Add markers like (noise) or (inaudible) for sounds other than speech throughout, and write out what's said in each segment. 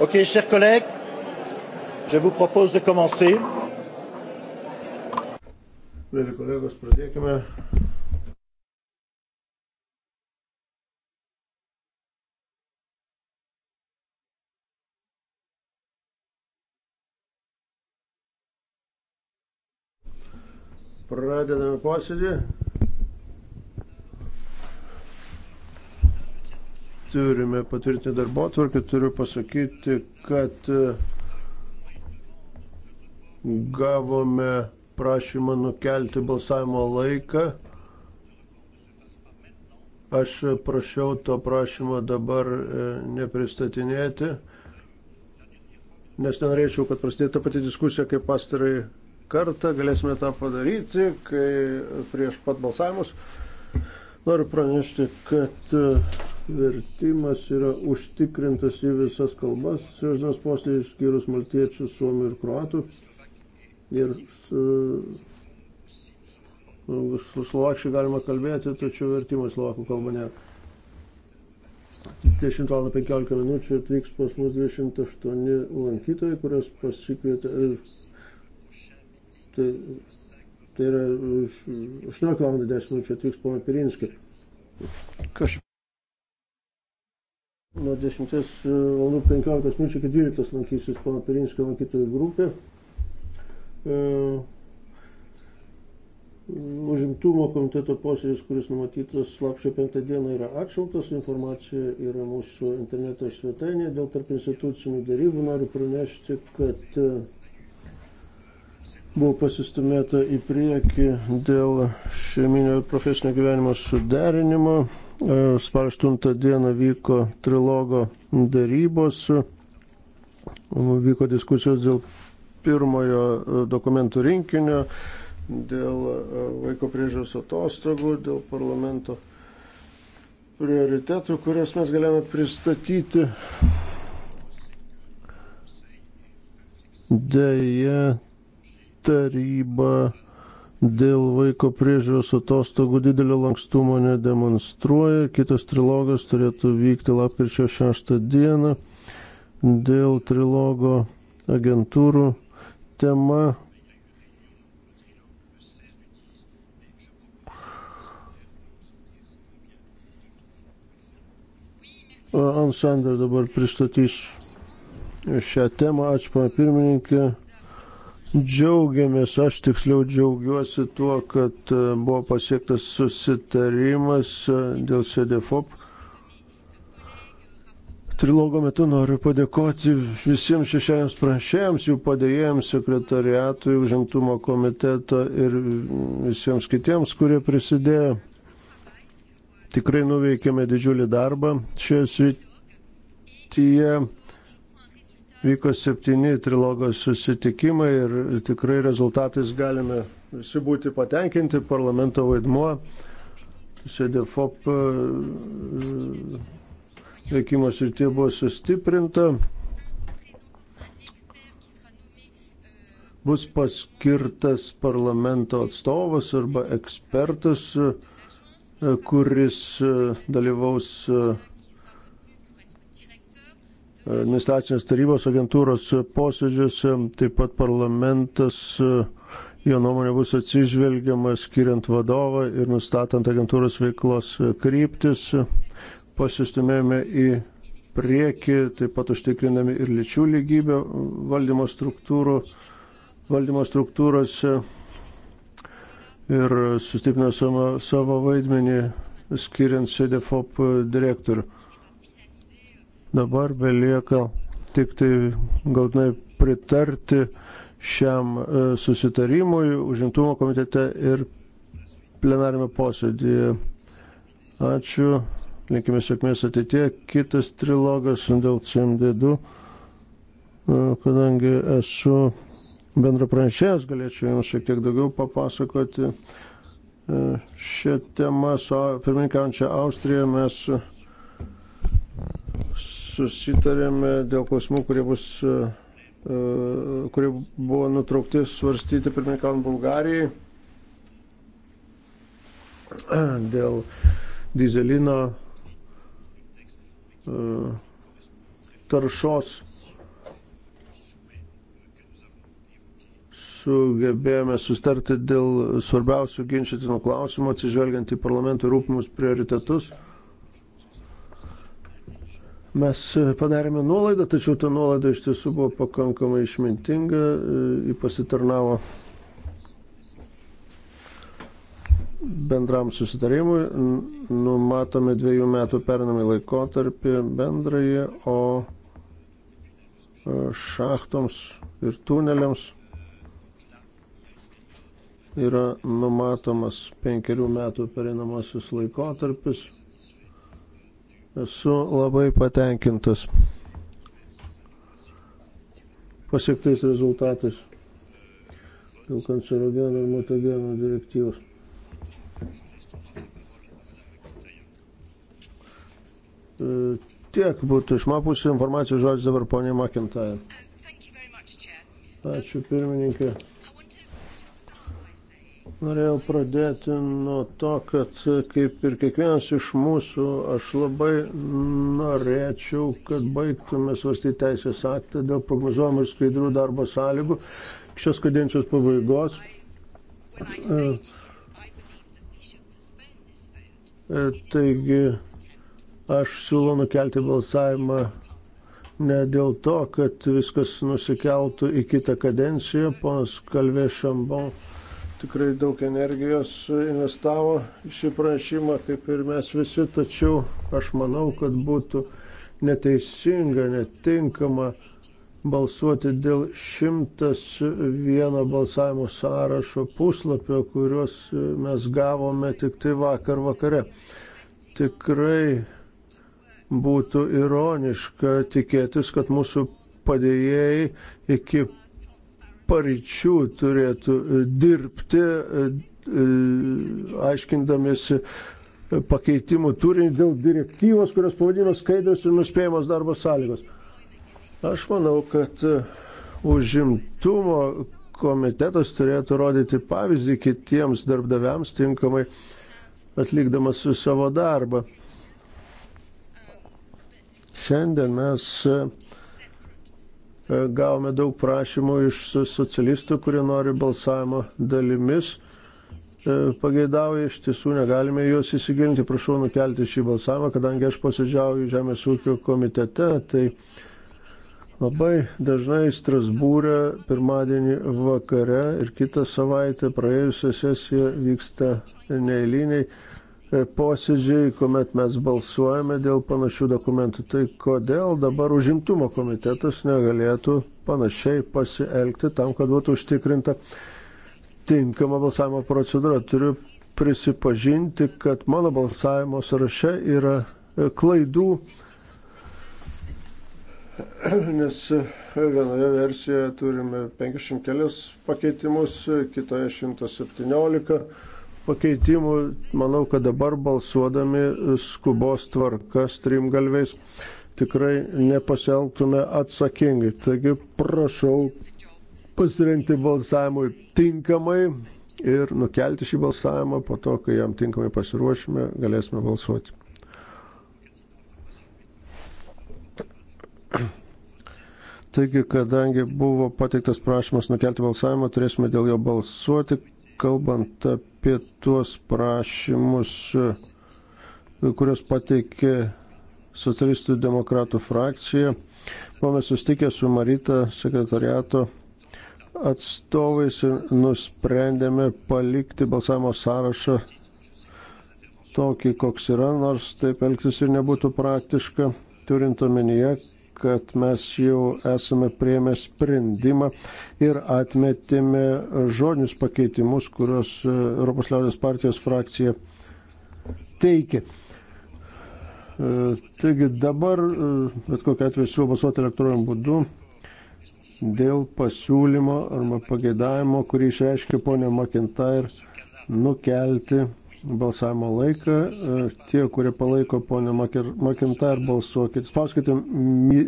Ok, chers collègues, je vous propose de commencer. Mėly kolegos, pradėkime. Pradedame posėdį. turime patvirtinti darbo atvarkę, turiu pasakyti, kad e, gavome prašymą nukelti balsavimo laiką. Aš prašiau to prašymo dabar e, nepristatinėti, nes nenorėčiau, kad prasidėtų pati diskusija kaip pastarai kartą. Galėsime tą padaryti, kai prieš pat balsavimus noriu pranešti, kad e, vertimas yra užtikrintas į visas kalbas, šios dienos posėdį išskyrus maltiečių, suomių ir kruatų. Ir su, su slovakščiai galima kalbėti, tačiau vertimo į slovakų kalbą nėra. 10 val. 15 minučių atvyks pas mus 28 lankytojai, kurios pasikvietė. Tai, tai yra 18 val. 10 minučių atvyks pana Pirinskį. Kaž... Nuo 10 val. 15 min. iki 12 lankysis pono Pirinskio lankytojų grupė. E, užimtumo komiteto posėdis, kuris numatytas lapčio 5 dieną, yra atšauktas. Informacija yra mūsų interneto svetainėje. Dėl tarp institucinių darybų noriu pranešti, kad e, buvo pasistumėta į priekį dėl šeiminio profesinio gyvenimo suderinimo. E, spalio 8 dieną vyko trilogo darybos, e, vyko diskusijos dėl pirmojo e, dokumentų rinkinio, dėl vaiko priežiūros atostogų, dėl parlamento prioritetų, kuriuos mes galime pristatyti. Deja, taryba dėl vaiko priežiūros atostogų didelio lankstumo nedemonstruoja. Kitas trilogas turėtų vykti lapkričio 6 dieną. Dėl trilogo agentūrų tema. Ansander dabar pristatys šią temą. Ačiū, pana pirmininkė. Džiaugiamės, aš tiksliau džiaugiuosi tuo, kad e, buvo pasiektas susitarimas e, dėl SEDEFOP. Trilogo metu noriu padėkoti visiems šešiems pranešėjams, jų padėjėjams, sekretariatui, užimtumo komiteto ir visiems kitiems, kurie prisidėjo. Tikrai nuveikėme didžiulį darbą šioje srityje. Vyko septyni trilogo susitikimai ir tikrai rezultatais galime visi būti patenkinti. Parlamento vaidmuo SEDEFOP e, veikimo srityje buvo sustiprinta. Bus paskirtas parlamento atstovas arba ekspertas, e, kuris e, dalyvaus administracinės tarybos agentūros posėdžiuose, taip pat parlamentas, jo nuomonė bus atsižvelgiama skiriant vadovą ir nustatant agentūros veiklos kryptis. Pasistumėjome į priekį, taip pat užtikrinami ir lyčių lygybę valdymo, struktūrų, valdymo struktūrose ir sustiprinę savo, savo vaidmenį skiriant CDFOP direktorių. Dabar belieka tik tai galutinai pritarti šiam e, susitarimui užimtumo komitete ir plenarime posėdėje. Ačiū, linkime sėkmės ateitie. Kitas trilogas dėl CMD2, e, kadangi esu bendra pranešėjas, galėčiau jums šiek tiek daugiau papasakoti. E, šią temą su pirmininkaujančia Austrija mes susitarėme dėl klausimų, kurie, bus, e, e, kurie buvo nutraukti svarstyti pirmininkavant Bulgarijai dėl dizelino e, taršos. Sugebėjome sustarti dėl svarbiausių ginčytinų klausimų, atsižvelgiant į parlamento rūpimus prioritetus. Mes e, padarėme nuolaidą, tačiau ta nuolaida iš tiesų buvo pakankamai išmintinga, e, jį pasitarnavo bendram susitarimui, numatome dviejų metų pernamį laikotarpį bendrąjį, o e, šachtoms ir tuneliams yra numatomas penkerių metų perinamasis laikotarpis esu labai patenkintas pasiektais rezultatais dėl kancerogenų ir mutagenų direktyvos. E, tiek būtų iš mano pusės informacijos žodžiu dabar ponė Makintaja. Ačiū pirmininkė. Norėjau pradėti nuo to, kad kaip ir kiekvienas iš mūsų, aš labai norėčiau, kad baigtume svarstyti teisės aktą dėl prognozuojamų ir skaidrių darbo sąlygų šios kadencijos pabaigos. E, taigi aš siūlau nukelti balsavimą ne dėl to, kad viskas nusikeltų į kitą kadenciją, ponas Kalvė Šambon tikrai daug energijos investavo šį pranešimą, kaip ir mes visi, tačiau aš manau, kad būtų neteisinga, netinkama balsuoti dėl 101 balsavimo sąrašo puslapio, kuriuos mes gavome tik tai vakar vakare. Tikrai būtų ironiška tikėtis, kad mūsų padėjėjai iki paryčių turėtų e, dirbti, e, e, aiškindamėsi pakeitimų turinį dėl direktyvos, kurios pavadinos skaidrios ir nuspėjamos darbo sąlygos. Aš manau, kad užimtumo komitetas turėtų rodyti pavyzdį kitiems darbdaviams tinkamai atlikdamas savo darbą. Šiandien mes uh, E, gavome daug prašymų iš socialistų, kurie nori balsavimo dalimis. E, pageidauja, iš tiesų negalime juos įsigilinti, prašau nukelti šį balsavimą, kadangi aš posėdžiauju Žemės ūkio komitete, tai Labai dažnai Strasbūrė pirmadienį vakare ir kitą savaitę praėjusią sesiją vyksta neįliniai E, posėdžiai, kuomet mes balsuojame dėl panašių dokumentų. Tai kodėl dabar užimtumo komitetas negalėtų panašiai pasielgti tam, kad būtų užtikrinta tinkama balsavimo procedūra. Turiu prisipažinti, kad mano balsavimo sąraše yra e, klaidų, (clears throat) nes e, vienoje versijoje turime 50 kelias pakeitimus, kitoje 117 pakeitimų. Manau, kad dabar balsuodami skubos tvarka strimgalviais tikrai nepasielgtume atsakingai. Taigi prašau pasirinkti balsavimui tinkamai ir nukelti šį balsavimą, po to, kai jam tinkamai pasiruošime, galėsime balsuoti. Taigi, kadangi buvo pateiktas prašymas nukelti balsavimą, turėsime dėl jo balsuoti, kalbant apie apie tuos prašymus, kurios pateikė socialistų demokratų frakcija. Buvome sustikę su Marita sekretariato atstovais ir nusprendėme palikti balsavimo sąrašą tokį, koks yra, nors taip elgtis ir nebūtų praktiška, turint omenyje, kad mes jau esame prieėmę sprendimą ir atmetėme žodinius pakeitimus, kuriuos e, Europos liaudės partijos frakcija teikia. E, taigi dabar, e, bet kokia atveju, siūlau balsuoti elektroniniu būdu dėl pasiūlymo arba pageidavimo, kurį išreiškė ponė Makintair, nukelti balsavimo laiką. E, tie, kurie palaiko ponę Makintar, balsuokit. Spauskite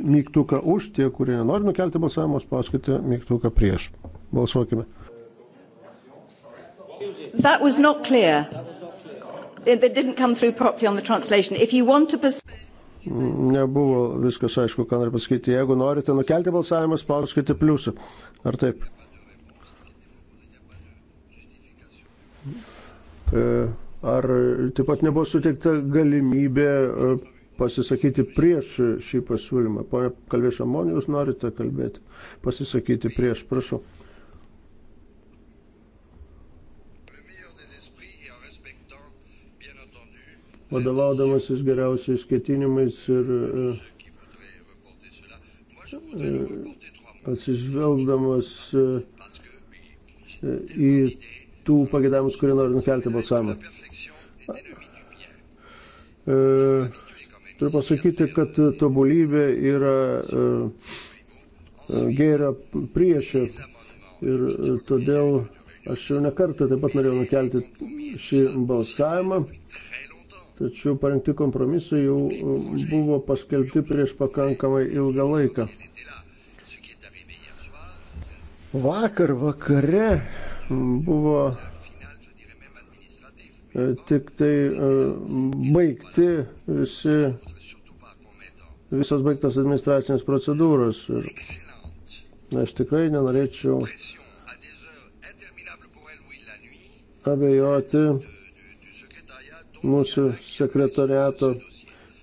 mygtuką už, tie, kurie nenori nukelti balsavimo, spauskite mygtuką prieš. Balsuokime. That was not clear. It didn't come through properly on the translation. If you want to Nebuvo viskas aišku, ką noriu pasakyti. Jeigu norite nukelti balsavimą, spauskite pliusą. Ar taip? E, Ar taip pat nebuvo suteikta galimybė e, pasisakyti prieš šį pasiūlymą? Pone Kalvėšio Moni, jūs norite kalbėti? Pasisakyti prieš, prašau. Vadovaudamasis geriausiais ketinimais ir, ir e, e, atsižvelgdamas į tų pagėdavimus, kurie nori nukelti balsavimą. E, turiu pasakyti, kad tobulybė yra e, e, gėrio priešė ir todėl aš jau nekartą taip pat norėjau nukelti šį balsavimą, tačiau parengti kompromisai jau buvo paskelbti prieš pakankamai ilgą laiką. Vakar vakare buvo E, tik tai e, baigti visi, visos baigtos administracinės procedūros. Ir aš tikrai nenorėčiau abejoti mūsų sekretariato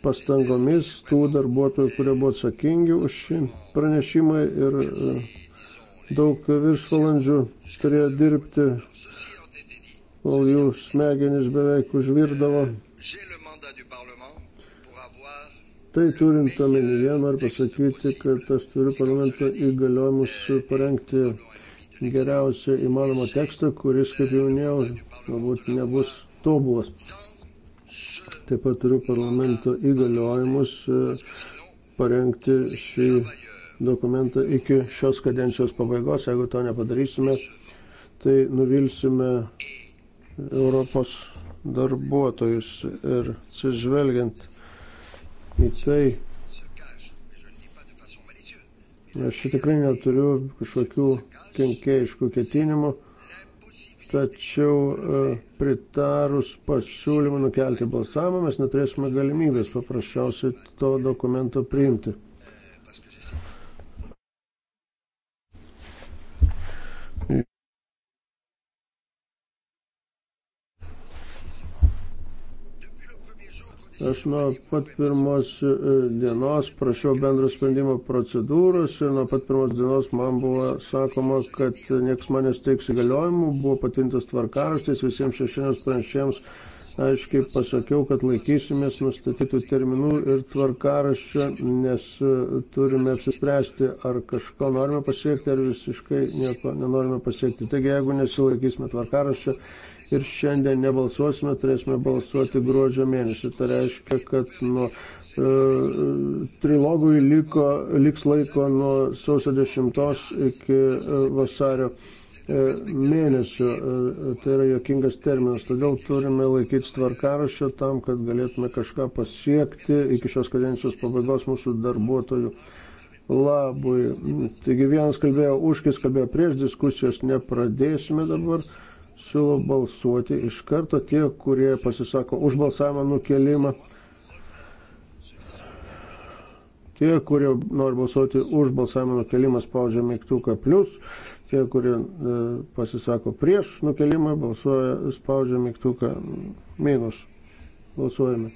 pastangomis tų darbuotojų, kurie buvo atsakingi už šį pranešimą ir e, daug viršvalandžių turėjo dirbti kol jų smegenys beveik užvirdavo. Tai turint omenyje, noriu pasakyti, kad aš turiu parlamento įgaliojimus parengti geriausią įmanomą tekstą, kuris, kaip jau minėjau, galbūt nebus tobulas. Taip pat turiu parlamento įgaliojimus e, parengti šį dokumentą iki šios kadencijos pabaigos. Jeigu to nepadarysime, tai nuvilsime Europos darbuotojus ir atsižvelgiant į tai, aš tikrai neturiu kažkokių kenkėjiškų ketinimų, tačiau e, pritarus pasiūlymą nukelti balsavimą mes neturėsime galimybės paprasčiausiai to dokumento priimti. Aš nuo pat pirmos e, dienos prašiau bendro sprendimo procedūros ir nuo pat pirmos dienos man buvo sakoma, kad nieks manęs teiks įgaliojimų, buvo patintas tvarkaraštis visiems šešiems pranešėjams. Aiškiai pasakiau, kad laikysimės nustatytų terminų ir tvarkaraščio, nes e, turime apsispręsti, ar kažko norime pasiekti, ar visiškai nieko nenorime pasiekti. Taigi, jeigu nesilaikysime tvarkaraščio, ir šiandien nebalsuosime, turėsime balsuoti gruodžio mėnesį. Tai reiškia, kad nuo e, trilogui liko, liks laiko nuo sausio 10 iki e, vasario e, mėnesių, e, tai yra jokingas terminas, todėl turime laikytis tvarkaraščio tam, kad galėtume kažką pasiekti iki šios kadencijos pabaigos mūsų darbuotojų labui. Taigi vienas kalbėjo už, kis kalbėjo prieš diskusijos, nepradėsime dabar siūlau balsuoti iš karto tie, kurie pasisako už balsavimą nukelimą. Tie, kurie nori balsuoti už balsavimą nukelimą, spaudžia mygtuką plus. Tie, kurie e, pasisako prieš nukelimą, balsuoja, spaudžia mygtuką minus. Balsuojame.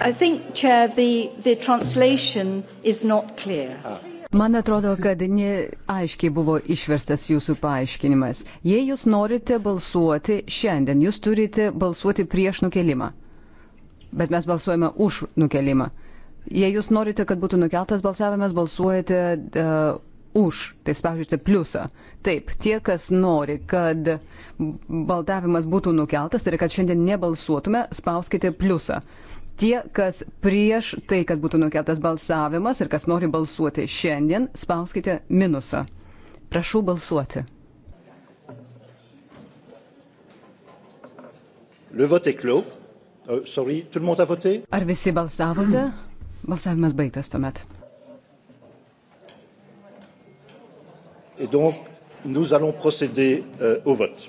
I think, Chair, the, the translation is not clear. Ah. Man atrodo, kad neaiškiai buvo išverstas jūsų paaiškinimas. Jei jūs norite balsuoti šiandien, jūs turite balsuoti prieš nukelimą. Bet mes balsuojame už nukelimą. Jei jūs norite, kad būtų nukeltas balsavimas, balsuojate uh, už, tai spaudžiate pliusą. Taip, tie, kas nori, kad baltavimas būtų nukeltas, tai yra, kad šiandien nebalsuotume, spauskite pliusą. Uh, Tie, kas prieš tai, kad būtų nukeltas balsavimas ir kas nori balsuoti šiandien, spauskite minusą. Prašau balsuoti. Le vote est clos. Uh, sorry, tout le monde a voté? Ar visi balsavote? Balsavimas baigtas tuomet. Et donc, nous allons procéder euh, au vote.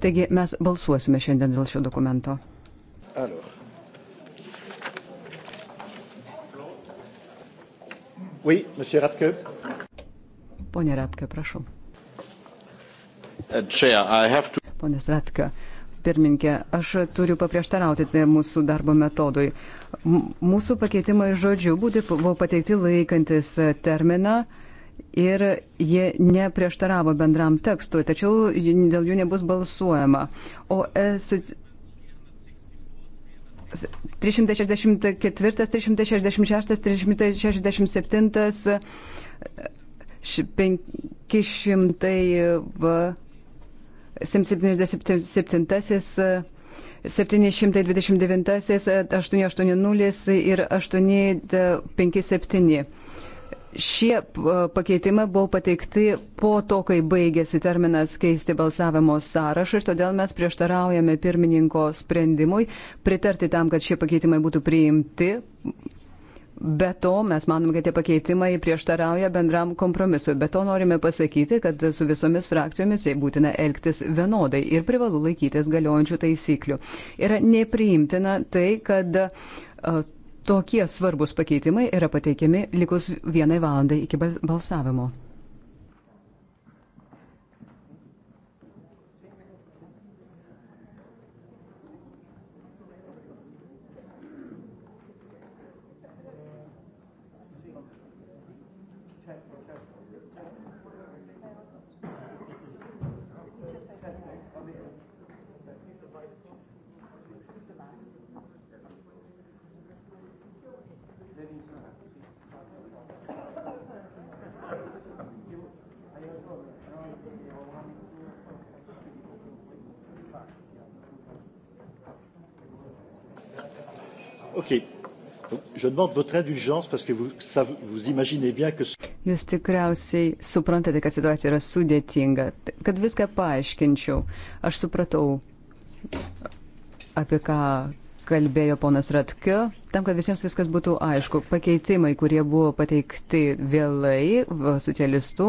Taigi mes balsuosime šiandien dėl šio dokumento. Alors. Oui, monsieur Ratke. Pone Ratke, prašau. Uh, Chair, to... Ponas Ratke, pirmininkė, aš turiu paprieštarauti tai mūsų darbo metodui. Mūsų pakeitimai žodžių būdė buvo pateikti laikantis terminą ir jie neprieštaravo bendram tekstui, tačiau dėl jų nebus balsuojama. O esu 364, 366, 367, 577. 729, 880 ir 857. Šie e, pakeitimai buvo pateikti po to, kai baigėsi terminas keisti balsavimo sąrašą ir todėl mes prieštaraujame pirmininko sprendimui pritarti tam, kad šie pakeitimai būtų priimti. Be to, mes manom, kad tie pakeitimai prieštarauja bendram kompromisui. Be to norime pasakyti, kad su visomis frakcijomis jai būtina elgtis vienodai ir privalu laikytis galiojančių taisyklių. Yra nepriimtina tai, kad uh, Tokie svarbus pakeitimai yra pateikiami likus vienai valandai iki balsavimo. Jūs tikriausiai suprantate, kad situacija yra sudėtinga. Kad viską paaiškinčiau, aš supratau, apie ką kalbėjo ponas Ratkio, tam, kad visiems viskas būtų aišku. Pakeitimai, kurie buvo pateikti vėlai socialistų,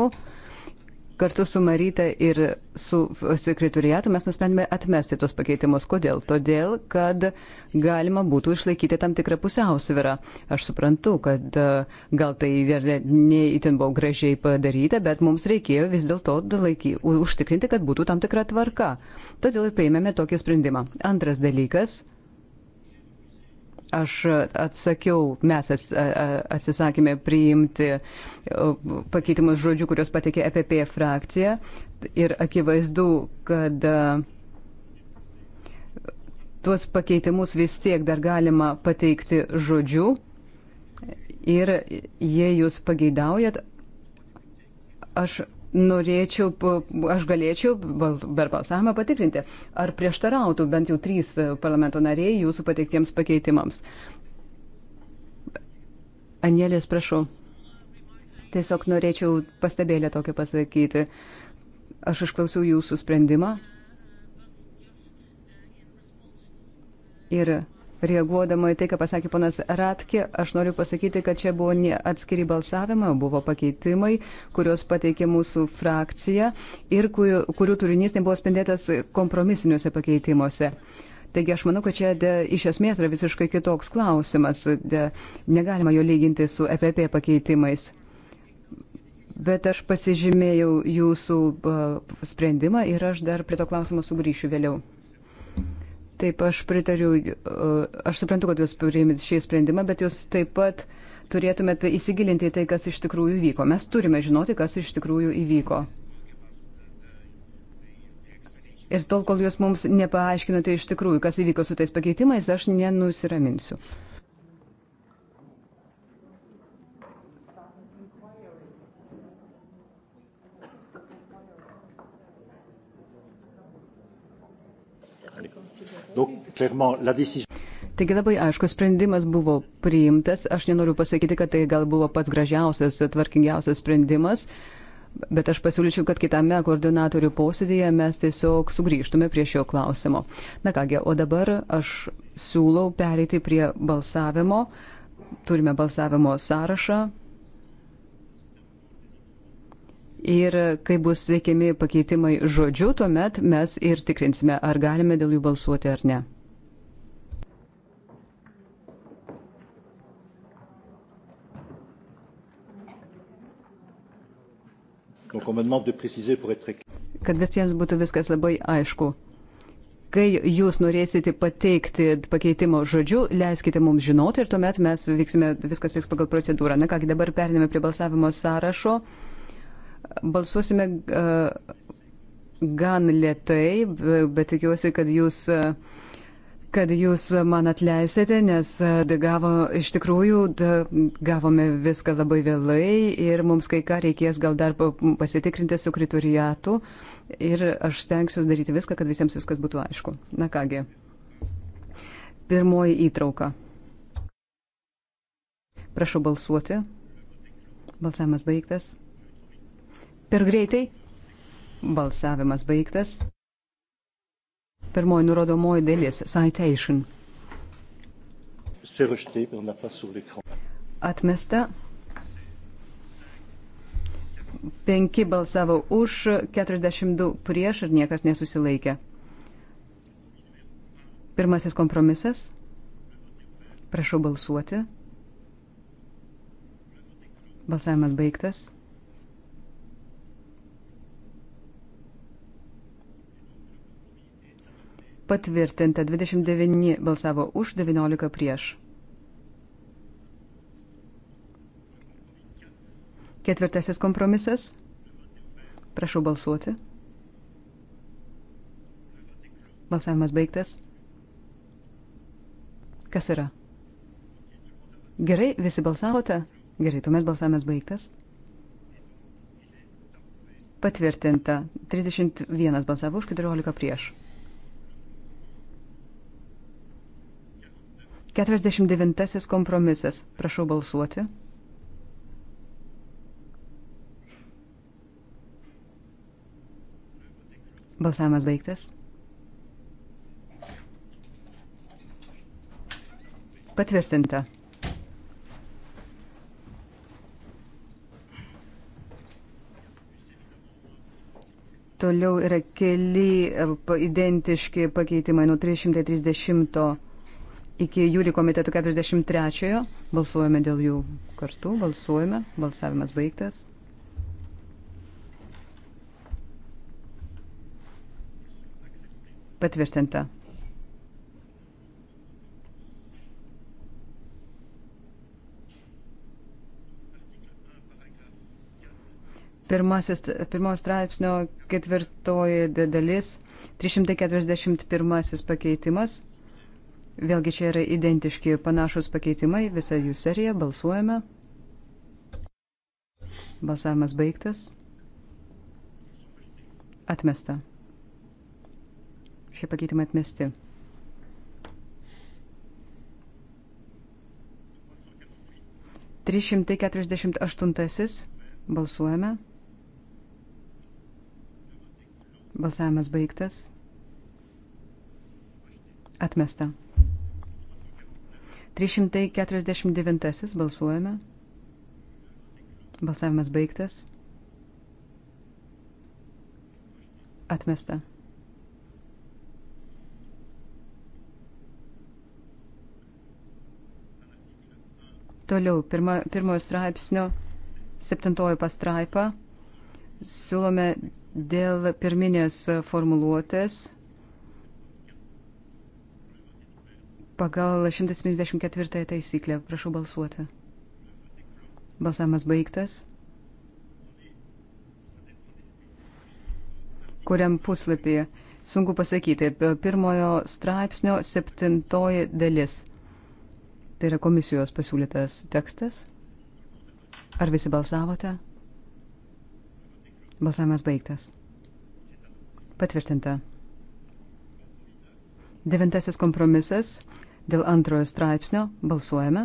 Kartu su Maryte ir su sekretoriatu mes nusprendėme atmesti tos pakeitimus. Kodėl? Todėl, kad galima būtų išlaikyti tam tikrą pusiausvyrą. Aš suprantu, kad e, gal tai ir neįtin buvo gražiai padaryta, bet mums reikėjo vis dėlto užtikrinti, kad būtų tam tikra tvarka. Todėl ir priėmėme tokį sprendimą. Antras dalykas aš atsakiau, mes atsisakėme priimti pakeitimus žodžių, kurios patikė EPP frakcija. Ir akivaizdu, kad tuos pakeitimus vis tiek dar galima pateikti žodžiu. Ir jei jūs pageidaujat, aš norėčiau, aš galėčiau per balsavimą patikrinti, ar prieštarautų bent jau trys e, parlamento nariai jūsų pateiktiems pakeitimams. Anėlės, prašau. Tiesiog norėčiau pastebėlę tokią pasakyti. Aš išklausiau jūsų sprendimą. Ir Reaguodama į tai, ką pasakė ponas Ratke, aš noriu pasakyti, kad čia buvo ne atskiri balsavimai, buvo pakeitimai, kuriuos pateikė mūsų frakcija ir kurių, kurių turinys nebuvo spindėtas kompromisiniuose pakeitimuose. Taigi aš manau, kad čia de, iš esmės yra visiškai kitoks klausimas, de, negalima jo lyginti su EPP pakeitimais. Bet aš pasižymėjau jūsų uh, sprendimą ir aš dar prie to klausimo sugrįšiu vėliau. Taip, aš pritariu, aš suprantu, kad jūs priėmėt šį sprendimą, bet jūs taip pat turėtumėte įsigilinti į tai, kas iš tikrųjų įvyko. Mes turime žinoti, kas iš tikrųjų įvyko. Ir tol, kol jūs mums nepaaiškinote iš tikrųjų, kas įvyko su tais pakeitimais, aš nenusiraminsiu. Taigi labai aiškus sprendimas buvo priimtas. Aš nenoriu pasakyti, kad tai gal buvo pats gražiausias, tvarkingiausias sprendimas, bet aš pasiūlyčiau, kad kitame koordinatorių posėdėje mes tiesiog sugrįžtume prie šio klausimo. Na kągi, o dabar aš siūlau pereiti prie balsavimo. Turime balsavimo sąrašą. Ir kai bus siekiami pakeitimai žodžiu, tuomet mes ir tikrinsime, ar galime dėl jų balsuoti ar ne. Kad visiems būtų viskas labai aišku. Kai jūs norėsite pateikti pakeitimo žodžiu, leiskite mums žinoti ir tuomet mes vyksime, viskas vyks pagal procedūrą. Na kągi, dabar perinėme prie balsavimo sąrašo balsuosime e, gan lietai, bet tikiuosi, kad jūs e, kad jūs man atleisite, nes e, gavo, iš tikrųjų gavome viską labai vėlai ir mums kai ką reikės gal dar pasitikrinti su kritoriatu ir aš stengsiu daryti viską, kad visiems viskas būtų aišku. Na kągi, pirmoji įtrauka. Prašau balsuoti. Balsavimas baigtas. Per greitai. Balsavimas baigtas. Pirmoji nurodomoji dalis - citation. Atmesta. Penki balsavo už, 42 prieš ir niekas nesusilaikė. Pirmasis kompromisas. Prašau balsuoti. Balsavimas baigtas. patvirtinta 29 balsavo už, 19 prieš. Ketvirtasis kompromisas. Prašau balsuoti. Balsavimas baigtas. Kas yra? Gerai, visi balsavote? Gerai, tuomet balsavimas baigtas. Patvirtinta. 31 balsavo už, 14 prieš. 49 kompromisas. Prašau balsuoti. Balsavimas baigtas. Patvirtinta. Toliau yra keli e, identiški pakeitimai nuo 330 iki jūri komitetų 43-ojo. Balsuojame dėl jų kartu, balsuojame, balsavimas baigtas. Patvirtinta. Pirmasis, pirmos straipsnio ketvirtoji dalis, 341 pakeitimas. Vėlgi čia yra identiški panašus pakeitimai, visa jų serija, balsuojame. Balsavimas baigtas. Atmesta. Šie pakeitimai atmesti. 348. Balsuojame. Balsavimas baigtas. Atmesta. 349 balsuojame. Balsavimas baigtas. Atmesta. Toliau, pirma, pirmojo straipsnio, septintojo pastraipą, siūlome dėl pirminės formuluotės pagal 174 taisyklę. Prašau balsuoti. Balsamas baigtas. Kuriam puslapyje? Sunku pasakyti. Pirmojo straipsnio septintoji dalis. Tai yra komisijos pasiūlytas tekstas. Ar visi balsavote? Balsavimas baigtas. Patvirtinta. Devintasis kompromisas. Dėl antrojo straipsnio balsuojame.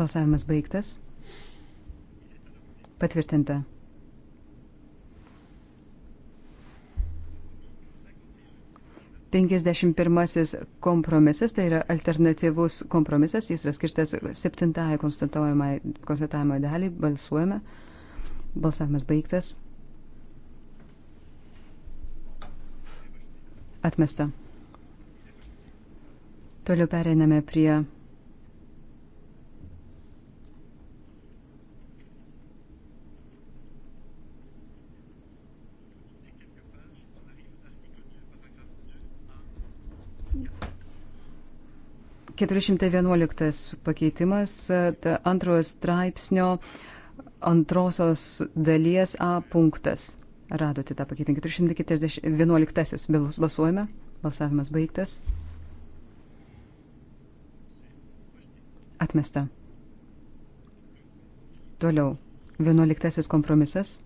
Balsavimas baigtas. Patvirtinta. Penkiasdešimt pirmasis kompromisas, tai yra alternatyvus kompromisas, jis yra skirtas septintajai konstatuojamai daliai, balsuojame. Balsavimas baigtas. Atmesta. Toliau pereiname prie Keturišimtai vienuoliktas pakeitimas antrojo straipsnio antrosios dalies A punktas. Radote tą pakeitimą. 411 balsuojame. Balsavimas baigtas. Atmesta. Toliau. Vienuoliktasis kompromisas.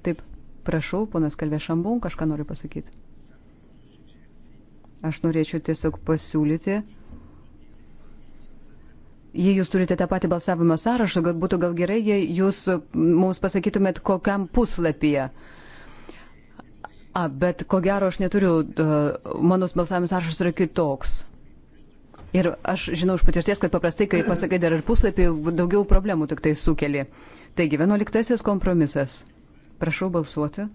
Taip, prašau, ponas Kalvė Šambon, kažką noriu pasakyti. Aš norėčiau tiesiog pasiūlyti, jei jūs turite tą patį balsavimo sąrašą, kad būtų gal gerai, jei jūs mums pasakytumėt, kokiam puslapyje. A, bet ko gero aš neturiu, uh, mano balsavimas sąrašas yra kitoks. Ir aš žinau iš patirties, kad paprastai, kai pasakai dar ir puslapį, daugiau problemų tik tai sukeli. Taigi, vienuoliktasis kompromisas. Prašau balsuoti.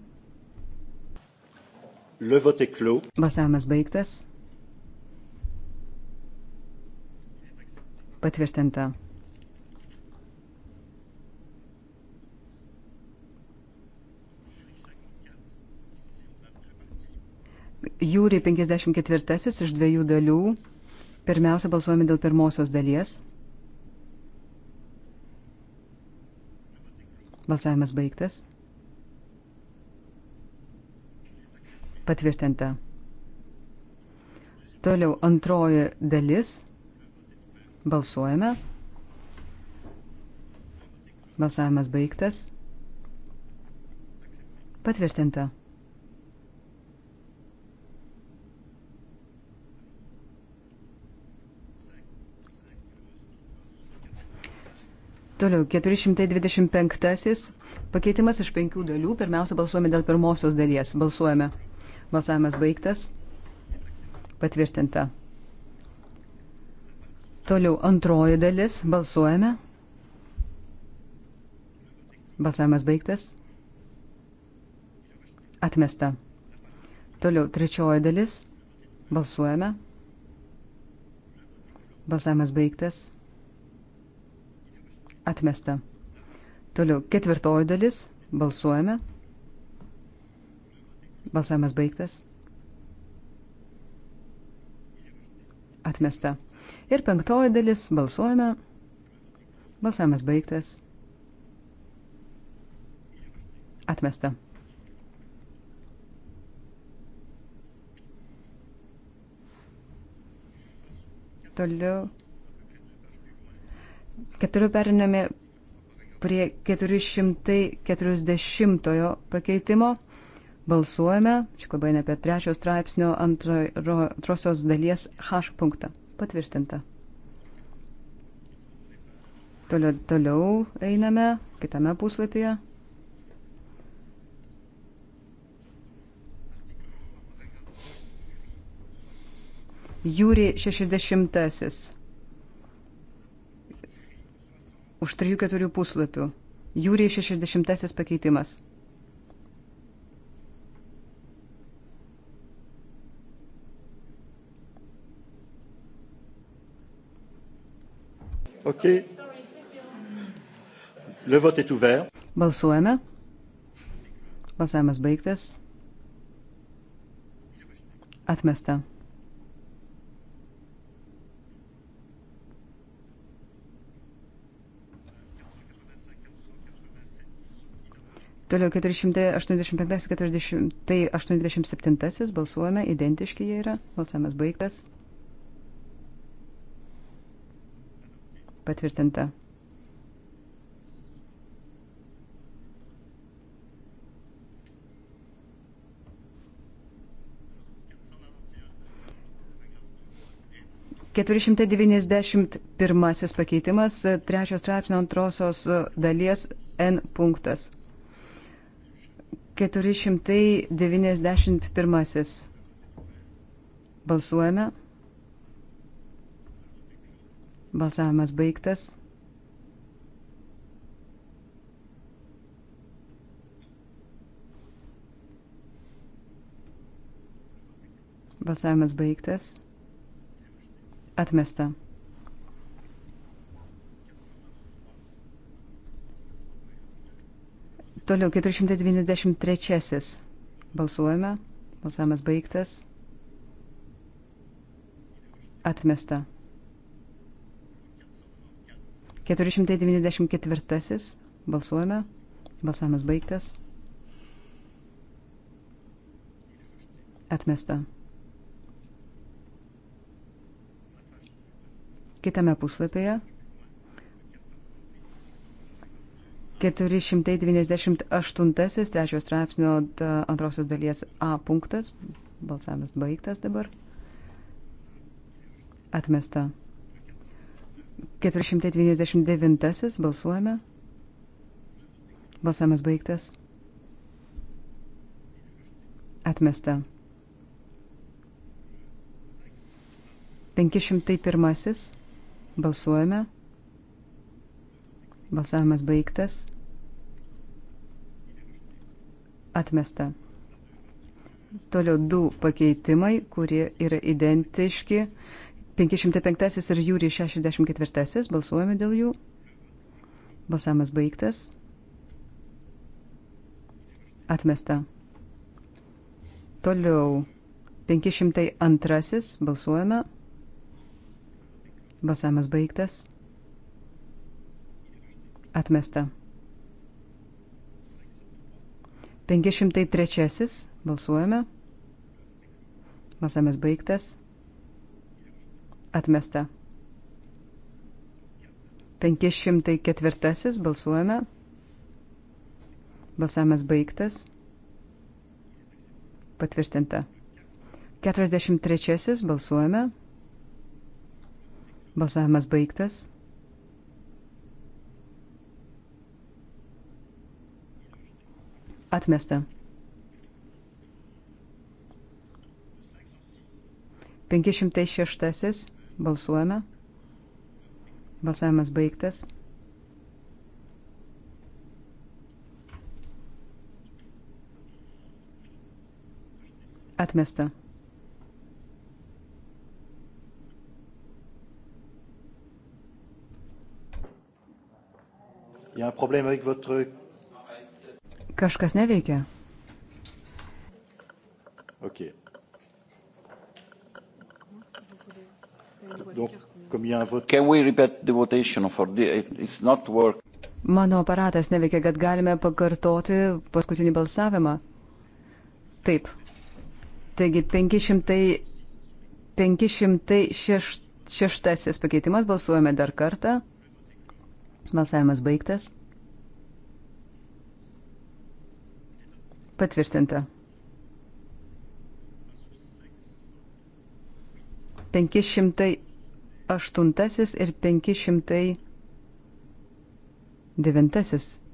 Balsavimas baigtas. Patvirtinta. Jūri 54 iš dviejų dalių. Pirmiausia, balsuojame dėl pirmosios dalies. Balsavimas baigtas. Patvirtinta. Toliau antroji dalis. Balsuojame. Balsavimas baigtas. Patvirtinta. Toliau, 425 pakeitimas iš penkių dalių. Pirmiausia, balsuojame dėl pirmosios dalies. Balsuojame. Balsavimas baigtas. Patvirtinta. Toliau, antroji dalis. Balsuojame. Balsavimas baigtas. Atmesta. Toliau, trečioji dalis. Balsuojame. Balsavimas baigtas. Atmesta. Toliau, ketvirtoji dalis. Balsuojame. Balsavimas baigtas. Atmesta. Ir penktoji dalis. Balsuojame. Balsavimas baigtas. Atmesta. Toliau. Kad toliau periname prie 440 pakeitimo. Balsuojame, čia kalba eina apie trečio straipsnio antrosios dalies H punktą. Patvirtinta. Toliau, toliau einame kitame puslapyje. Jūri 60 už 3-4 puslapių. Jūri 60 pakeitimas. OK. Le vote est ouvert. Balsuojame. Balsavimas baigtas. Atmesta. Toliau 485, 487 balsuojame, identiški jie yra, balsavimas baigtas. Patvirtinta. Keturi šimtai devyniasdešimt pirmasis pakeitimas, trečios straipsnio antrosios dalies N punktas. 491. Balsuojame. Balsavimas baigtas. Balsavimas baigtas. Atmesta. Toliau 493. Balsuojame. Balsavimas baigtas. Atmesta. 494. Balsuojame. Balsavimas baigtas. Atmesta. Kitame puslapyje 498 trečios straipsnio antrosios dalies A punktas. Balsavimas baigtas dabar. Atmesta. 499 balsuojame. Balsavimas baigtas. Atmesta. 501 balsuojame. Balsavimas baigtas. Atmesta. Toliau du pakeitimai, kurie yra identiški. 505 ir Jūri 64. Balsuojame dėl jų. Balsavimas baigtas. Atmesta. Toliau 502. Balsuojame. Balsavimas baigtas. Atmesta. 503. Balsuojame. Masamis baigtas. Atmesta. 504. Balsuojame. Balsavimas baigtas. Patvirtinta. 43. Balsuojame. Balsavimas baigtas. Atmesta. 506. Balsuojame. Balsavimas baigtas. Atmesta. Il y a un problème avec votre Kažkas neveikia. Ok. Donc, Mano aparatas neveikia, kad galime pakartoti paskutinį balsavimą. Taip. Taigi 500, 506 pakeitimas balsuojame dar kartą. Balsavimas baigtas. Patvirtinta. 508 ir 509,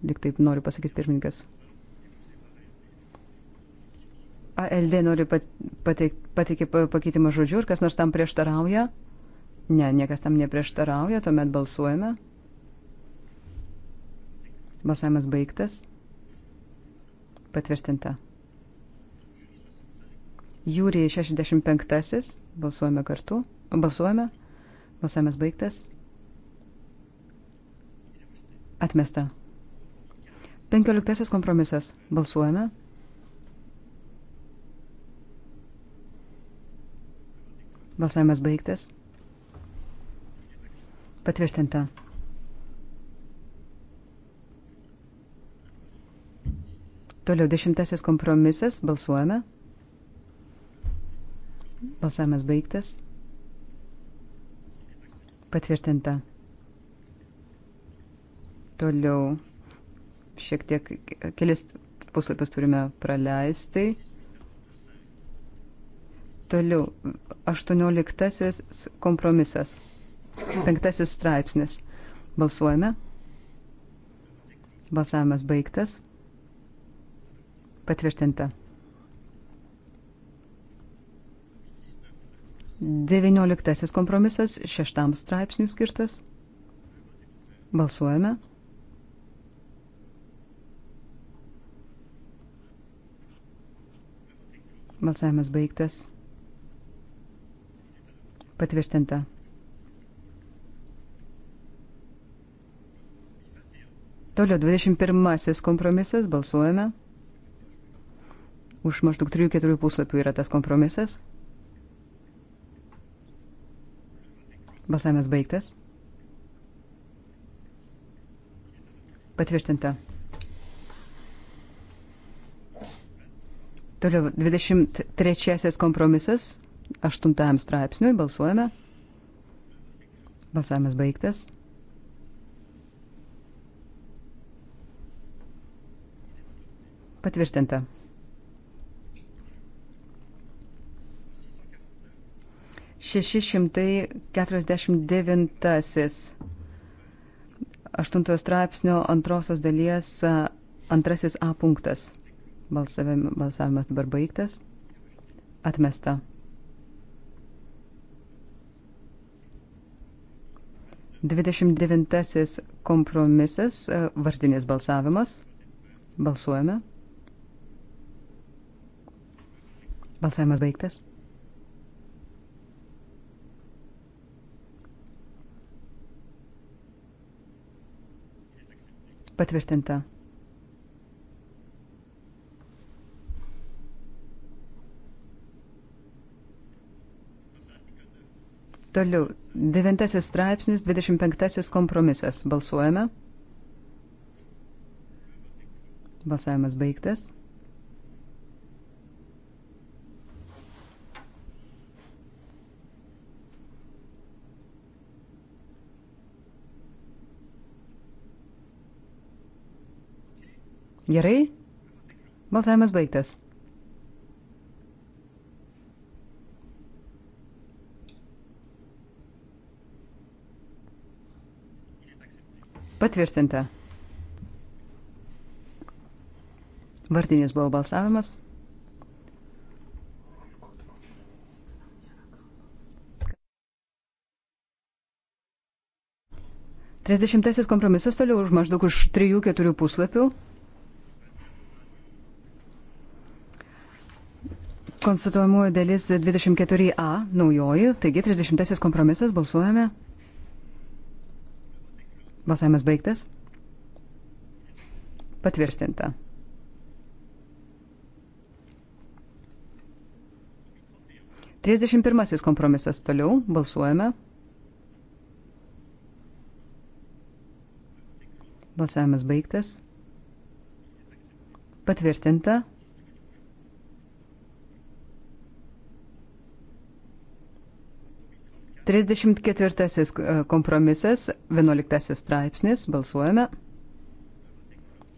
lik taip noriu pasakyti pirmininkas. ALD nori pateikti pakeitimą žodžiu ir kas nors tam prieštarauja? Ne, niekas tam neprieštarauja, tuomet balsuojame. Balsavimas baigtas patvirtinta. Jūrija 65. Balsuojame kartu. Balsuojame. Balsavimas baigtas. Atmesta. 15. Kompromisas. Balsuojame. Balsavimas baigtas. Patvirtinta. Toliau dešimtasis kompromisas. Balsuojame. Balsavimas baigtas. Patvirtinta. Toliau šiek tiek kelis puslapius turime praleisti. Toliau 18 kompromisas. Penktasis straipsnis. Balsuojame. Balsavimas baigtas. Patvirtinta. 19 kompromisas šeštam straipsniui skirtas. Balsuojame. Balsavimas baigtas. Patvirtinta. Toliau 21 kompromisas. Balsuojame. Už maždaug 3-4 puslapių yra tas kompromisas. Balsavimas baigtas. Patvirtinta. Toliau 23 kompromisas 8 straipsniui balsuojame. Balsavimas baigtas. Patvirtinta. 649. 8 straipsnio antrosios dalies antrasis A punktas. Balsavimas dabar baigtas. Atmesta. Dvidešimt devintasis kompromisas, vardinis balsavimas. Balsuojame. Balsavimas baigtas. Patvirtinta. Toliau. Devintasis straipsnis, 25 kompromisas. Balsuojame. Balsavimas baigtas. Gerai? Balsavimas baigtas. Patvirtinta. Vartinis buvo balsavimas. Trisdešimtasis kompromisas toliau už maždaug už trijų, keturių puslapių. Konstatuojamoji dalis 24a, naujoji, taigi 30 kompromisas, balsuojame. Balsavimas baigtas. Patvirtinta. Trisdešimt pirmasis kompromisas toliau. Balsuojame. Balsavimas baigtas. Patvirtinta. 34 e, kompromisas, 11 straipsnis, balsuojame.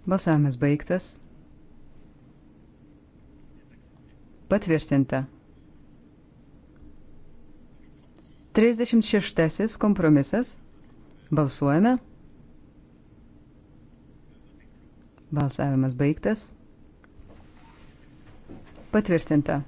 Balsavimas baigtas. Patvirtinta. 36 kompromisas. Balsuojame. Balsavimas baigtas. Patvirtinta.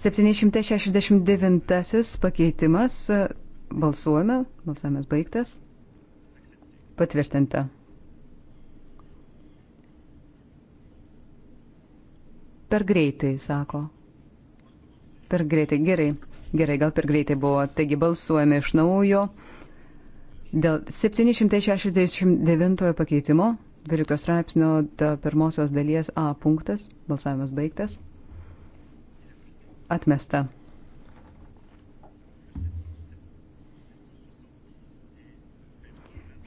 769 pakeitimas. Balsuojame. Balsavimas baigtas. Patvirtinta. Per greitai, sako. Per greitai, gerai. Gerai, gal per greitai buvo. Taigi balsuojame iš naujo. Dėl 769 pakeitimo, 12 straipsnio pirmosios dalies A punktas, balsavimas baigtas atmesta.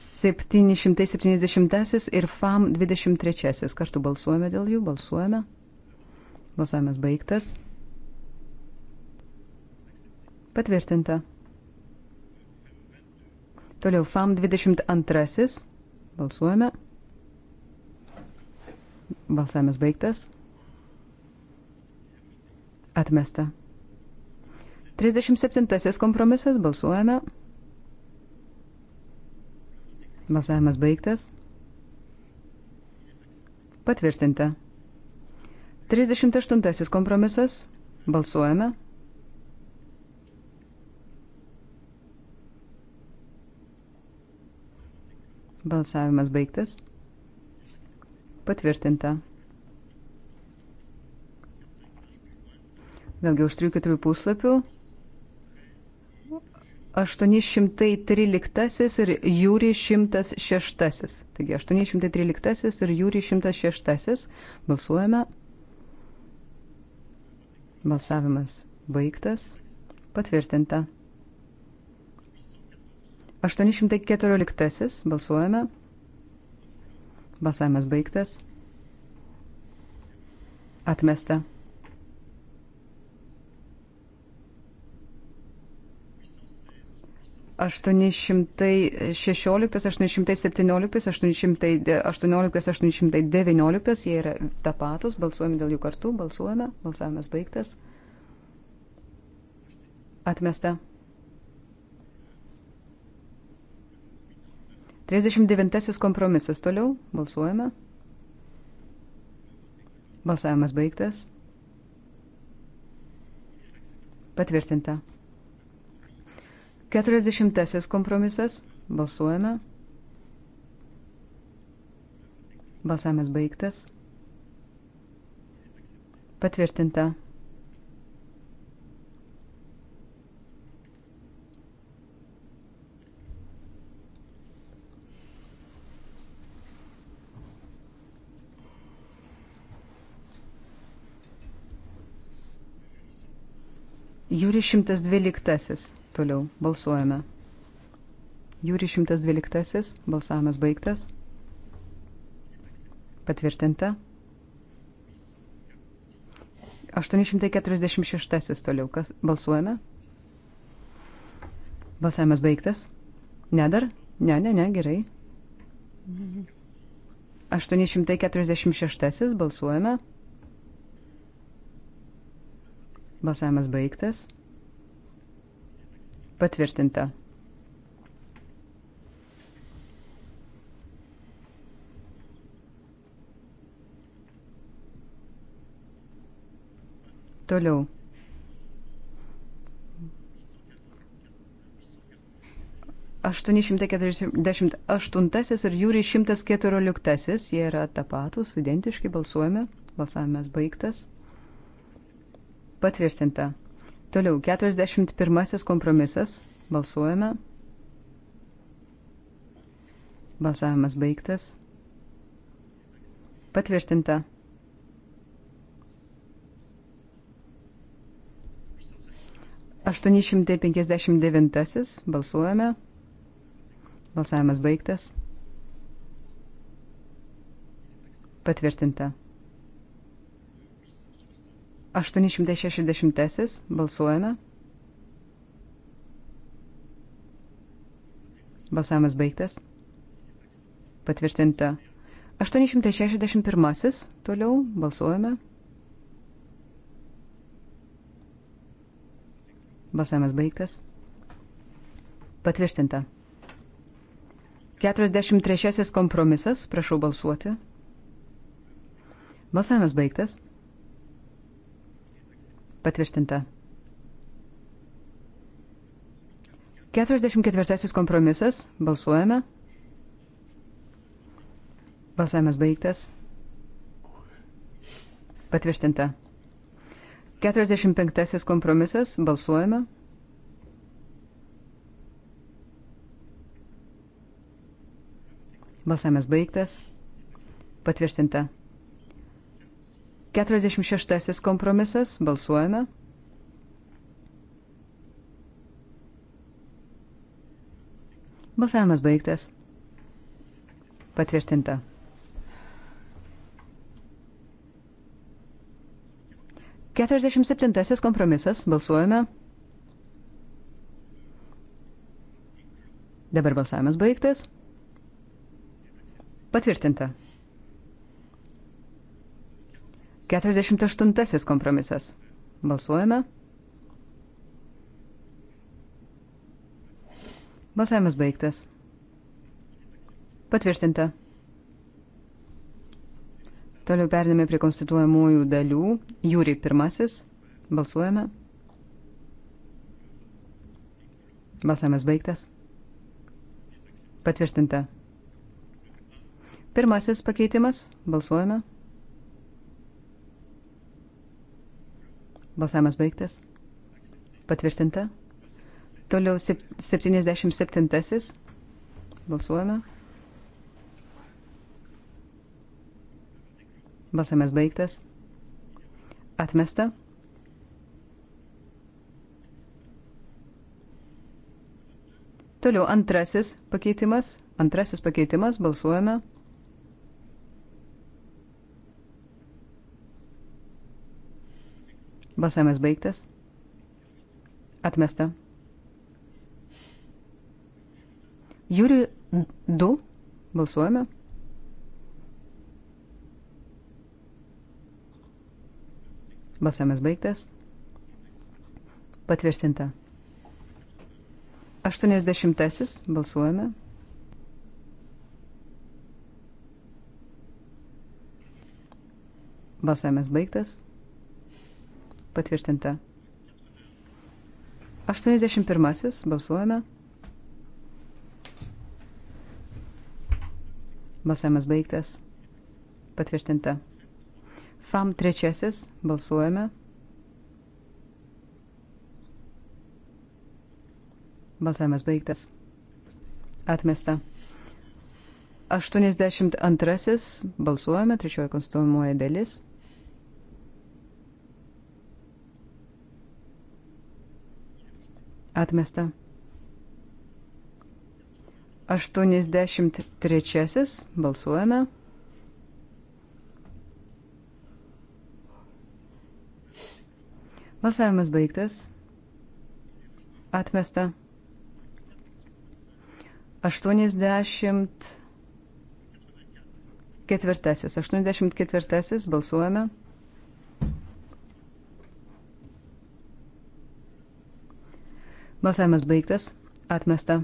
Septyni šimtai septyniasdešimtasis ir FAM dvidešimt trečiasis. Kartu balsuojame dėl jų, balsuojame. Balsavimas baigtas. Patvirtinta. Toliau FAM 22. Balsuojame. Balsavimas baigtas. Atmesta. 37 kompromisas. Balsuojame. Balsavimas baigtas. Patvirtinta. 38 kompromisas. Balsuojame. Balsavimas baigtas. Patvirtinta. vėlgi už 3-4 puslapių. 813 ir Jūri 106. Taigi 813 ir Jūri 106. Balsuojame. Balsavimas baigtas. Patvirtinta. 814. Balsuojame. Balsavimas baigtas. Atmesta. 816, 817, 818, 819, jie yra tapatus, balsuojame dėl jų kartu, balsuojame, balsavimas baigtas. Atmesta. 39 kompromisas toliau, balsuojame. Balsavimas baigtas. Patvirtinta. Keturiasdešimtasis kompromisas. Balsuojame. Balsavimas baigtas. Patvirtinta. Jūri 112. Toliau balsuojame. Jūri 112. Balsavimas baigtas. Patvirtinta. 846 toliau. Kas balsuojame? Balsavimas baigtas. Ne dar? Ne, ne, ne, gerai. 846 balsuojame. Balsavimas baigtas. Patvirtinta. Toliau. Aštuoni šimtai keturiasdešimt aštuntasis ir jūri šimtas keturioliktasis, jie yra tapatus, identiški, balsuojame, balsavimas baigtas. Patvirtinta. Toliau, 41 kompromisas. Balsuojame. Balsavimas baigtas. Patvirtinta. Aštuoni šimtai penkiasdešimt devintasis. Balsuojame. Balsavimas baigtas. Patvirtinta. 860 balsuojame. Balsavimas baigtas. Patvirtinta. 861 toliau balsuojame. Balsavimas baigtas. Patvirtinta. 43 kompromisas, prašau balsuoti. Balsavimas baigtas. Patvirtinta. 44 kompromisas. Balsuojame. Balsavimas baigtas. Patvirtinta. 45 kompromisas. Balsuojame. Balsavimas baigtas. Patvirtinta. 46 kompromisas. Balsuojame. Balsavimas baigtas. Patvirtinta. Keturiasdešimt septintasis kompromisas. Balsuojame. Dabar balsavimas baigtas. Patvirtinta. 48 kompromisas. Balsuojame. Balsavimas baigtas. Patvirtinta. Toliau perdėme prie konstituojamųjų dalių. Jūri pirmasis. Balsuojame. Balsavimas baigtas. Patvirtinta. Pirmasis pakeitimas. Balsuojame. Balsavimas baigtas. Patvirtinta. Toliau 77. Balsuojame. Balsavimas baigtas. Atmesta. Toliau antrasis pakeitimas. Antrasis pakeitimas. Balsuojame. Balsavimas baigtas. Atmesta. Jūri 2. Balsuojame. Balsavimas baigtas. Patvirtinta. 80. Balsuojame. Balsavimas baigtas. Patvirtinta. 81. Balsuojame. Balsavimas baigtas. Patvirtinta. FAM trečiasis. Balsuojame. Balsavimas baigtas. Atmesta. 82. Balsuojame. Trečioji konstituojamoji dalis. atmesta. 83. Balsuojame. Balsavimas baigtas. Atmesta. 84. 84. Balsuojame. Balsavimas baigtas. Atmesta.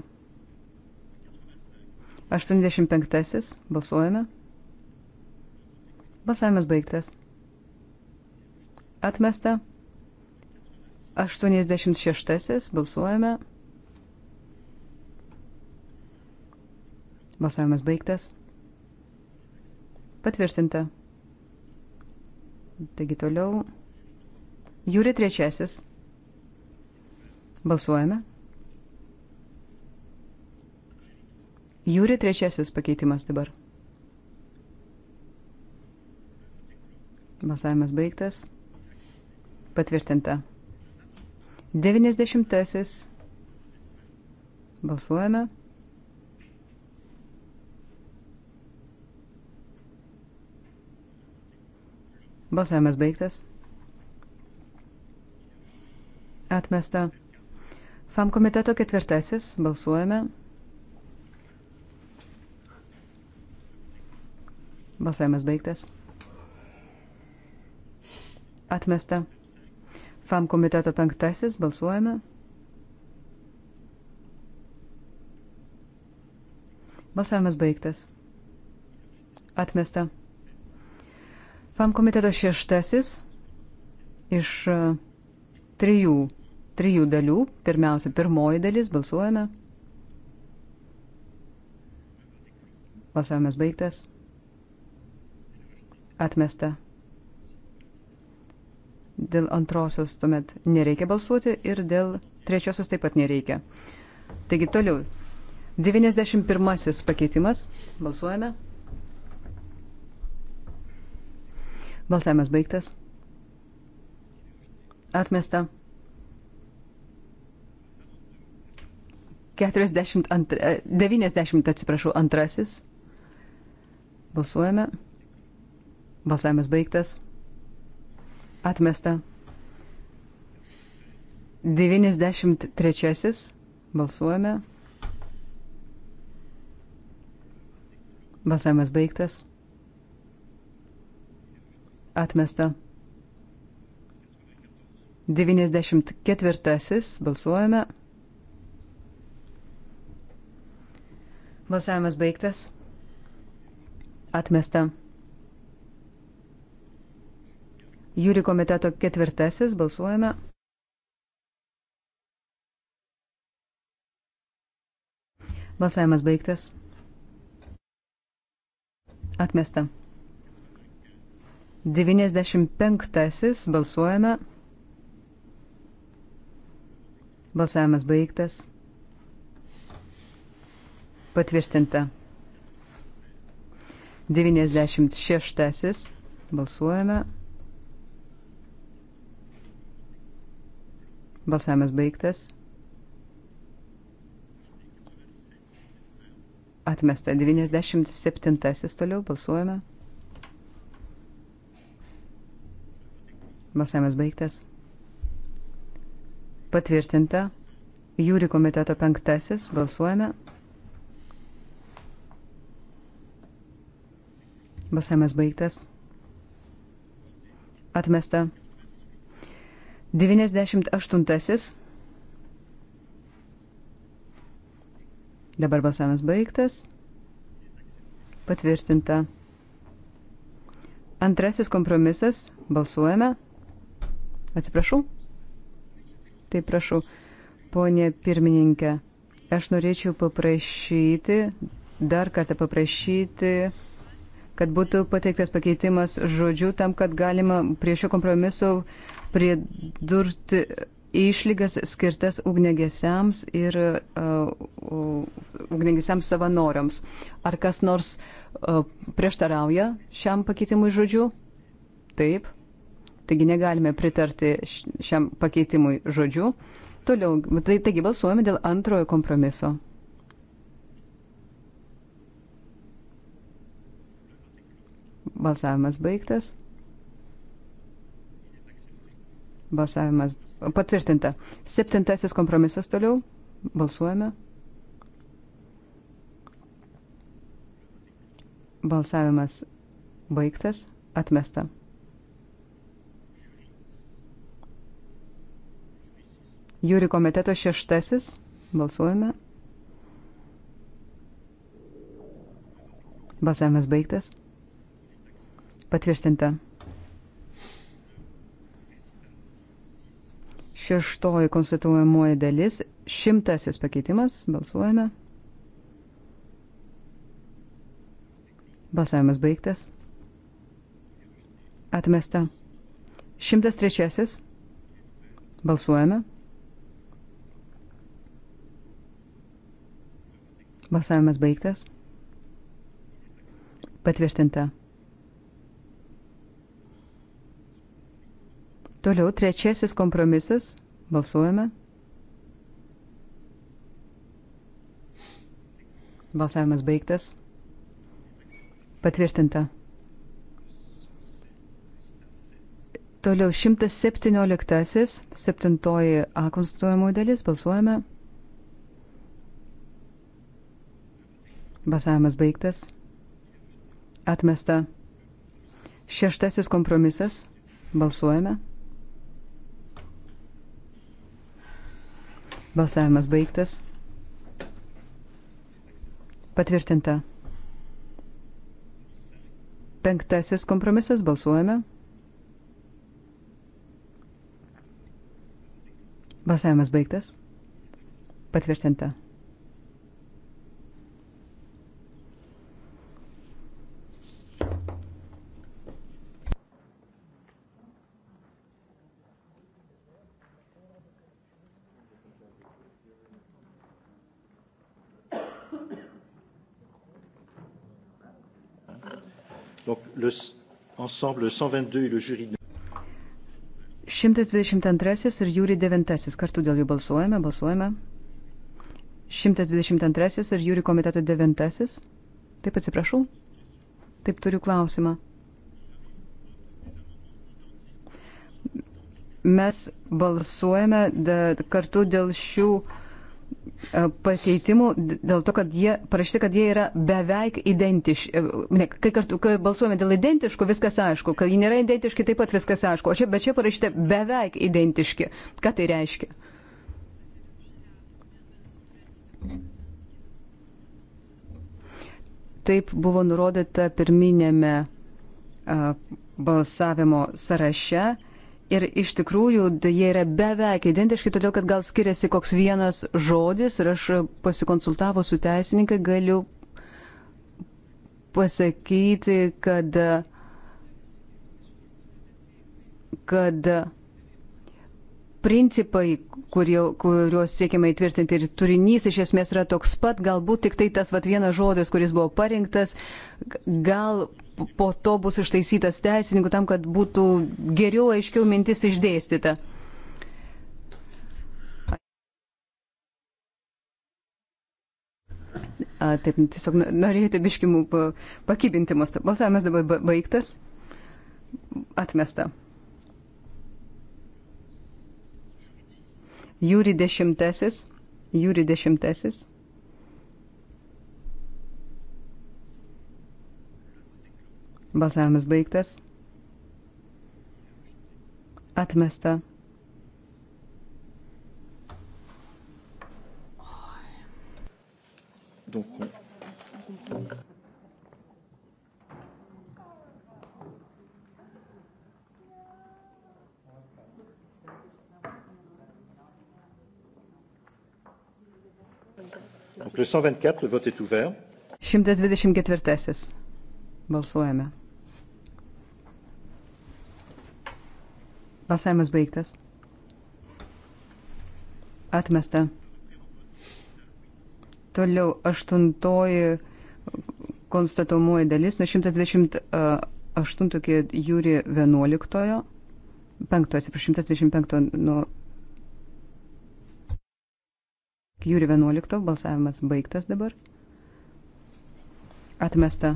85. Balsuojame. Balsavimas baigtas. Atmesta. 86. Balsuojame. Balsavimas baigtas. Patvirtinta. Taigi toliau. Jūri trečiasis. Balsuojame. Jūri trečiasis pakeitimas dabar. Balsavimas baigtas. Patvirtinta. 90. Balsuojame. Balsavimas baigtas. Atmesta. FAM komiteto ketvirtasis. Balsuojame. Balsavimas baigtas. Atmesta. FAM komiteto penktasis. Balsuojame. Balsavimas baigtas. Atmesta. FAM komiteto šeštasis iš uh, trijų trijų dalių. Pirmiausia, pirmoji dalis balsuojame. Balsavimas baigtas. Atmesta. Dėl antrosios tuomet nereikia balsuoti ir dėl trečiosios taip pat nereikia. Taigi toliau. 91 pakeitimas. Balsuojame. Balsavimas baigtas. Atmesta. 40, 90, e, atsiprašau, antrasis. Balsuojame. Balsavimas baigtas. Atmesta. 93. Balsuojame. Balsavimas baigtas. Atmesta. 94. Balsuojame. Balsavimas baigtas. Atmesta. Jūri komiteto ketvirtasis. Balsuojame. Balsavimas baigtas. Atmesta. 95. Balsuojame. Balsavimas baigtas. Patvirtinta. 96. Balsuojame. Balsavimas baigtas. Atmesta 97. Toliau balsuojame. Balsavimas baigtas. Patvirtinta. Jūri komiteto penktasis. Balsuojame. Basavimas baigtas. Atmesta. 98. Dabar balsavimas baigtas. Patvirtinta. Antrasis kompromisas. Balsuojame. Atsiprašau. Tai prašau. Pone pirmininkė, aš norėčiau paprašyti, dar kartą paprašyti kad būtų pateiktas pakeitimas žodžių tam, kad galima prie šio kompromiso pridurti išlygas skirtas ugnegesiams ir uh, ugnegesiams savanoriams. Ar kas nors uh, prieštarauja šiam pakeitimui žodžiu? Taip. Taigi negalime pritarti šiam pakeitimui žodžiu. Toliau, tai, taigi balsuojame dėl antrojo kompromiso. Balsavimas baigtas. Balsavimas patvirtinta. Septintasis kompromisas toliau. Balsuojame. Balsavimas baigtas. Atmesta. Jūri komiteto šeštasis. Balsuojame. Balsavimas baigtas. Patvirtinta. Šeštoji konstatuojamoji dalis. Šimtasis pakeitimas. Balsuojame. Balsavimas baigtas. Atmesta. Šimtas trečiasis. Balsuojame. Balsavimas baigtas. Patvirtinta. Toliau trečiasis kompromisas. Balsuojame. Balsavimas baigtas. Patvirtinta. Toliau 117, 7 A konstruojamoji dalis, balsuojame. Balsavimas baigtas. Atmesta. Šeštasis kompromisas, balsuojame. Balsavimas baigtas. Patvirtinta. Penktasis kompromisas. Balsuojame. Balsavimas baigtas. Patvirtinta. le, ensemble le 122 ir le jury. 122 ir jūri 9 kartu dėl jų balsuojame, balsuojame. 122 ir jūri komiteto 9. Taip atsiprašau. Taip turiu klausimą. Mes balsuojame da, kartu dėl šių uh, E, pakeitimų dėl to, kad jie parašyti, kad jie yra beveik identiški. E, ne, kai, kartu, kai balsuojame dėl identiškų, viskas aišku. Kai jie nėra identiški, taip pat viskas aišku. O čia, bet čia parašyta beveik identiški. Ką tai reiškia? Taip buvo nurodyta pirminėme e, balsavimo sąraše Ir iš tikrųjų jie yra beveik identiški, todėl kad gal skiriasi koks vienas žodis ir aš pasikonsultavo su teisininkai, galiu pasakyti, kad, kad principai, kurio, kuriuos siekiama įtvirtinti ir turinys iš esmės yra toks pat, galbūt tik tai tas vat vienas žodis, kuris buvo parinktas, gal po to bus ištaisytas teisininkų tam, kad būtų geriau aiškiau mintis išdėstyta. A, taip, tiesiog norėjote biškimų pakybinti mus. Balsavimas dabar baigtas. Atmesta. Jūri dešimtasis. Jūri dešimtasis. Balsavimas baigtas. Atmesta. Donc on... Donc le 124, le vote est ouvert. 124. Balsuojame. Balsavimas baigtas. Atmesta. Toliau aštuntoji konstatomoji dalis nuo 128 iki jūri 11, 5, atsiprašau, 125 nuo jūri 11, balsavimas baigtas dabar. Atmesta.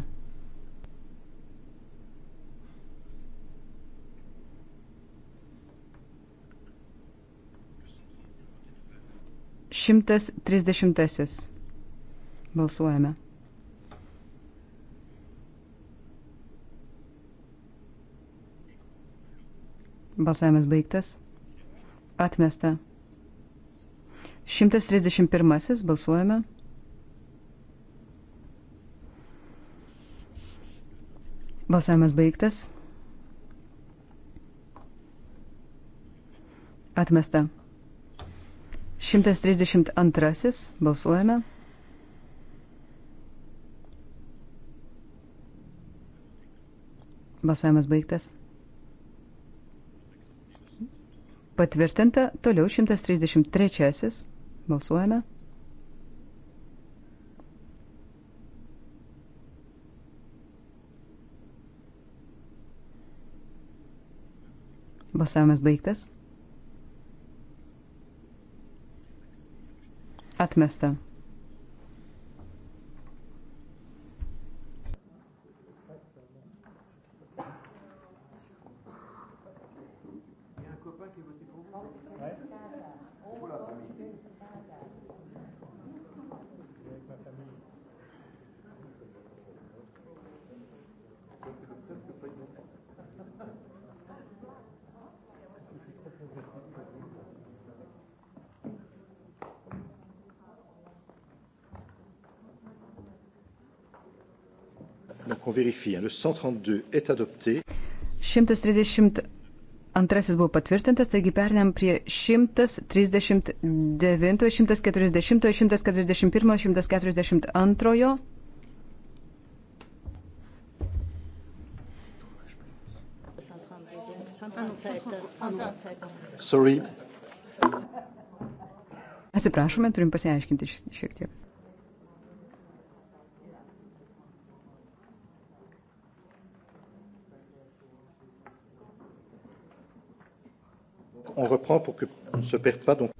130. Balsuojame. Balsavimas baigtas. Atmesta. 131. Balsuojame. Balsavimas baigtas. Atmesta. 132. Balsuojame. Balsavimas baigtas. Patvirtinta. Toliau 133. Balsuojame. Balsavimas baigtas. atmesta. ratifié. Le 132 est adopté. 132 buvo patvirtintas, taigi pernėm prie 139, 140, 141, 142. Sorry. Atsiprašome, turim pasiaiškinti šiek tiek. reprend pour qu'on ne se perde pas. Donc.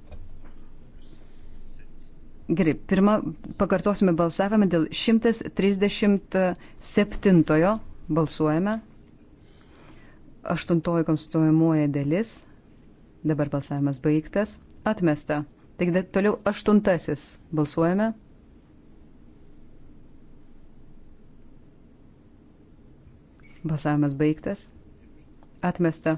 Gerai, pirmą pakartosime balsavimą dėl 137 balsuojame. Aštuntoji konstituojamoji dalis. Dabar balsavimas baigtas. Atmesta. Taigi toliau aštuntasis balsuojame. Balsavimas baigtas. Atmesta.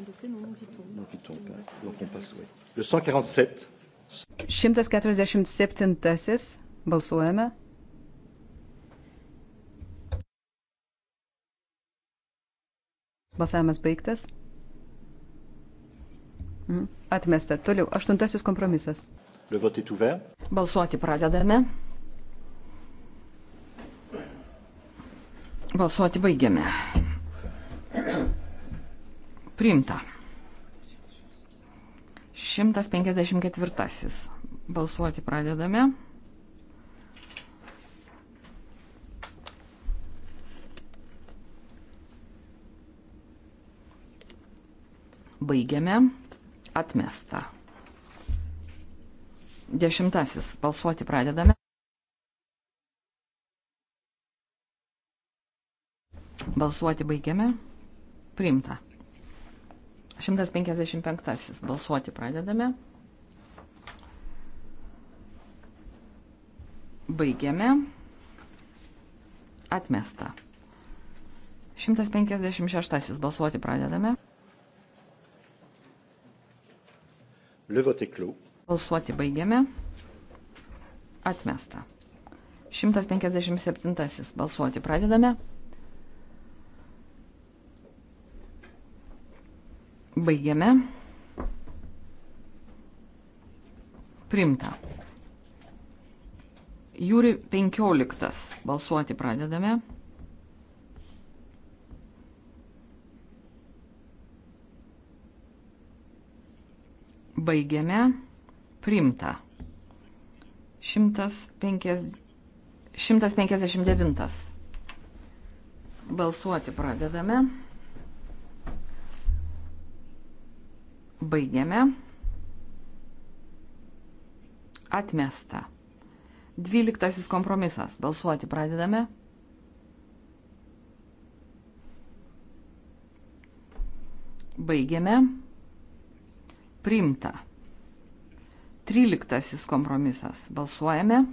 147. Balsuojame. Balsavimas baigtas. Mhm. Atmesta. Toliau. Aštuntasis kompromisas. Balsuoti pradedame. Balsuoti baigiame. Primta. 154. Balsuoti pradedame. Baigiame. Atmesta. Dešimtasis. Balsuoti pradedame. Balsuoti baigiame. Primta. 155. Balsuoti pradedame. Baigiame. Atmesta. 156. Balsuoti pradedame. Le vote est clos. Balsuoti baigiame. Atmesta. 157. Balsuoti pradedame. Baigiame. Primta. Jūri 15. Balsuoti pradedame. Baigiame. Primta. 159. Balsuoti pradedame. Baigiame. Atmesta. Dvyliktasis kompromisas. Balsuoti pradedame. Baigiame. Primta. Tryliktasis kompromisas. Balsuojame.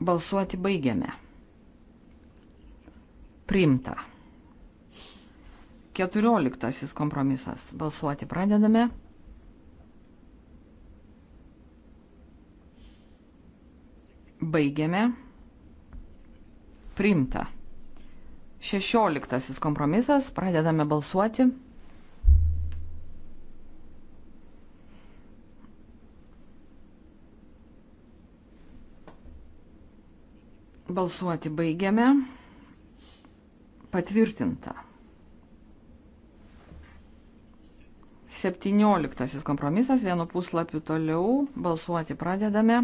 Balsuoti baigiame. Primta. Keturioliktasis kompromisas. Balsuoti pradedame. Baigiame. Primta. Šešioliktasis kompromisas. Pradedame balsuoti. Balsuoti baigiame. Patvirtinta. 17 kompromisas, vienu puslapiu toliau, balsuoti pradedame.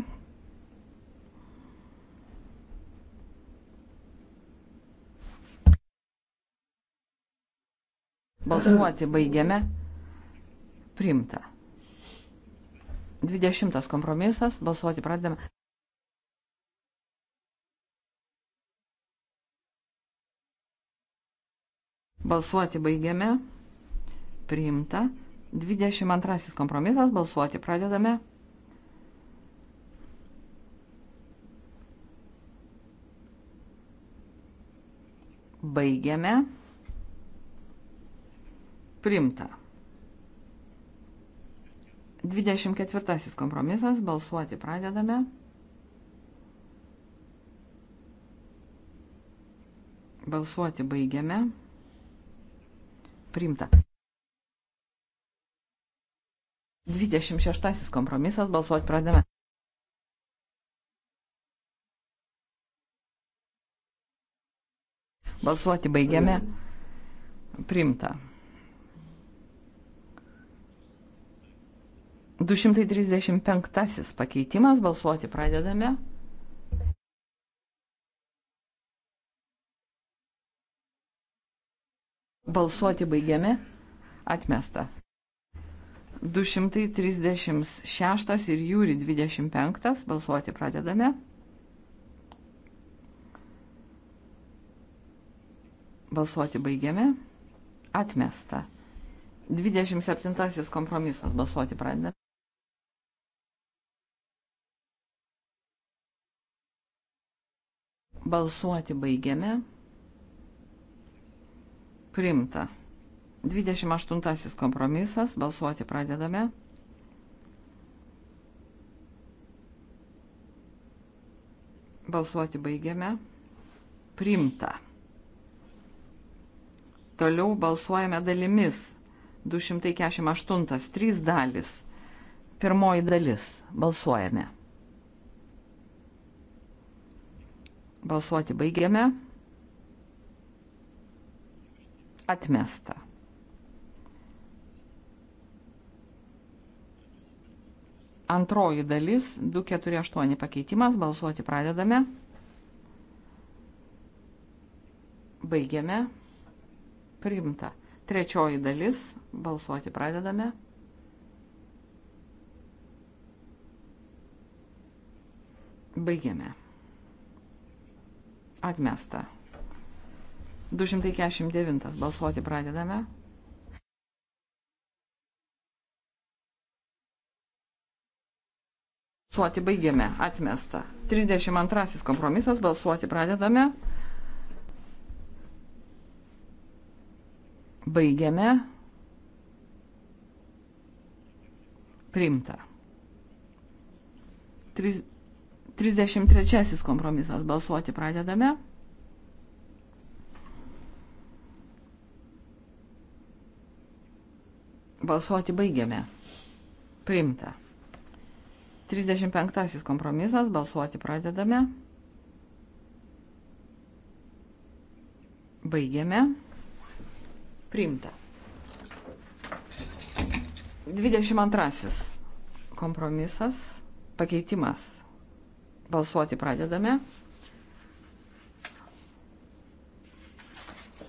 Balsuoti baigiame. Primta. 20 kompromisas, balsuoti pradedame. Balsuoti baigiame. Priimta. 22 kompromisas. Balsuoti pradedame. Baigiame. Primta. 24 kompromisas. Balsuoti pradedame. Balsuoti baigiame. Primta. 26 kompromisas balsuoti pradame. Balsuoti baigiame. Primta. 235 pakeitimas. Balsuoti pradedame. Balsuoti baigiame. Atmesta. 236 ir jūri 25. Balsuoti pradedame. Balsuoti baigiame. Atmesta. 27 kompromisas. Balsuoti pradedame. Balsuoti baigiame. Primta. 28 kompromisas. Balsuoti pradedame. Balsuoti baigiame. Primta. Toliau balsuojame dalimis. 248. Trys dalis. Pirmoji dalis. Balsuojame. Balsuoti baigiame atmesta. Antroji dalis, 248 pakeitimas, balsuoti pradedame. Baigiame. Primta. Trečioji dalis, balsuoti pradedame. Baigiame. Atmesta. 249 balsuoti pradedame. Balsuoti baigiame, atmesta. 32 kompromisas, balsuoti pradedame. Baigiame. Primta. 33 kompromisas, balsuoti pradedame. Balsuoti baigiame. Primta. 35 kompromisas. Balsuoti pradedame. Baigiame. Primta. 22 kompromisas. Pakeitimas. Balsuoti pradedame.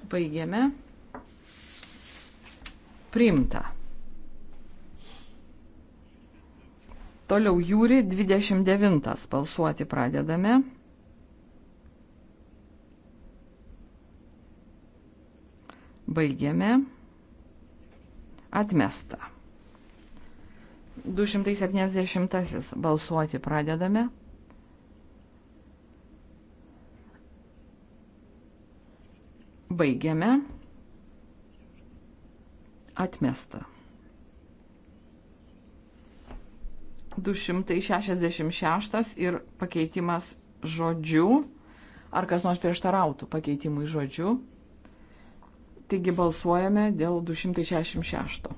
Baigiame. Primta. Toliau Jūri 29 balsuoti pradedame. Baigiame. Atmesta. 270 balsuoti pradedame. Baigiame. Atmesta. 266 ir pakeitimas žodžiu. Ar kas nors prieštarautų pakeitimui žodžiu? Taigi balsuojame dėl 266.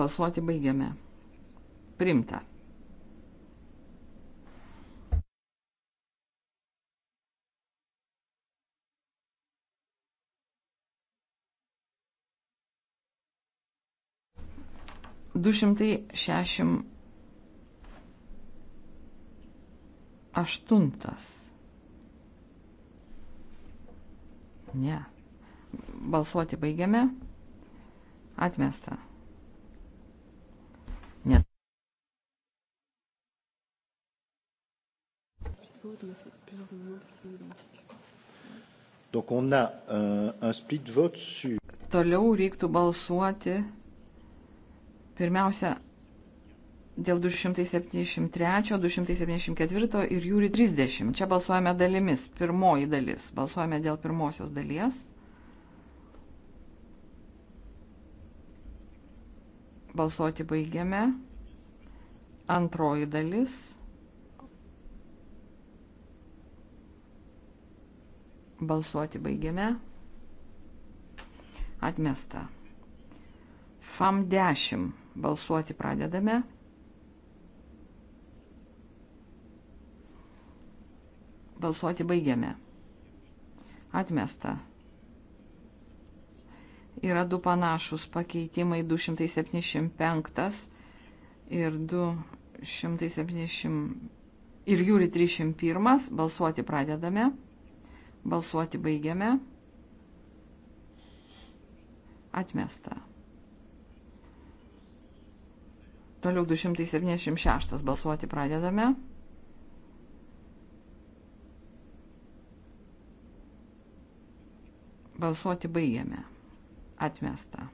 Balsuoti baigiame. Primta. 268. Ne. Balsuoti baigiame. Atmesta. Net. Donc on a un, un split vote sur. Toliau reiktų balsuoti Pirmiausia, dėl 273, 274 ir jūri 30. Čia balsuojame dalimis. Pirmoji dalis. Balsuojame dėl pirmosios dalies. Balsuoti baigiame. Antroji dalis. Balsuoti baigiame. Atmesta. FAM 10 Balsuoti pradedame. Balsuoti baigiame. Atmesta. Yra du panašus pakeitimai 275 ir 270 ir jūri 301. Balsuoti pradedame. Balsuoti baigiame. Atmesta. Toliau 276 balsuoti pradedame. Balsuoti baigiame. Atmesta.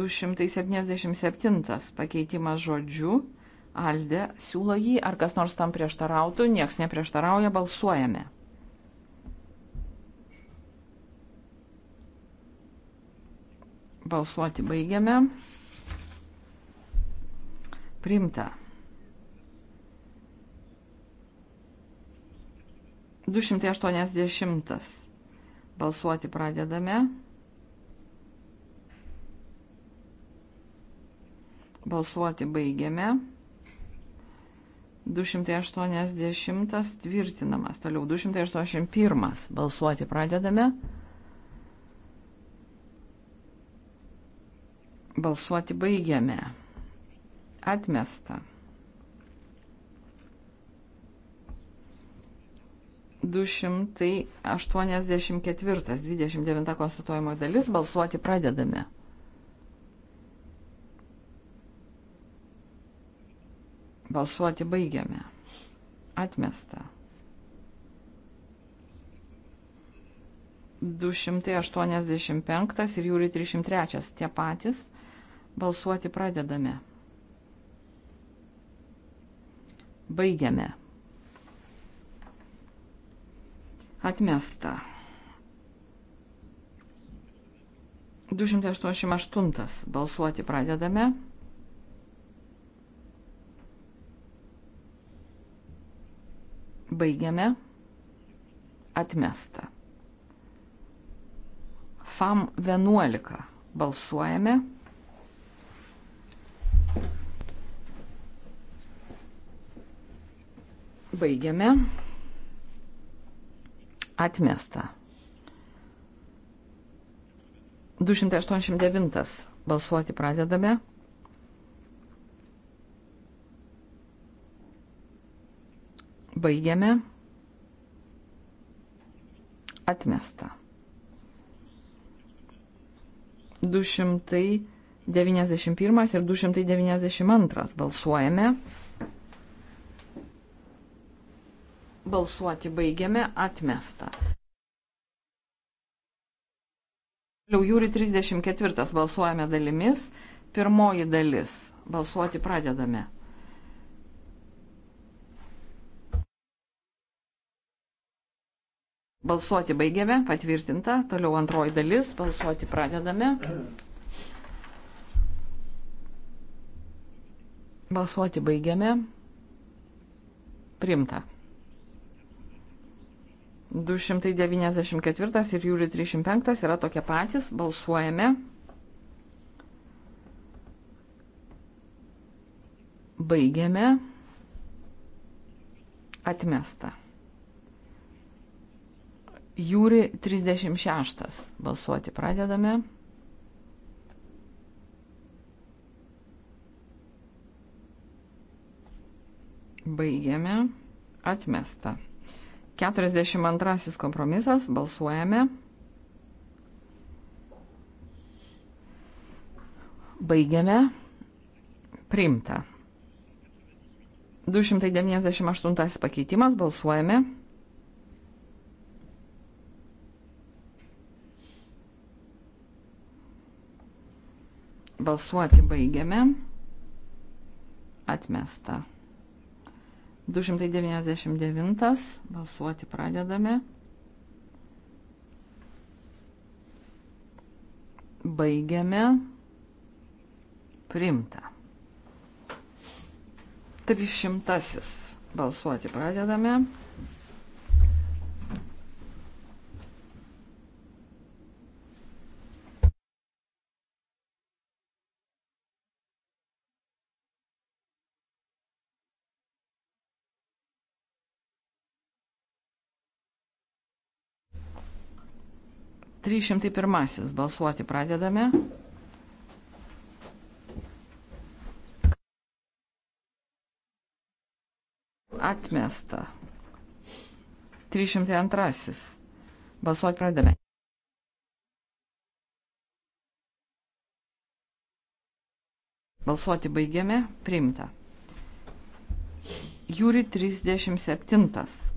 277 pakeitimas žodžių. Alde siūlo jį, ar kas nors tam prieštarautų, nieks neprieštarauja, balsuojame. Balsuoti baigiame. Primta. 280. Balsuoti pradedame. Balsuoti baigiame. 280 tvirtinamas. Toliau 281. Balsuoti pradedame. Balsuoti baigiame. Atmesta. 284, 29 konstatuojimo dalis, balsuoti pradedame. Balsuoti baigiame. Atmesta. 285 ir jūri 303 tie patys. Balsuoti pradedame. Baigiame. Atmesta. 288 balsuoti pradedame. Baigiame. Atmesta. FAM 11 balsuojame. Baigiame. Atmesta. 289. Balsuoti pradedame. Baigiame. Atmesta. 291 ir 292 balsuojame. Balsuoti baigiame atmestą. Liaujūri 34 balsuojame dalimis. Pirmoji dalis. Balsuoti pradedame. Balsuoti baigėme, patvirtinta. Toliau antroji dalis, balsuoti pradedame. Balsuoti baigėme. Primta. 294 ir Jūri 305 yra tokie patys. Balsuojame. Baigiame. Atmesta. Jūri 36. Balsuoti pradedame. Baigiame. Atmesta. 42 kompromisas. Balsuojame. Baigiame. Primta. 298 pakeitimas. Balsuojame. Balsuoti baigiame. Atmesta. 299. Balsuoti pradedame. Baigiame. Primta. 300. Balsuoti pradedame. 301. Balsuoti pradedame. Atmesta. 302. Balsuoti pradedame. Balsuoti baigiame. Priimta. Jūri 37.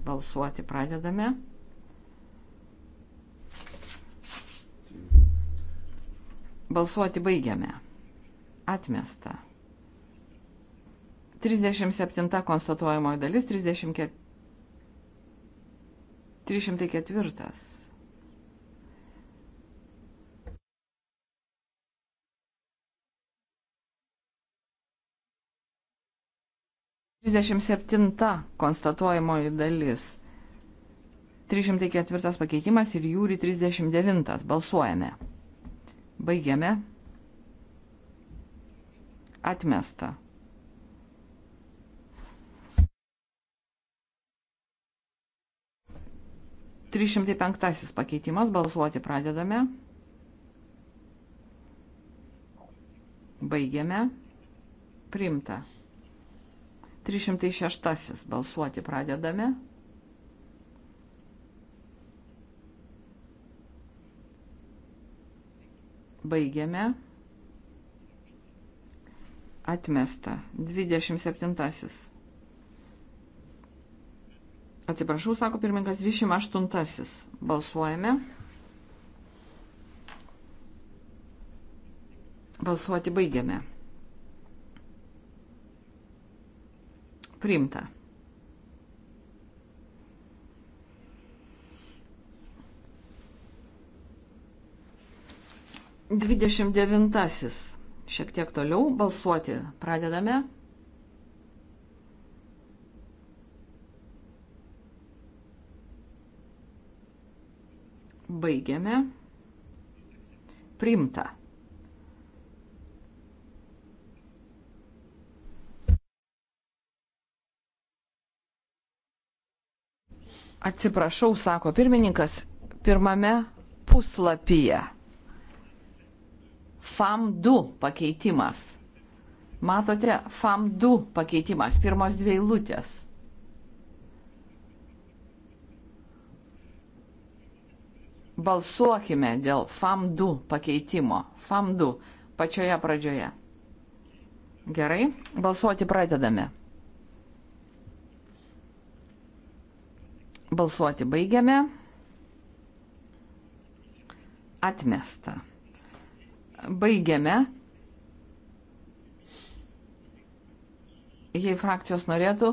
Balsuoti pradedame. Balsuoti baigiame. Atmesta. 37 konstatuojamoji dalis, 34. 304. Trisdešimt septinta konstatuojamoji dalis. 304 pakeitimas ir jūri 39. Balsuojame. Baigiame. Atmesta. Trys šimtai penktasis pakeitimas. Balsuoti pradedame. Baigiame. Primta. 306. Balsuoti pradedame. Baigiame. Atmesta. 27. Atsiprašau, sako pirmininkas, 28. Balsuojame. Balsuoti baigiame. Priimta. 29. Šiek tiek toliau balsuoti pradedame. Baigiame. Primta. Atsiprašau, sako pirmininkas, pirmame puslapyje FAM2 pakeitimas. Matote, FAM2 pakeitimas, pirmos dvi eilutės. Balsuokime dėl FAM2 pakeitimo. FAM2 pačioje pradžioje. Gerai, balsuoti pradedame. Balsuoti baigiame. Atmesta baigiame. Jei frakcijos norėtų,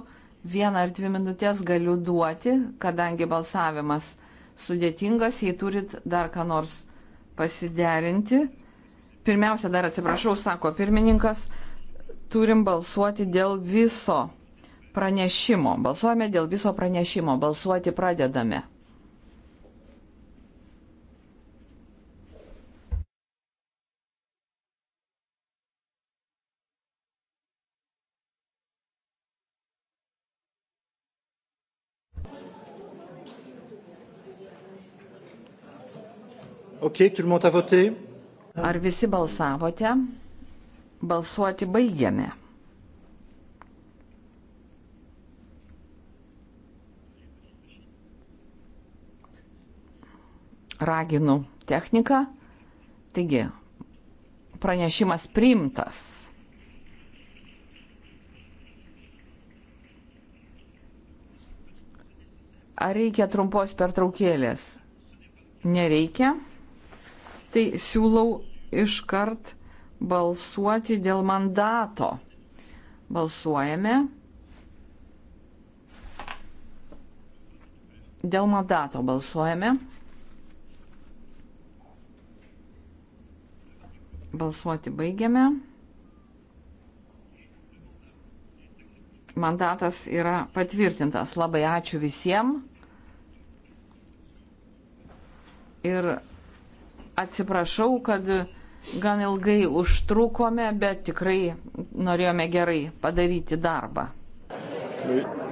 vieną ar dvi minutės galiu duoti, kadangi balsavimas sudėtingas, jei turit dar ką nors pasiderinti. Pirmiausia, dar atsiprašau, sako pirmininkas, turim balsuoti dėl viso pranešimo. Balsuojame dėl viso pranešimo. Balsuoti pradedame. Ok, tout le monde a voté. Ar visi balsavote? Balsuoti baigiame. Raginu techniką. Taigi, pranešimas priimtas. Ar reikia trumpos pertraukėlės? Nereikia tai siūlau iškart balsuoti dėl mandato. Balsuojame dėl mandato. Balsuojame. Balsuoti baigiame. Mandatas yra patvirtintas. Labai ačiū visiems. Ir atsiprašau, kad gan ilgai užtrukome, bet tikrai norėjome gerai padaryti darbą. Oui. Nu,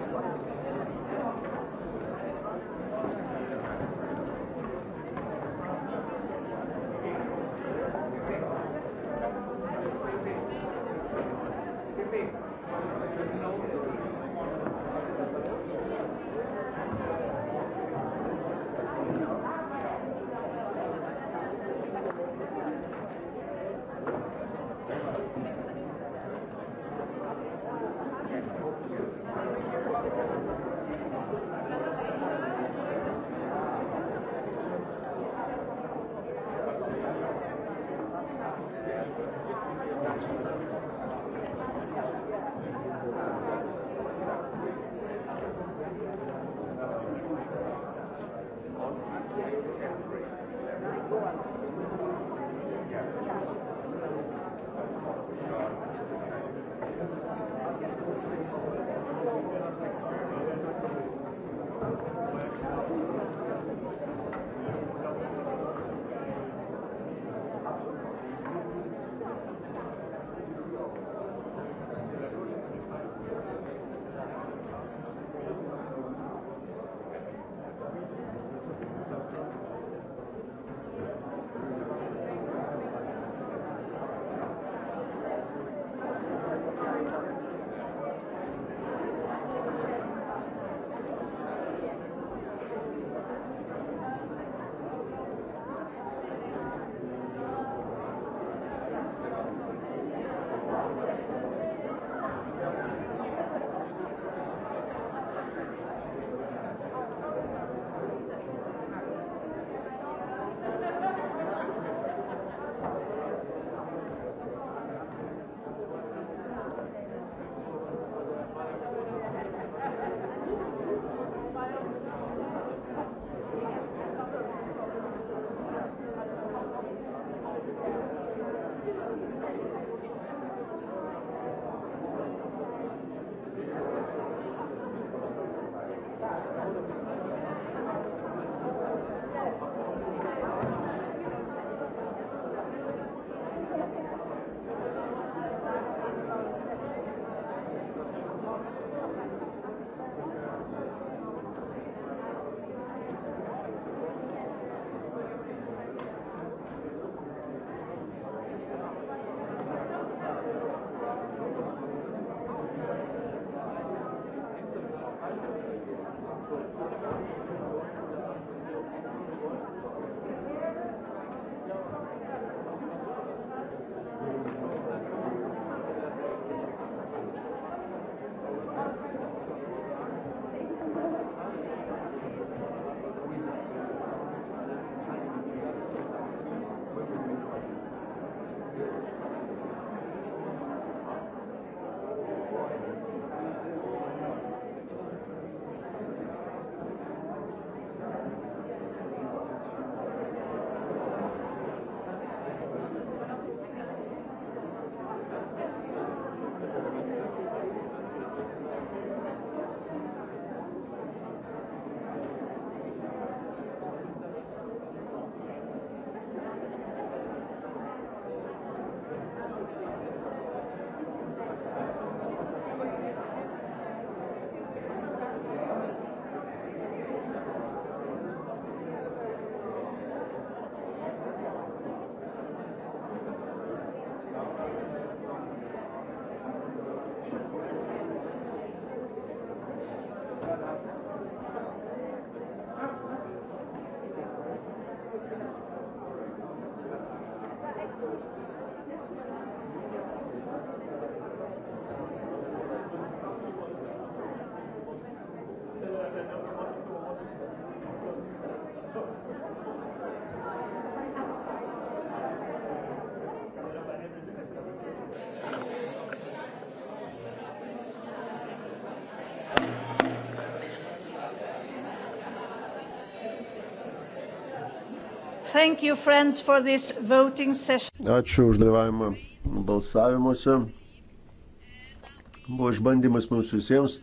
You, friends, Ačiū už dalyvavimą balsavimuose. Buvo išbandymas mums visiems.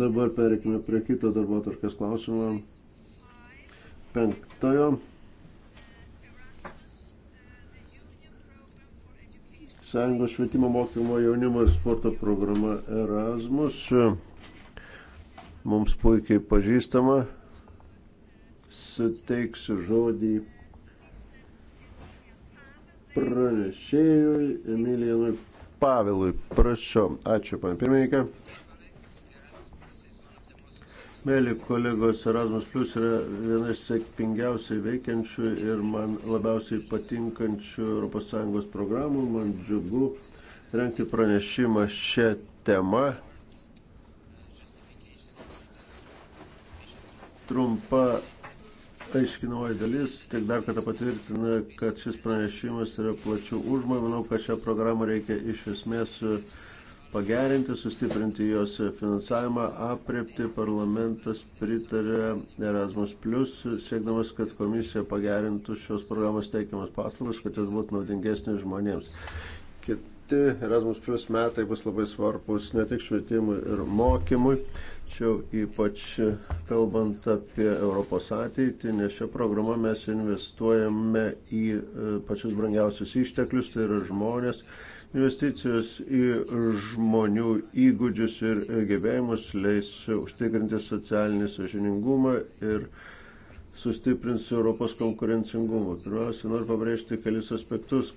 Dabar perikime prie kito darbo tarkės klausimo. Penktojo. Sąjungos švietimo mokymo jaunimo ir sporto programa Erasmus. Mums puikiai pažįstama suteiksiu žodį pranešėjui Emilijanui Pavilui. Prašau. Ačiū, pan pirmininkė. Mėly kolegos, Erasmus Plus yra viena iš sėkmingiausiai veikiančių ir man labiausiai patinkančių ES programų. Man džiugu rengti pranešimą šią temą. Trumpa aiškinamoji dalis, tiek dar kartą patvirtina, kad šis pranešimas yra plačių užmojų. Manau, kad šią programą reikia iš esmės pagerinti, sustiprinti jos finansavimą, apriepti. Parlamentas pritarė Erasmus, siekdamas, kad komisija pagerintų šios programos teikiamas paslaugas, kad jos būtų naudingesnės žmonėms. Kiti Erasmus metai bus labai svarbus ne tik švietimui ir mokymui Tačiau ypač kalbant apie Europos ateitį, nes šią programą mes investuojame į e, pačius brangiausius išteklius, tai yra žmonės. Investicijos į žmonių įgūdžius ir e, gyvėjimus leis užtikrinti socialinį sažiningumą ir sustiprins Europos konkurencingumą. Pirmiausia, noriu pabrėžti kelis aspektus,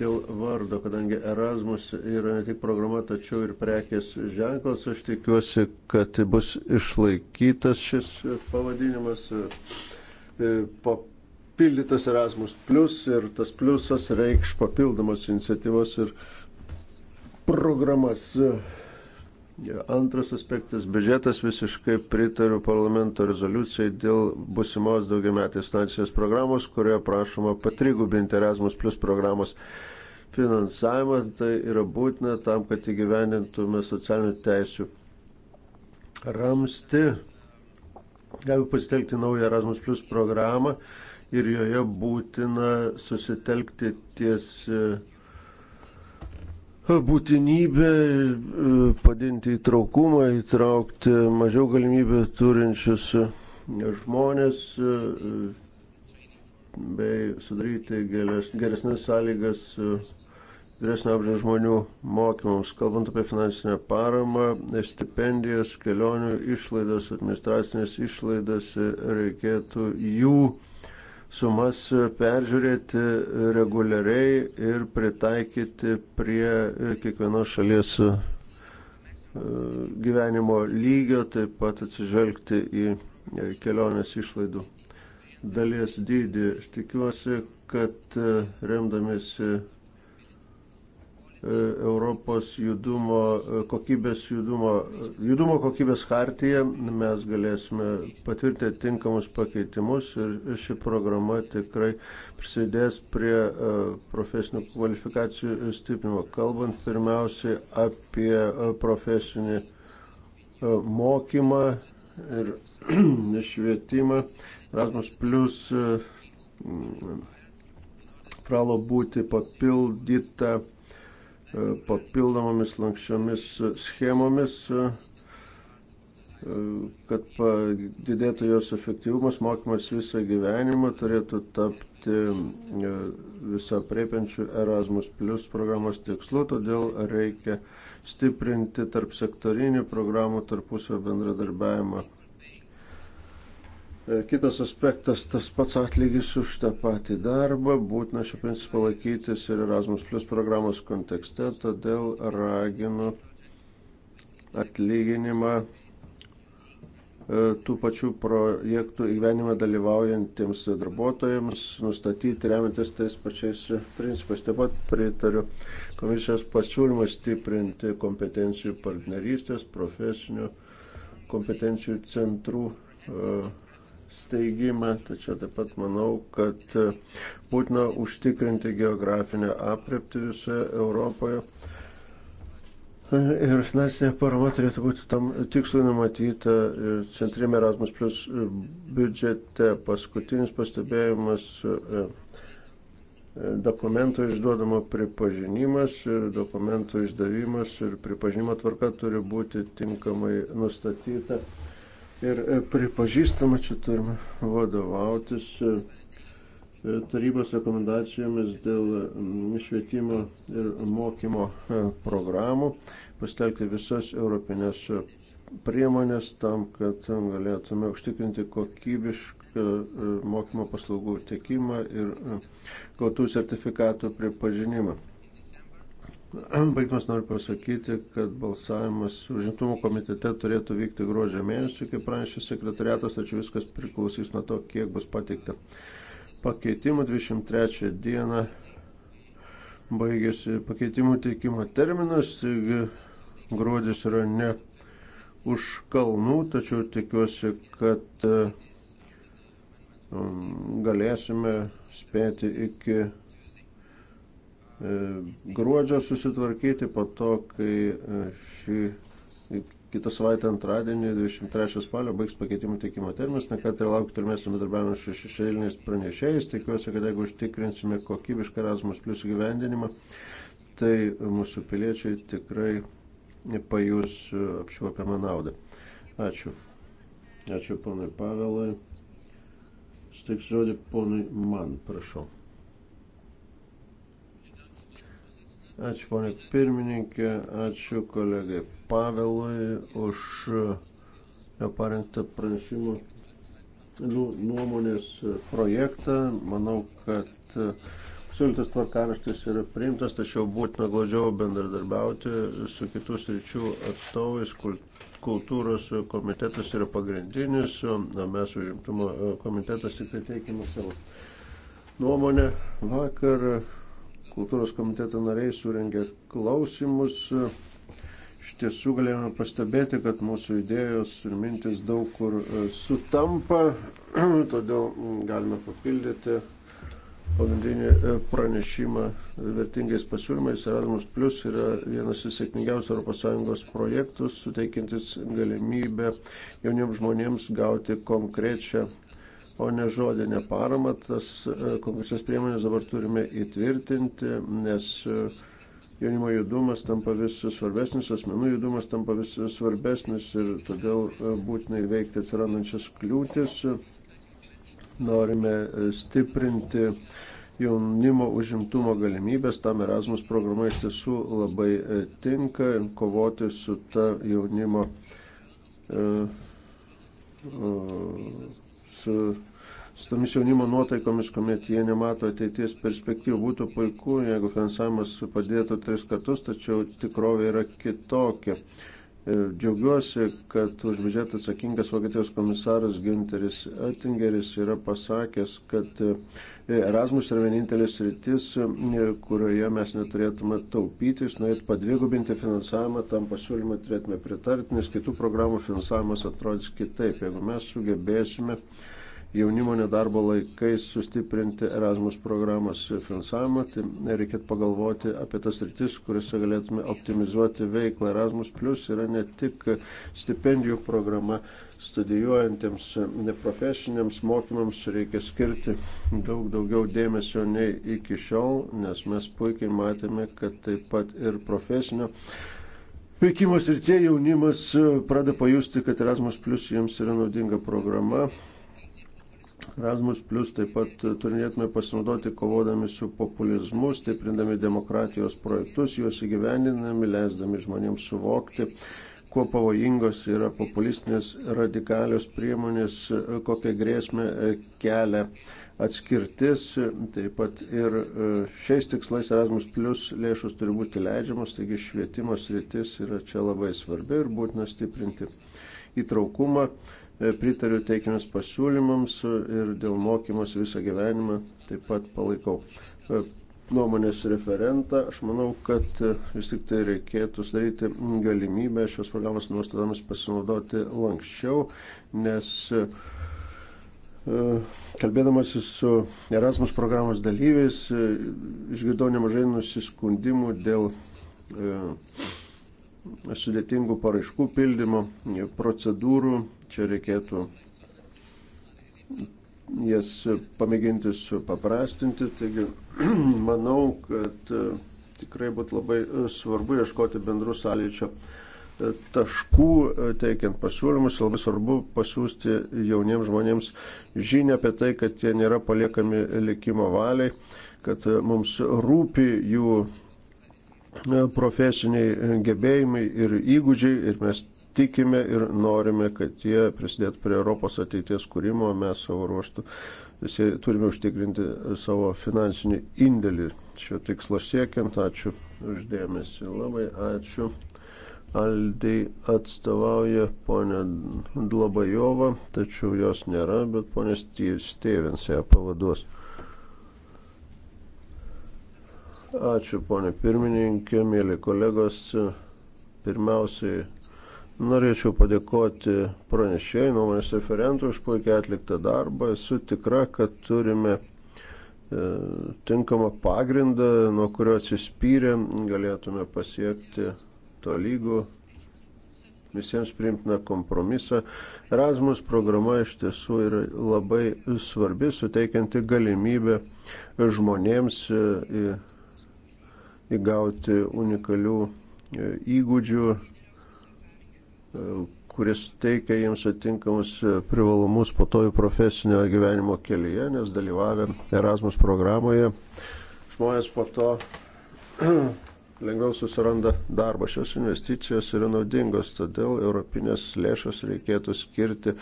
dėl vardo, kadangi Erasmus yra ne tik programa, tačiau ir prekės ženklas. Aš tikiuosi, kad bus išlaikytas šis pavadinimas, e, papildytas Erasmus plus ir tas pliusas reikš papildomas iniciatyvas ir programas. Antras aspektas - biudžetas visiškai pritariu parlamento rezoliucijai dėl busimos daugiametės finansinės programos, kurioje prašoma patrigubinti Erasmus Plus programos finansavimą. Tai yra būtina tam, kad įgyvenintume socialinių teisių ramsti. Galime pasitelkti naują Erasmus Plus programą ir joje būtina susitelkti ties būtinybė e, padinti įtraukumą, įtraukti mažiau galimybę turinčius e, žmonės e, bei sudaryti geresnės sąlygas vyresnio amžiaus žmonių mokymams. Kalbant apie finansinę paramą, stipendijas, kelionių išlaidas, administracinės išlaidas, reikėtų jų sumas peržiūrėti reguliariai ir pritaikyti prie kiekvienos šalies e, gyvenimo lygio, taip pat atsižvelgti į e, kelionės išlaidų dalies dydį. Aš tikiuosi, kad e, remdamėsi E, Europos judumo e, kokybės, judumo, judumo kokybės hartiją mes galėsime patvirtinti tinkamus pakeitimus ir ši programa tikrai prisidės prie e, profesinių kvalifikacijų stiprinimo. Kalbant pirmiausiai apie profesinį mokymą ir (clears throat) švietimą, Erasmus Plus pralo būti papildyta E, papildomomis lankščiomis schemomis, e, e, kad didėtų jos efektyvumas, mokymas visą gyvenimą turėtų tapti visą priepiančių Erasmus Plus programos tikslu, todėl reikia stiprinti tarp sektorinių programų tarpusio bendradarbiavimą E, kitas aspektas, tas pats atlygis už tą patį darbą, būtina šio principą laikytis ir Erasmus Plus programos kontekste, todėl raginu atlyginimą e, tų pačių projektų įgyvenime dalyvaujantiems darbuotojams nustatyti remiantis tais pačiais principais. Taip pat pritariu komisijos pasiūlymą stiprinti kompetencijų partnerystės, profesinių kompetencijų centrų e, steigimą, tačiau taip pat manau, kad būtina užtikrinti geografinę aprepti visoje Europoje. Ir finansinė parama turėtų būti tam tikslui numatyta centrinėme Erasmus plus biudžete. Paskutinis pastebėjimas dokumento išduodamo pripažinimas ir dokumento išdavimas ir pripažinimo tvarka turi būti tinkamai nustatyta ir e, pripažįstama, čia turime vadovautis e, e, tarybos rekomendacijomis dėl mm, švietimo ir mokymo programų, pasitelkti visas europinės priemonės tam, kad galėtume užtikrinti kokybišką mokymo paslaugų tiekimą ir gautų sertifikatų pripažinimą. Baigdamas noriu pasakyti, kad balsavimas užimtumo komitete turėtų vykti gruodžio mėnesį, kaip pranešė sekretariatas, tačiau viskas priklausys nuo to, kiek bus pateikta. Pakeitimų 23 dieną baigėsi pakeitimų teikimo terminas, taigi gruodis yra ne už kalnų, tačiau tikiuosi, kad um, galėsime spėti iki E, gruodžio susitvarkyti po to, kai e, šį e, kitą savaitę antradienį, 23 spalio, baigs pakeitimų teikimo terminas, nekat ir laukti turmės bendradarbiavimo su šešėliniais pranešėjais. Tikiuosi, kad jeigu užtikrinsime kokybišką Erasmus Plus gyvendinimą, tai mūsų piliečiai tikrai pajus apčiuopiamą naudą. Ačiū. Ačiū ponui Pavelui. Stiks žodį ponui man, prašau. Ačiū ponė pirmininkė, ačiū kolegai Pavelui už jo parengtą pranešimą nu, nuomonės projektą. Manau, kad siūlytas tvarkaraštis yra priimtas, tačiau būtina glaudžiau bendradarbiauti su kitus ryčių atstovais. Kultūros komitetas yra pagrindinis, o mes užimtumo komitetas tik tai teikime savo nuomonę. Vakar kultūros komiteto nariai surengė klausimus. Iš tiesų galėjome pastebėti, kad mūsų idėjos ir mintis daug kur e, sutampa, (clears throat) todėl galime papildyti pagrindinį e, pranešimą vertingais pasiūlymais. Erasmus Plus yra vienas iš sėkmingiausių ES projektų, suteikintis galimybę jauniems žmonėms gauti konkrečią o ne žodinę paramą. Tas e, konkrečias priemonės dabar turime įtvirtinti, nes e, jaunimo judumas tampa vis svarbesnis, asmenų judumas tampa vis svarbesnis ir todėl e, būtinai veikti atsirandančias kliūtis. Norime stiprinti jaunimo užimtumo galimybės, tam Erasmus programa iš tiesų labai tinka ir kovoti su ta jaunimo uh, uh, su, su tomis jaunimo nuotaikomis, kuomet jie nemato ateities perspektyvų. Būtų puiku, jeigu finansavimas padėtų tris kartus, tačiau tikrovė yra kitokia. Džiaugiuosi, kad už biudžetą atsakingas Vokietijos komisaras Günteris Oettingeris yra pasakęs, kad e, Erasmus yra vienintelis rytis, e, kurioje mes neturėtume taupyti, jūs norėt padvigubinti finansavimą, tam pasiūlymą turėtume pritarti, nes kitų programų finansavimas atrodys kitaip. Jeigu mes sugebėsime uh, jaunimo nedarbo laikais sustiprinti Erasmus programos finansavimą, tai reikėtų pagalvoti apie tas rytis, kuriuose galėtume optimizuoti veiklą. Erasmus Plus yra ne tik stipendijų programa studijuojantiems neprofesiniams mokymams, reikia skirti daug daugiau dėmesio nei iki šiol, nes mes puikiai matėme, kad taip pat ir profesinio veikimo srityje jaunimas pradeda pajusti, kad Erasmus Plus jiems yra naudinga programa Erasmus Plus taip pat turėtume pasinaudoti kovodami su populizmu, stiprindami demokratijos projektus, juos įgyvendinami, leisdami žmonėms suvokti, kuo pavojingos yra populistinės radikalios priemonės, kokią grėsmę kelia atskirtis. Taip pat ir e, šiais tikslais Erasmus Plus lėšus turi būti leidžiamos, taigi švietimo sritis yra čia labai svarbi ir būtina stiprinti įtraukumą E, pritariu teikiamis pasiūlymams ir dėl mokymus visą gyvenimą taip pat palaikau e, nuomonės referentą. Aš manau, kad e, vis tik tai reikėtų sudaryti galimybę šios programos nuostatomis pasinaudoti lankščiau, nes kalbėdamasi su Erasmus programos dalyviais išgirdau nemažai nusiskundimų dėl sudėtingų paraiškų pildymo procedūrų Čia reikėtų jas pamėginti supaprastinti. Taigi, (clears throat) manau, kad e, tikrai būtų labai e, svarbu ieškoti bendrų sąlyčio e, taškų, teikiant pasiūlymus. Labai svarbu pasiūsti jauniems žmonėms žinę apie tai, kad jie nėra paliekami likimo valiai, kad mums rūpi jų profesiniai gebėjimai ir įgūdžiai ir mes tikime ir norime, kad jie prisidėtų prie Europos ateities kūrimo, mes savo ruoštų visi turime užtikrinti savo finansinį indėlį šio tikslo siekiant. Ačiū uždėmesi, labai ačiū. Aldei atstovauja ponė Dlabajova, tačiau jos nėra, bet ponė Stevens ją pavaduos. Ačiū ponė pirmininkė, mėly kolegos. Pirmiausiai Norėčiau padėkoti pranešėjai, nuomonės referentui už puikiai atliktą darbą. Esu tikra, kad turime e, tinkamą pagrindą, nuo kurio atsispyrę galėtume pasiekti tolygų visiems priimtiną kompromisą. Erasmus programa iš tiesų yra labai svarbi, suteikianti galimybę žmonėms e, įgauti unikalių e, įgūdžių kuris teikia jiems atinkamus e, privalumus po to jų profesinio gyvenimo kelyje, nes dalyvavę Erasmus programoje žmonės po to (clears throat) lengviau susiranda darbą. Šios investicijos yra naudingos, todėl europinės lėšas reikėtų skirti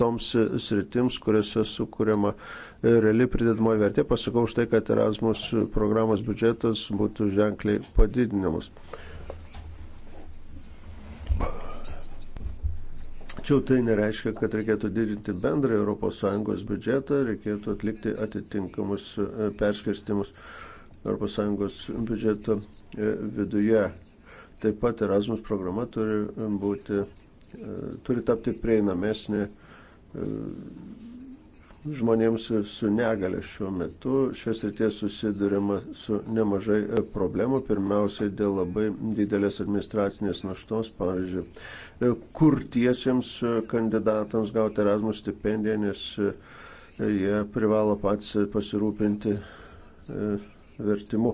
toms e, sritims, kuriuose sukūriama e, reali pridedama vertė. Pasakau už tai, kad Erasmus programos biudžetas būtų ženkliai padidinamas. Tačiau tai nereiškia, kad reikėtų didinti bendrą ES biudžetą, reikėtų atlikti atitinkamus e, perskirstimus ES biudžeto e, viduje. Taip pat Erasmus programa turi, e, būti, turi tapti prieinamesnė žmonėms su negale šiuo metu. Šios ryties susidurima su nemažai problemų, pirmiausiai dėl labai didelės administracinės naštos, pavyzdžiui E, kurtiesiems e, kandidatams gauti Erasmus stipendiją, nes e, jie privalo pats pasirūpinti vertimu.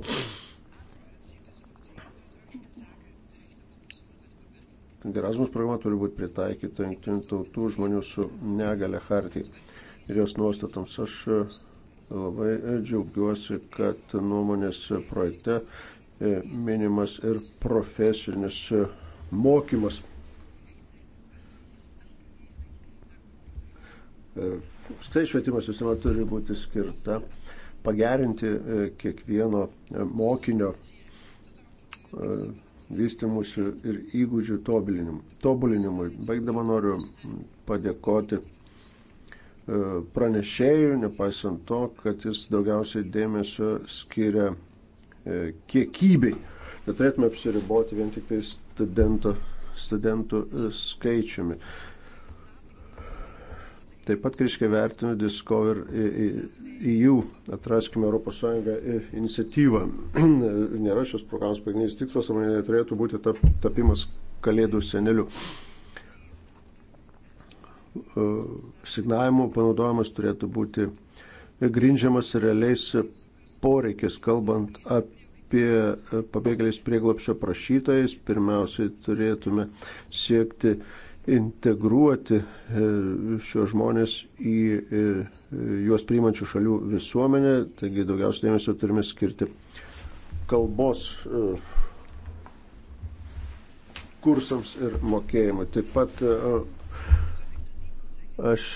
Erasmus programa turi būti pritaikyta jungtinių tautų žmonių su negale hartijai ir jos nuostatoms. Aš labai džiaugiuosi, kad nuomonės projekte minimas ir profesinis mokymas. Štai e, švietimo sistema turi būti skirta pagerinti e, kiekvieno e, mokinio vystimusių ir įgūdžių tobulinimui. Baigdama noriu padėkoti pranešėjų, nepaisant to, kad jis daugiausiai dėmesio skiria kiekybei. Neturėtume apsiriboti vien tik tai studento, studentų skaičiumi. Taip pat kriškai vertinu Discover EU, atraskime ES iniciatyvą. (clears throat) Nėra šios programos pagrindinis tikslas, o man turėtų būti tap, tapimas kalėdų seneliu. E, Signavimo panaudojimas turėtų būti grindžiamas realiais poreikis, kalbant apie pabėgėliais prieglopščio prašytojais. Pirmiausiai turėtume siekti uh, integruoti e, šios žmonės į e, juos priimančių šalių visuomenę, taigi daugiausiai dėmesio turime skirti kalbos e, kursams ir mokėjimui. Taip pat aš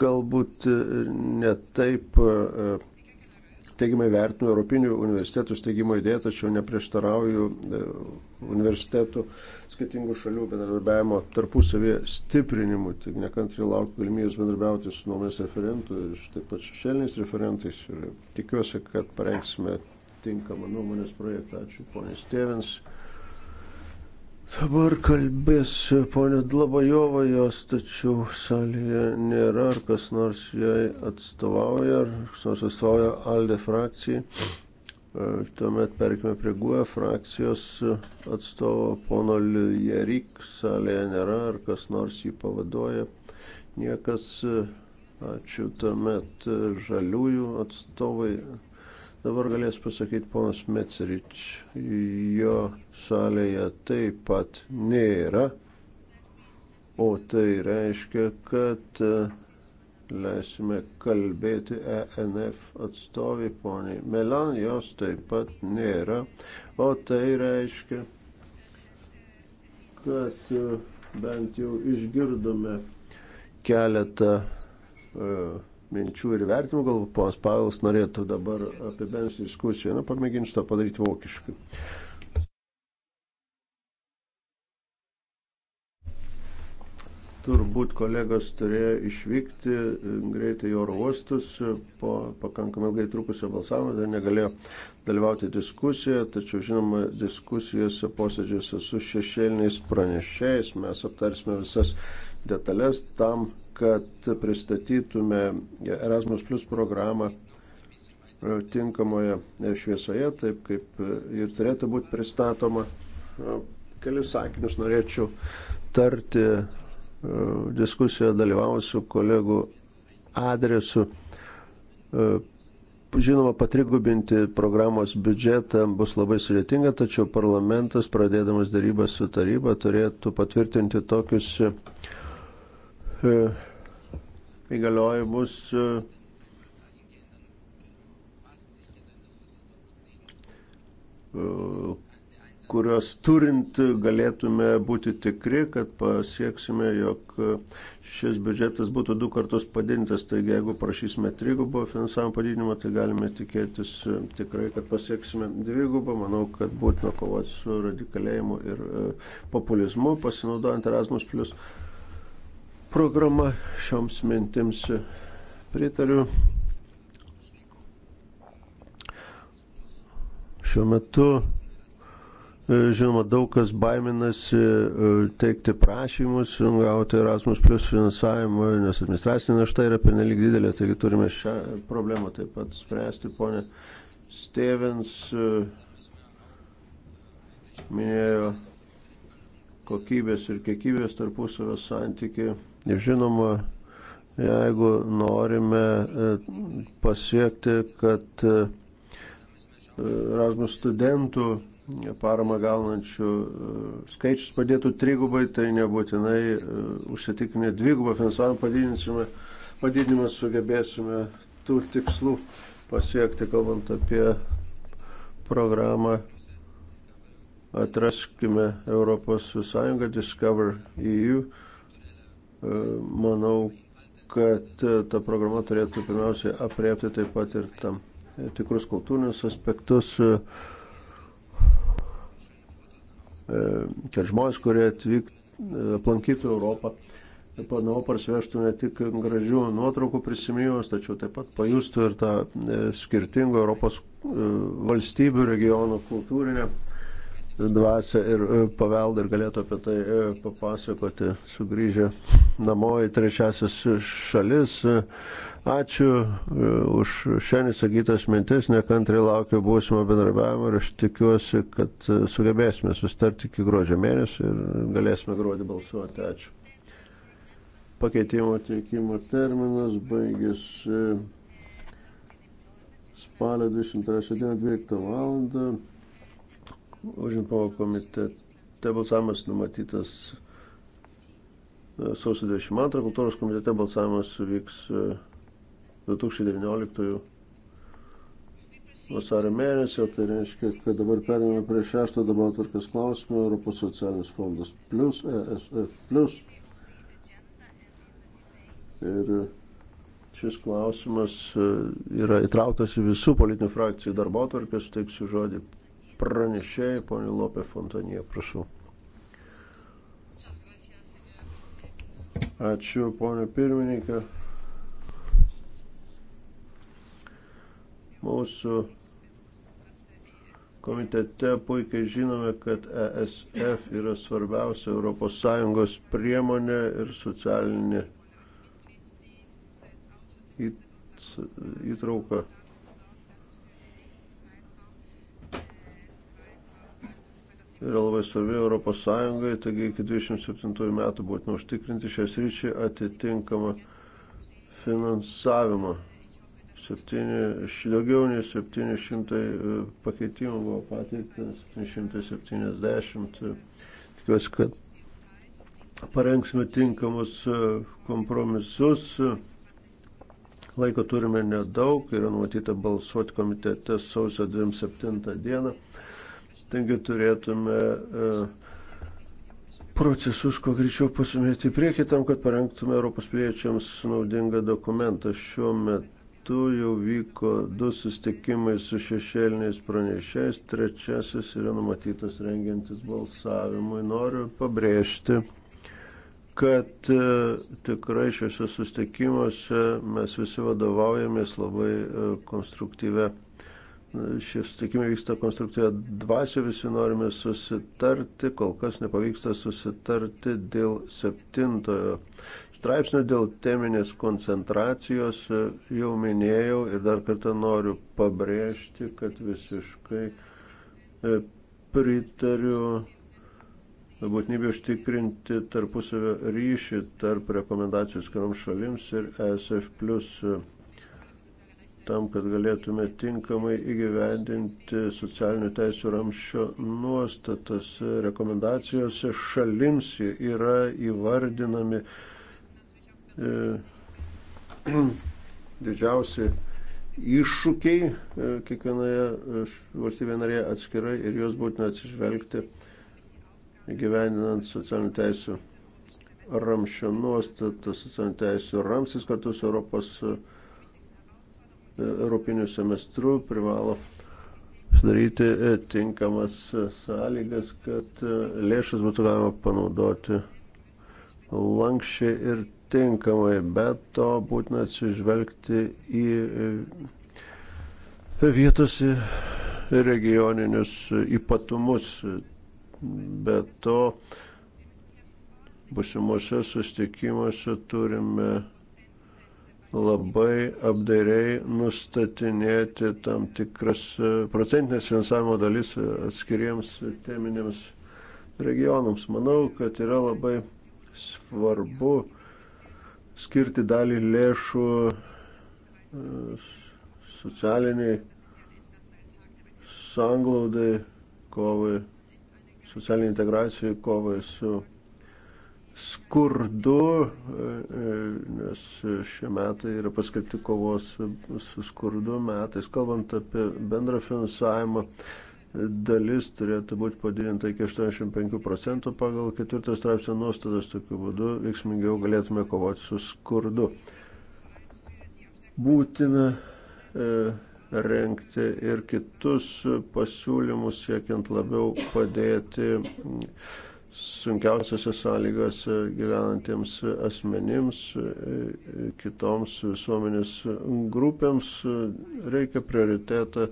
galbūt netaip teigiamai vertinu Europinių universitetų steigimo idėją, tačiau neprieštarauju e, universitetų skirtingų šalių bendradarbiavimo tarpusavėje stiprinimu. Tik nekantriai laukiu galimybės bendradarbiauti su nuomės referentu ir taip pat šešėliniais referentais. Ir tikiuosi, kad parengsime tinkamą nuomonės projektą. Ačiū, ponė Stevens. Dabar kalbės ponė Dlabajova, jos tačiau salėje nėra, ar kas nors jai atstovauja, ar kas nors atstovauja Alde frakcijai. E, tuomet perkime prie GUE frakcijos atstovo pono Lijerik, salėje nėra, ar kas nors jį pavaduoja. Niekas, ačiū tuomet žaliųjų atstovai Dabar galės pasakyti ponas Mecerič, jo salėje taip pat nėra, o tai reiškia, kad e, leisime kalbėti ENF atstovį poniai Melan, jos taip pat nėra, o tai reiškia, kad e, bent jau išgirdome keletą uh, minčių ir vertimų, gal ponas Pavelas norėtų dabar apibendrinti diskusiją, na, pamėginsiu tą padaryti vokiškai. Turbūt kolegos turėjo išvykti greitai į oro uostus po pakankamai ilgai trukusio balsavimo, dar negalėjo dalyvauti diskusijoje, tačiau žinoma, diskusijose, posėdžiuose su šešėliniais pranešėjais mes aptarsime visas detalės tam kad pristatytume Erasmus Plus programą e, tinkamoje e, šviesoje, taip kaip e, ir turėtų būti pristatoma. Kelius sakinius norėčiau tarti diskusijoje dalyvavusių kolegų adresu. Žinoma, patrigubinti programos biudžetą bus labai sudėtinga, tačiau parlamentas, pradėdamas darybą su taryba, turėtų patvirtinti tokius E, įgaliojimus e, e, kurios turint galėtume būti tikri, kad pasieksime, jog šis biudžetas būtų du kartus padintas. Taigi, jeigu prašysime trigubo finansavimo padidinimo, tai galime tikėtis tikrai, kad pasieksime dvigubą. Manau, kad būtina kovoti su radikalėjimu ir populizmu, pasinaudojant Erasmus programa. Šioms mintims pritariu. Šiuo metu, e, žinoma, daug kas baiminasi e, teikti prašymus, gauti Erasmus plus finansavimą, nes administracinė našta yra penelik didelė, taigi turime šią problemą taip pat spręsti, ponė Stevens e, minėjo kokybės ir kiekybės tarpusavio santykiai. Žinoma, jeigu norime e, pasiekti, kad e, Erasmus studentų paramą gaunančių e, skaičius padėtų trigubai, tai nebūtinai užsitikrinę dvigubą finansavimą padidinsime, padidinimą sugebėsime tų tikslų pasiekti, kalbant apie programą Atraskime Europos Sąjungą Discover EU E, manau, kad e, ta programa turėtų pirmiausiai apriepti taip pat ir tam e, tikrus kultūrinius aspektus, kad žmonės, kurie atvyk, aplankytų Europą, namo parsivežtų ne tik gražių nuotraukų prisiminimus, tačiau taip pat pajustų ir tą skirtingų Europos valstybių regionų kultūrinę dvasę ir e, paveldą ir galėtų apie tai e, papasakoti sugrįžę namo į trečiasis šalis. Ačiū e, už šiandien sakytas mintis, nekantrai laukiu būsimo bendrabiavimo ir aš tikiuosi, kad sugebėsime sustarti iki gruodžio mėnesio ir galėsime gruodį balsuoti. Ačiū. Pakeitimo teikimo terminas baigėsi spalio 23 dieną 12 val užimtumo komitete balsavimas numatytas e, sausio 22, kultūros komitete balsavimas vyks 2019 e, vasario mėnesio, tai reiškia, kad dabar perėmėme prie šešto dabar atvarkės klausimą Europos socialinis fondas plus, ESF plus. Ir e, šis klausimas yra įtrauktas į visų politinių frakcijų darbo atvarkės, teiksiu žodį pranešėjai, ponė Lopė Fontanija, prašau. Ačiū, ponė pirmininkė. Mūsų komitete puikiai žinome, kad ESF yra svarbiausia ES priemonė ir socialinė įtrauka yra labai svarbi Europos Sąjungai, taigi iki 27 metų būtina užtikrinti šias ryčiai atitinkamą finansavimą. 7, daugiau nei 700 e, pakeitimų buvo pateikta, 770. Tikiuosi, kad parengsime tinkamus e, kompromisus. Laiko turime nedaug, yra numatyta balsuoti komitete sausio 27 dieną. Taigi turėtume e, procesus kuo greičiau pasumėti į priekį tam, kad parengtume Europos piliečiams naudingą dokumentą. Šiuo metu jau vyko du sustikimai su šešėliniais pranešėjais, trečiasis yra numatytas rengiantis balsavimui. Noriu pabrėžti, kad e, tikrai šiuose sustikimuose mes visi vadovaujamės labai e, konstruktyvę Šie susitikimai vyksta konstruktyvę dvasę, visi norime susitarti, kol kas nepavyksta susitarti dėl septintojo straipsnio, dėl teminės koncentracijos, jau minėjau ir dar kartą noriu pabrėžti, kad visiškai e, pritariu būtinybė užtikrinti tarpusavio ryšį tarp rekomendacijų skirom šalims ir ESF plus tam, kad galėtume tinkamai įgyvendinti socialinių teisų ramščio nuostatas. Rekomendacijose šalims yra įvardinami e, (clears throat) didžiausi iššūkiai e, kiekvienoje e, valstybėje narėje atskirai ir juos būtina atsižvelgti gyveninant socialinių teisų ramščio nuostatą, socialinių teisų ramsis kartu su Europos Europiniu semestru privalo sudaryti e, tinkamas e, sąlygas, kad e, lėšas būtų galima panaudoti lankščiai ir tinkamai, bet to būtina atsižvelgti į vietos regioninius ypatumus. Be to, busimuose sustikimuose turime labai apdairiai nustatinėti tam tikras e, procentinės finansavimo dalis e, atskiriems teminėms regionams. Manau, kad yra labai svarbu skirti dalį lėšų e, socialiniai sanglaudai, kovai, socialiniai integracijai, kovai su skurdu, e, e, nes šie metai yra paskelbti kovos su skurdu metais. Kalbant apie bendrą finansavimą, dalis turėtų būti padidinta iki 85 procentų pagal ketvirtą straipsnio nuostatas. Tokiu būdu veiksmingiau galėtume kovoti su skurdu. Būtina e, renkti ir kitus pasiūlymus, siekiant labiau padėti. E, sunkiausiose sąlygose gyvenantiems asmenims, kitoms visuomenės grupėms reikia prioritetą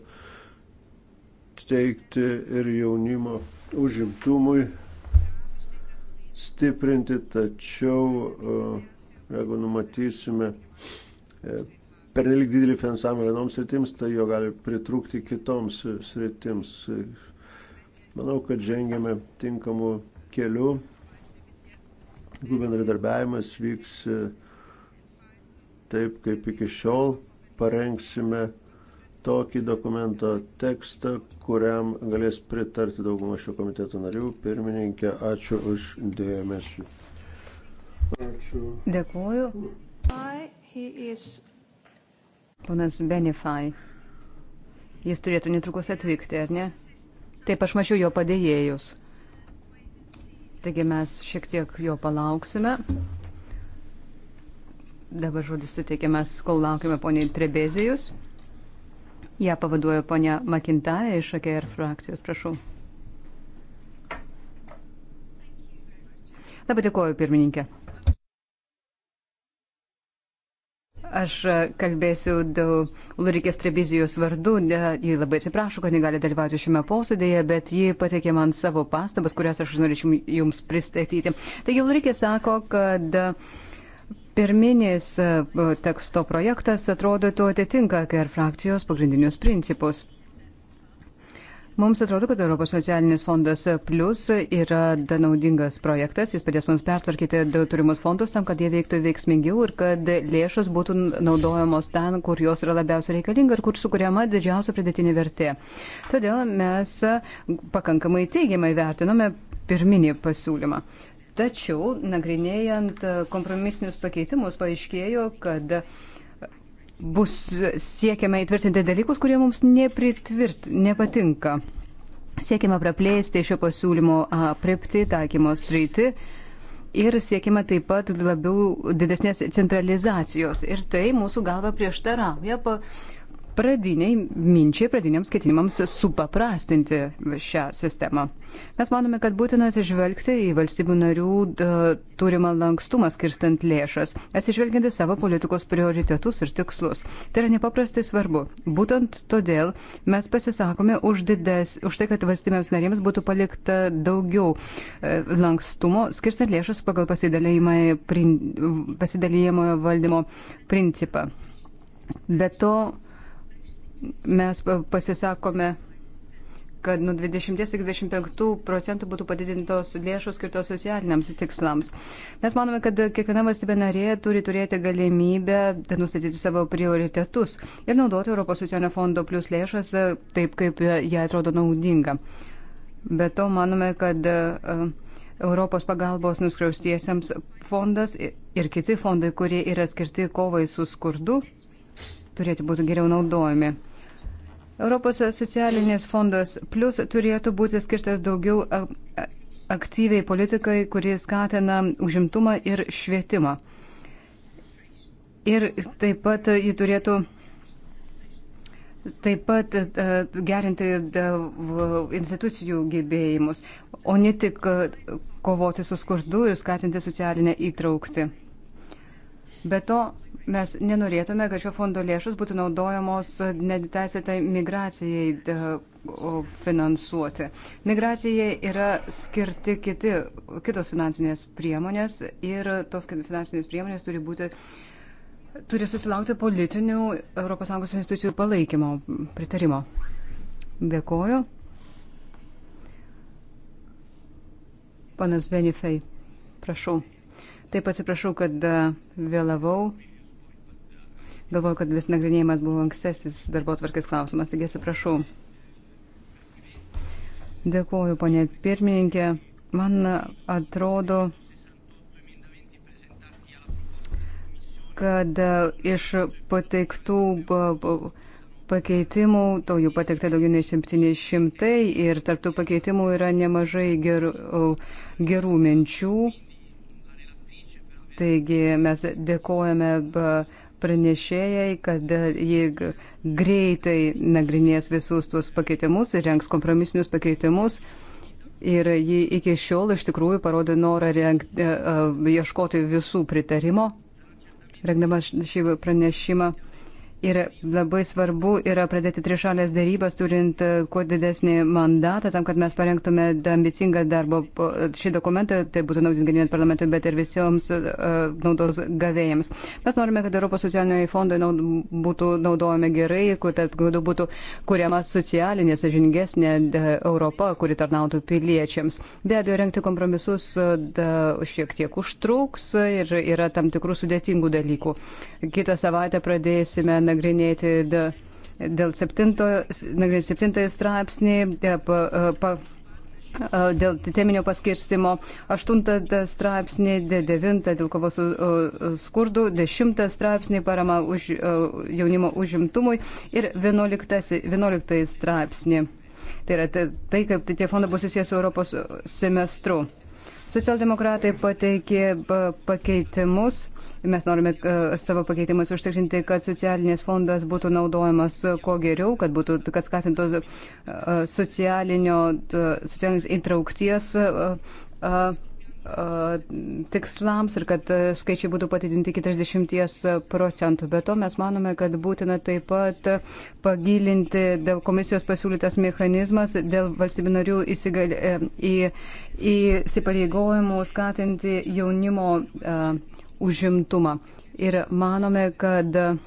teikti ir jaunimo užimtumui stiprinti, tačiau e, jeigu numatysime e, pernelik didelį finansavimą vienoms sritims, tai jo gali pritrūkti kitoms sritims. Manau, kad žengėme tinkamu keliu. Jeigu bendradarbiavimas vyks e, taip, kaip iki šiol, parengsime tokį dokumento tekstą, kuriam galės pritarti dauguma šio komiteto narių. Pirmininkė, ačiū už dėmesį. Ačiū. Dėkuoju. Ponas Benifai. Jis turėtų netrukus atvykti, ar ne? Taip aš mačiau jo padėjėjus. Taigi mes šiek tiek jo palauksime. Dabar žodis suteikiamas, kol laukime poniai Trebezijus. Ja pavaduoja ponia Makintaja iš AKR frakcijos, prašau. Labai dėkuoju, pirmininkė. Aš e, kalbėsiu Lurikės Trebizijos vardu. Ji labai atsiprašo, kad negali dalyvauti šiame posėdėje, bet ji pateikė man savo pastabas, kurias aš norėčiau jums pristatyti. Taigi Lurikė sako, kad e, pirminis e, teksto projektas atrodo tuo atitinka KR frakcijos pagrindinius principus. Mums atrodo, kad Europos socialinis fondas Plus yra naudingas projektas. Jis padės mums pertvarkyti turimus fondus tam, kad jie veiktų veiksmingiau ir kad lėšos būtų naudojamos ten, kur jos yra labiausiai reikalinga ir kur sukuriama didžiausia pridėtinė vertė. Todėl mes pakankamai teigiamai vertinome pirminį pasiūlymą. Tačiau, nagrinėjant kompromisinius pakeitimus, paaiškėjo, kad uh, bus siekiama įtvirtinti dalykus, kurie mums nepatinka. Siekime praplėsti šio pasiūlymo aprepti, taikymo sreiti ir siekime taip pat labiau didesnės centralizacijos. Ir tai mūsų galva prieštarauja. Pa, ja, pradiniai minčiai, pradiniams ketinimams supaprastinti šią sistemą. Mes manome, kad būtina atsižvelgti į valstybių narių turimą lankstumą skirstant lėšas, atsižvelginti savo politikos prioritetus ir tikslus. Tai yra nepaprastai svarbu. Būtent todėl mes pasisakome už, dides, už tai, kad valstybėms narėms būtų palikta daugiau e, lankstumo skirstant lėšas pagal pasidalėjimojo valdymo principą. Be to, mes pasisakome kad nuo 20 iki 25 procentų būtų padidintos lėšos skirtos socialiniams tikslams. Mes manome, kad kiekviena valstybė narė turi turėti galimybę nustatyti savo prioritetus ir naudoti Europos socialinio fondo plus lėšas e, taip, kaip jie atrodo naudinga. Be to, manome, kad e, Europos pagalbos nuskriaustiesiems fondas ir kiti fondai, kurie yra skirti kovai su skurdu, turėtų būti geriau naudojami. Europos socialinės fondas plus turėtų būti skirtas daugiau aktyviai politikai, kurie skatina užimtumą ir švietimą. Ir taip pat jį turėtų taip pat gerinti institucijų gebėjimus, o ne tik kovoti su skurdu ir skatinti socialinę įtraukti. Be to, Mes nenorėtume, kad šio fondo lėšus būtų naudojamos neteisėtai migracijai e, finansuoti. Migracijai yra skirti kiti, kitos finansinės priemonės ir tos finansinės priemonės turi būti. Turi susilaukti politinių ES institucijų palaikymo, pritarimo. Dėkoju. Panas Benifei, prašau. Taip atsiprašau, kad e, vėlavau. Galvoju, kad vis nagrinėjimas buvo ankstesnis darbo tvarkės klausimas, taigi atsiprašau. Dėkuoju, ponė pirmininkė. Man atrodo, kad iš pateiktų pakeitimų, to jų pateikta daugiau nei 700 ir tarptų pakeitimų yra nemažai gerų, gerų minčių. Taigi mes dėkojame pranešėjai, kad e, jie greitai nagrinės visus tuos pakeitimus ir renks kompromisinius pakeitimus. Ir ji iki šiol iš tikrųjų parodė norą rengti, e, e, ieškoti visų pritarimo, rengdama šį pranešimą. Ir labai svarbu yra pradėti trišalės darybas, turint e, kuo didesnį mandatą, tam, kad mes parengtume ambicingą darbo šį dokumentą, tai būtų naudinga ne vien parlamentui, bet ir visiems uh, e, naudos gavėjams. Mes norime, kad Europos socialiniai fondai naud, būtų naudojami gerai, kad būtų kuriama socialinė, sažingesnė e, Europa, kuri tarnautų piliečiams. Be abejo, renkti kompromisus da, šiek tiek užtruks ir yra tam tikrų sudėtingų dalykų. Kitą savaitę pradėsime nagrinėti dėl 7 straipsnį, pa, pa, dėl teminio paskirstimo, 8 straipsnį, 9 dėl kovos su skurdu, 10 straipsnį parama už, jaunimo užimtumui ir 11, 11 straipsnį. Tai yra tai, kaip tie fondai bus susijęs su Europos semestru. Socialdemokratai pateikė pakeitimus. Mes norime e, savo pakeitimus užtikrinti, kad socialinės fondas būtų naudojamas e, kuo geriau, kad, būtų, kad skatintų e, socialinės įtraukties E, tikslams ir kad e, skaičiai būtų patidinti iki 30 procentų. Be to mes manome, kad būtina taip pat pagilinti dėl komisijos pasiūlytas mechanizmas dėl valstybių narių įsigal... E, į... įsipareigojimų skatinti jaunimo uh, užimtumą. Ir manome, kad uh,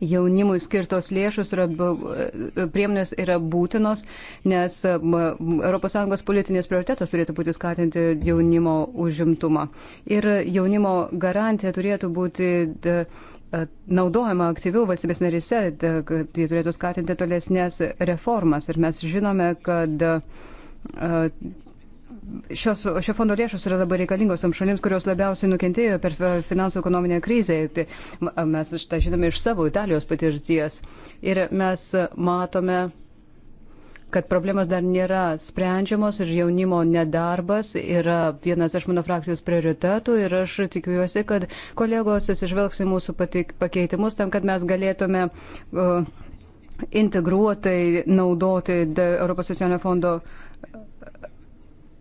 jaunimui skirtos lėšos yra, e, priemonės yra būtinos, nes e, ES politinės prioritetas turėtų būti skatinti jaunimo užimtumą. Ir jaunimo garantija turėtų būti e, naudojama aktyviau valstybės narise, tai turėtų skatinti tolesnės reformas. Ir mes žinome, kad Šios, šio fondo lėšos yra labai reikalingos toms šalims, kurios labiausiai nukentėjo per finansų ekonominę krizę. Tai mes šitą žinome iš savo Italijos patirties. Ir mes matome, kad problemas dar nėra sprendžiamos ir jaunimo nedarbas yra vienas iš mano frakcijos prioritetų ir aš tikiuosi, kad kolegos atsižvelgs į mūsų patik, pakeitimus tam, kad mes galėtume. Uh, integruotai naudoti Europos socialinio fondo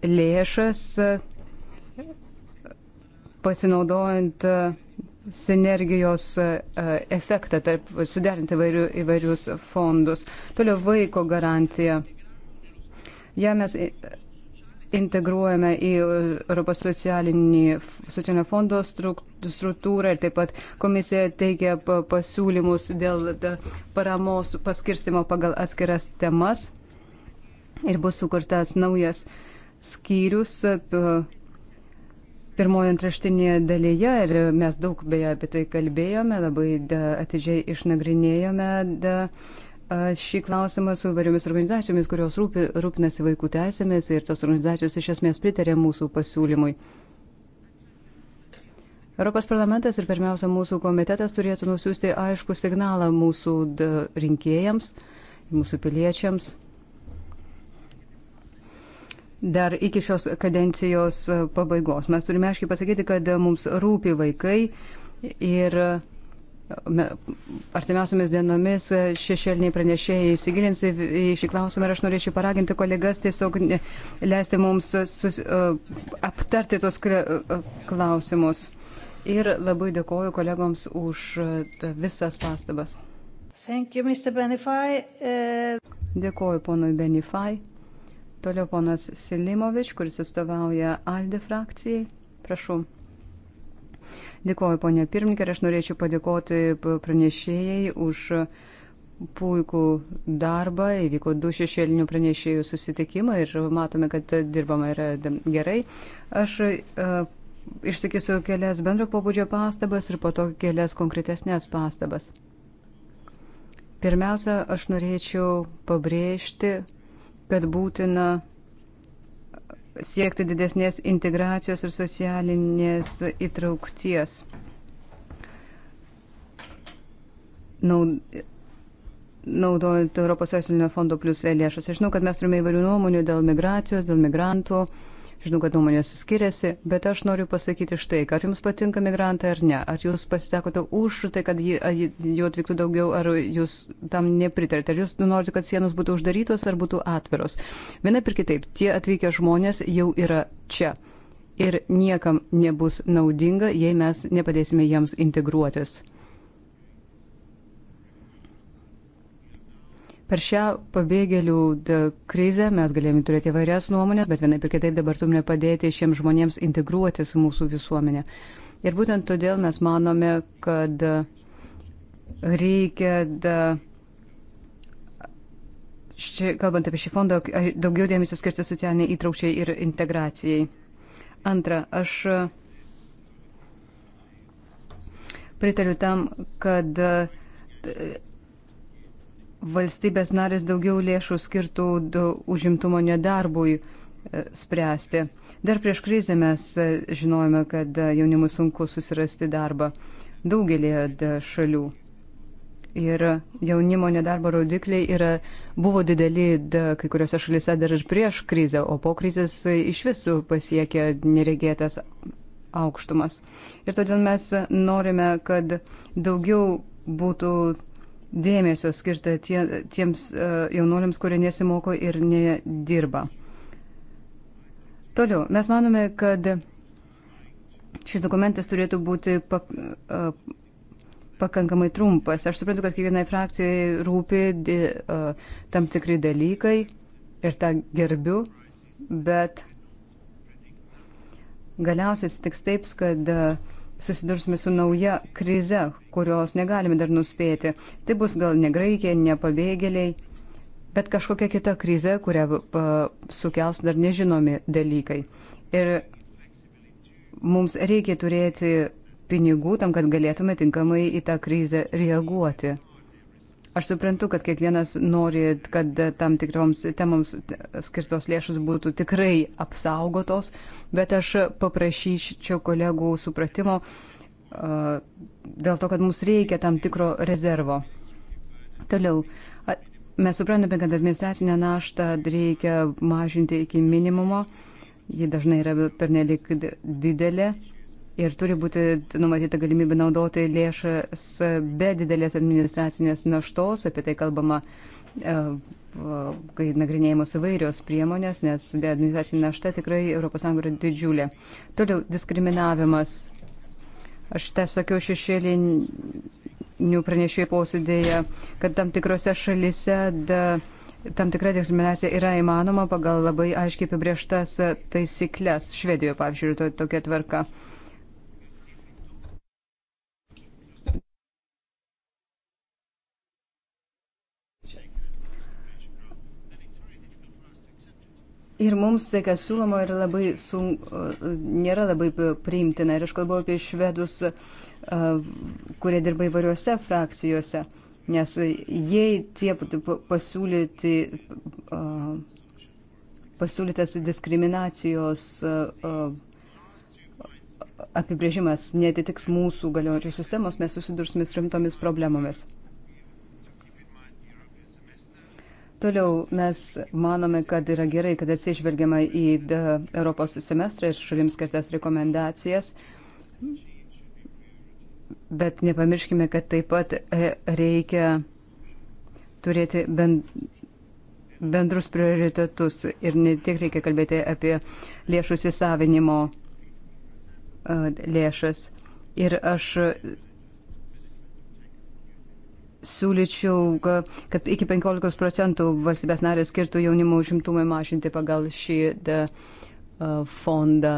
lėšas pasinaudojant sinergijos e, efektą tarp suderinti įvairių, įvairius fondus. Toliau vaiko garantija. Ja mes integruojame į Europos socialinio fondo struktūrą ir taip pat komisija teikia pasiūlymus dėl paramos paskirstimo pagal atskiras temas ir bus sukurtas naujas uh, skyrius pirmojo antraštinėje dalyje ir mes daug beje apie tai kalbėjome, labai da, atidžiai išnagrinėjome da, šį klausimą su įvairiomis organizacijomis, kurios rūpi, rūpinasi vaikų teisėmis ir tos organizacijos iš esmės pritarė mūsų pasiūlymui. Europos parlamentas ir pirmiausia mūsų komitetas turėtų nusiųsti aišku signalą mūsų rinkėjams, mūsų piliečiams dar iki šios kadencijos e, pabaigos. Mes turime aiškiai pasakyti, kad mums rūpi vaikai ir e, artimiausiamis dienomis e, šešėliniai pranešėjai įsigilins į šį klausimą ir aš norėčiau paraginti kolegas tiesiog leisti mums sus, aptarti tos klausimus. Ir labai dėkoju kolegoms už visas pastabas. Thank you, Mr. Benify. Uh... Dėkoju ponui Benify. Toliau ponas Silimovič, kuris atstovauja Alde frakcijai. Prašau. Dėkuoju, ponė pirmininkė, ir aš norėčiau padėkoti pranešėjai už puikų darbą. Įvyko du šešėlinių pranešėjų susitikimai ir matome, kad dirbama yra gerai. Aš uh, išsakysiu kelias bendro pobūdžio pastabas ir po to kelias konkretesnės pastabas. Pirmiausia, aš norėčiau pabrėžti, kad būtina siekti didesnės integracijos ir socialinės įtraukties. Naud, naudojant Europos socialinio fondo plus lėšas. Aš žinau, kad mes turime įvairių nuomonių dėl migracijos, dėl migrantų. Uh, Žinau, kad nuomonės skiriasi, bet aš noriu pasakyti štai, ar jums patinka migrantai ar ne, ar jūs pasitekote už tai, kad jų atvyktų daugiau, ar jūs tam nepritarite, ar jūs norite, kad sienos būtų uždarytos ar būtų atviros. Vienaip ir kitaip, tie atvykę žmonės jau yra čia. Ir niekam nebus naudinga, jei mes nepadėsime jiems integruotis. Per šią pabėgėlių krizę mes galėjome turėti vairias nuomonės, bet vienaip ir kitaip dabar turime padėti šiems žmonėms integruotis į mūsų visuomenę. Ir būtent todėl mes manome, kad reikia, da, ši, kalbant apie šį fondą, daugiau dėmesio skirti socialiniai įtraukčiai ir integracijai. Antra, aš pritariu tam, kad valstybės narės daugiau lėšų skirtų užimtumo nedarbui e, spręsti. Dar prieš krizę mes e, žinojome, kad e, jaunimui sunku susirasti darbą daugelį šalių. Ir jaunimo nedarbo rodikliai yra, buvo dideli da, kai kuriuose šalyse dar ir prieš krizę, o po krizės iš visų pasiekė neregėtas aukštumas. Ir todėl mes norime, kad daugiau būtų dėmesio skirta tie, tiems e, jaunoliams, kurie nesimoko ir nedirba. Toliau, mes manome, kad šis dokumentas turėtų būti pak, e, pakankamai trumpas. Aš suprantu, kad kiekvienai frakcijai rūpi di, e, tam tikri dalykai ir tą gerbiu, bet galiausiai atsitiks taip, kad uh, susidursime su nauja krize, kurios negalime dar nuspėti. Tai bus gal ne Graikija, ne pabėgėliai, bet kažkokia kita krize, kurią sukels dar nežinomi dalykai. Ir mums reikia turėti pinigų tam, kad galėtume tinkamai į tą krizę reaguoti. Aš suprantu, kad kiekvienas nori, kad tam tikroms temoms skirtos lėšus būtų tikrai apsaugotos, bet aš paprašyčiau kolegų supratimo uh, dėl to, kad mums reikia tam tikro rezervo. Toliau, mes suprantame, kad administracinę naštą reikia mažinti iki minimumo, ji dažnai yra pernelik didelė ir turi būti numatyta galimybė naudoti lėšas be didelės administracinės naštos, apie tai kalbama, e, kai nagrinėjamos įvairios priemonės, nes administracinė našta tikrai ES yra didžiulė. Toliau diskriminavimas. Aš tą sakiau šešėlinių pranešėjų posėdėje, kad tam tikrose šalise da, tam tikra diskriminacija yra įmanoma pagal labai aiškiai apibrieštas taisyklės. Švedijoje, pavyzdžiui, to, tokia tvarka. Uh, Ir mums tai, kas siūloma, yra labai sun... E, nėra labai priimtina. Ir aš kalbu apie švedus, e, kurie dirba įvairiuose frakcijose. Nes jei tie pasiūlyti, e, pasiūlytas diskriminacijos apibrėžimas netitiks mūsų galiojančios sistemos, mes susidursime su rimtomis problemomis. Toliau mes manome, kad yra gerai, kad atsižvelgiama į e, Europos semestrą ir šalims skirtas rekomendacijas, bet nepamirškime, kad taip pat e, reikia turėti bend, bendrus prioritetus ir ne tik reikia kalbėti apie lėšų įsisavinimo e, lėšas. Ir aš siūlyčiau, kad iki 15 procentų valstybės narės skirtų jaunimo užimtumui mažinti pagal šį da, fondą.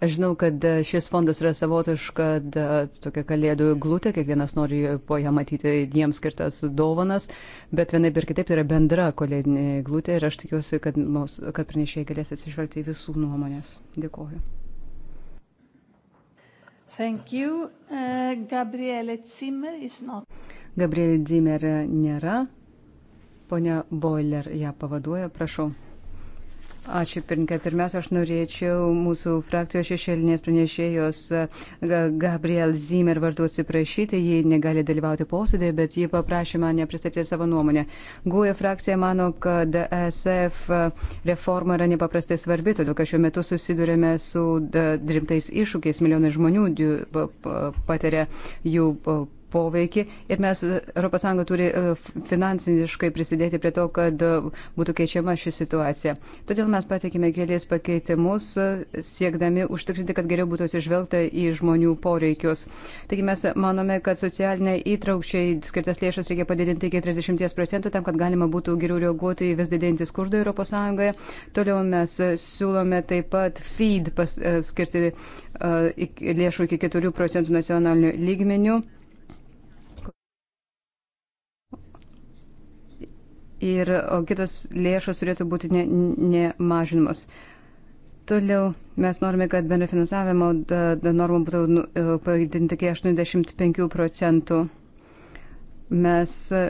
Aš žinau, kad šis fondas yra savotiška da, tokia kalėdų glūtė, kiekvienas nori po ją matyti jiems skirtas dovanas, bet vienaip ir kitaip tai yra bendra kalėdinė glūtė ir aš tikiuosi, kad, kad pranešėjai galės atsižvelgti į visų nuomonės. Dėkuoju. Thank you. Uh, Gabrielė Zimmer is not. Gabrielė Zimmer nėra. Pone Boiler ją pavaduoja, prašau. Ačiū, pirmininkė. Pirmiausia, aš norėčiau mūsų frakcijos šešėlinės pranešėjos e, Gabriel Zimmer vardu atsiprašyti. Ji negali dalyvauti posėdėje, bet ji paprašė mane pristatyti savo nuomonę. Guoja frakcija mano, kad e SF e, reforma yra nepaprastai svarbi, todėl kad šiuo metu susidurėme su rimtais iššūkiais. Milijonai žmonių patiria jų poveikį ir mes, ES turi e, finansiškai prisidėti prie to, kad e, būtų keičiama ši situacija. Todėl mes pateikime kelias pakeitimus, e, siekdami užtikrinti, kad geriau būtų atsižvelgta į žmonių poreikius. Taigi mes manome, kad socialiniai įtraukčiai skirtas lėšas reikia padidinti iki 30 procentų, tam, kad galima būtų geriau reaguoti į vis didinti skurdą ES. Toliau mes siūlome taip pat feed pas, skirti uh, lėšų iki 4 procentų nacionalinių lygmenių. ir kitos lėšos turėtų būti nemažinamos. Ne, ne Toliau mes norime, kad bendrafinansavimo norma būtų nu, e, padidinta iki 85 procentų. Mes e,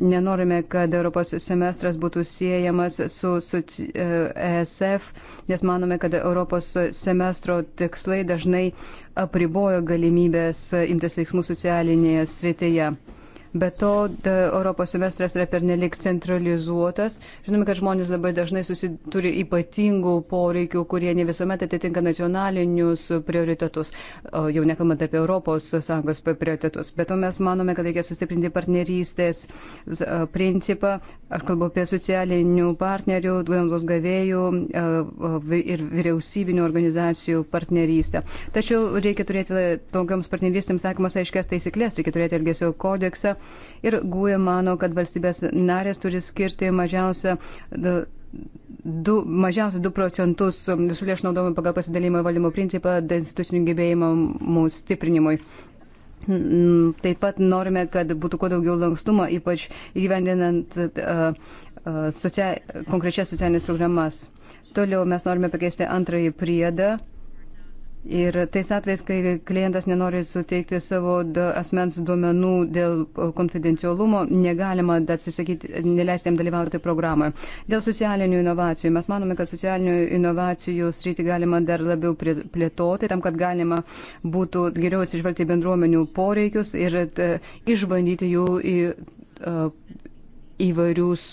nenorime, kad Europos semestras būtų siejamas su, su ESF, e nes manome, kad Europos semestro tikslai dažnai apribojo galimybės imtis veiksmų socialinėje srityje. Be to, da, Europos semestras yra pernelik centralizuotas. Žinome, kad žmonės labai dažnai turi ypatingų poreikių, kurie ne visuomet atitinka nacionalinius prioritetus, jau nekalbant apie ES prioritetus. Be to, mes manome, kad reikia sustiprinti partnerystės principą. Aš kalbu apie socialinių partnerių, gamtos gavėjų ir vyriausybinių organizacijų partnerystę. Tačiau reikia turėti tokioms partnerystėms taikomas aiškias taisyklės, reikia turėti elgesio kodeksą Ir GUE mano, kad valstybės narės turi skirti mažiausią. Du, mažiausiai 2 procentus visų lėšų naudojama pagal pasidalymą valdymo principą institucinių gebėjimų stiprinimui. Mm, taip pat norime, kad būtų kuo daugiau lankstumo, ypač įgyvendinant uh, uh, socia konkrečias socialinės programas. Toliau mes norime pakeisti antrąjį priedą Ir tais atvejais, kai klientas nenori suteikti savo asmens duomenų dėl konfidencialumo, negalima atsisakyti, neleisti jam dalyvauti programoje. Dėl socialinių inovacijų. Mes manome, kad socialinių inovacijų sritį galima dar labiau plėtoti, tam, kad galima būtų geriau atsižvelgti bendruomenių poreikius ir e, išbandyti jų į, e, įvairius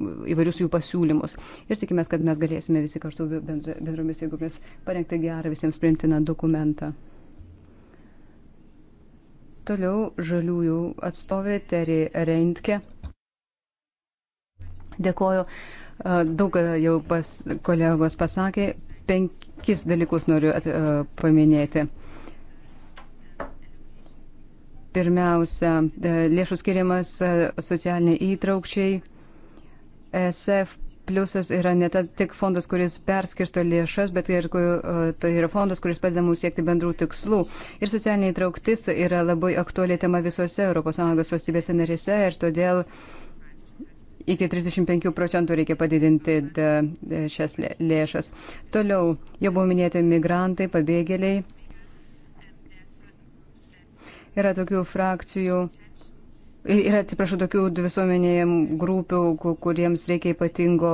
įvairius jų pasiūlymus. Ir tikimės, kad mes galėsime visi kartu bendromis jėgomis parengti gerą visiems priimtiną dokumentą. Toliau žaliųjų atstovė Terė Reintke. Dėkoju. Daug jau pas, kolegos pasakė, penkis dalykus noriu at, uh, paminėti. Pirmiausia, lėšų skiriamas socialiniai įtraukčiai E SF pliusas yra ne ta, tik fondas, kuris perskirsto lėšas, bet ir e, tai yra fondas, kuris padeda mums siekti bendrų tikslų. Ir socialinė įtrauktis yra labai aktuali tema visose ES valstybėse narėse ir todėl iki 35 procentų reikia padidinti šias lėšas. Toliau jau buvo minėti migrantai, pabėgėliai. Yra tokių frakcijų Ir atsiprašau, tokių visuomenėje grupių, kuriems reikia ypatingo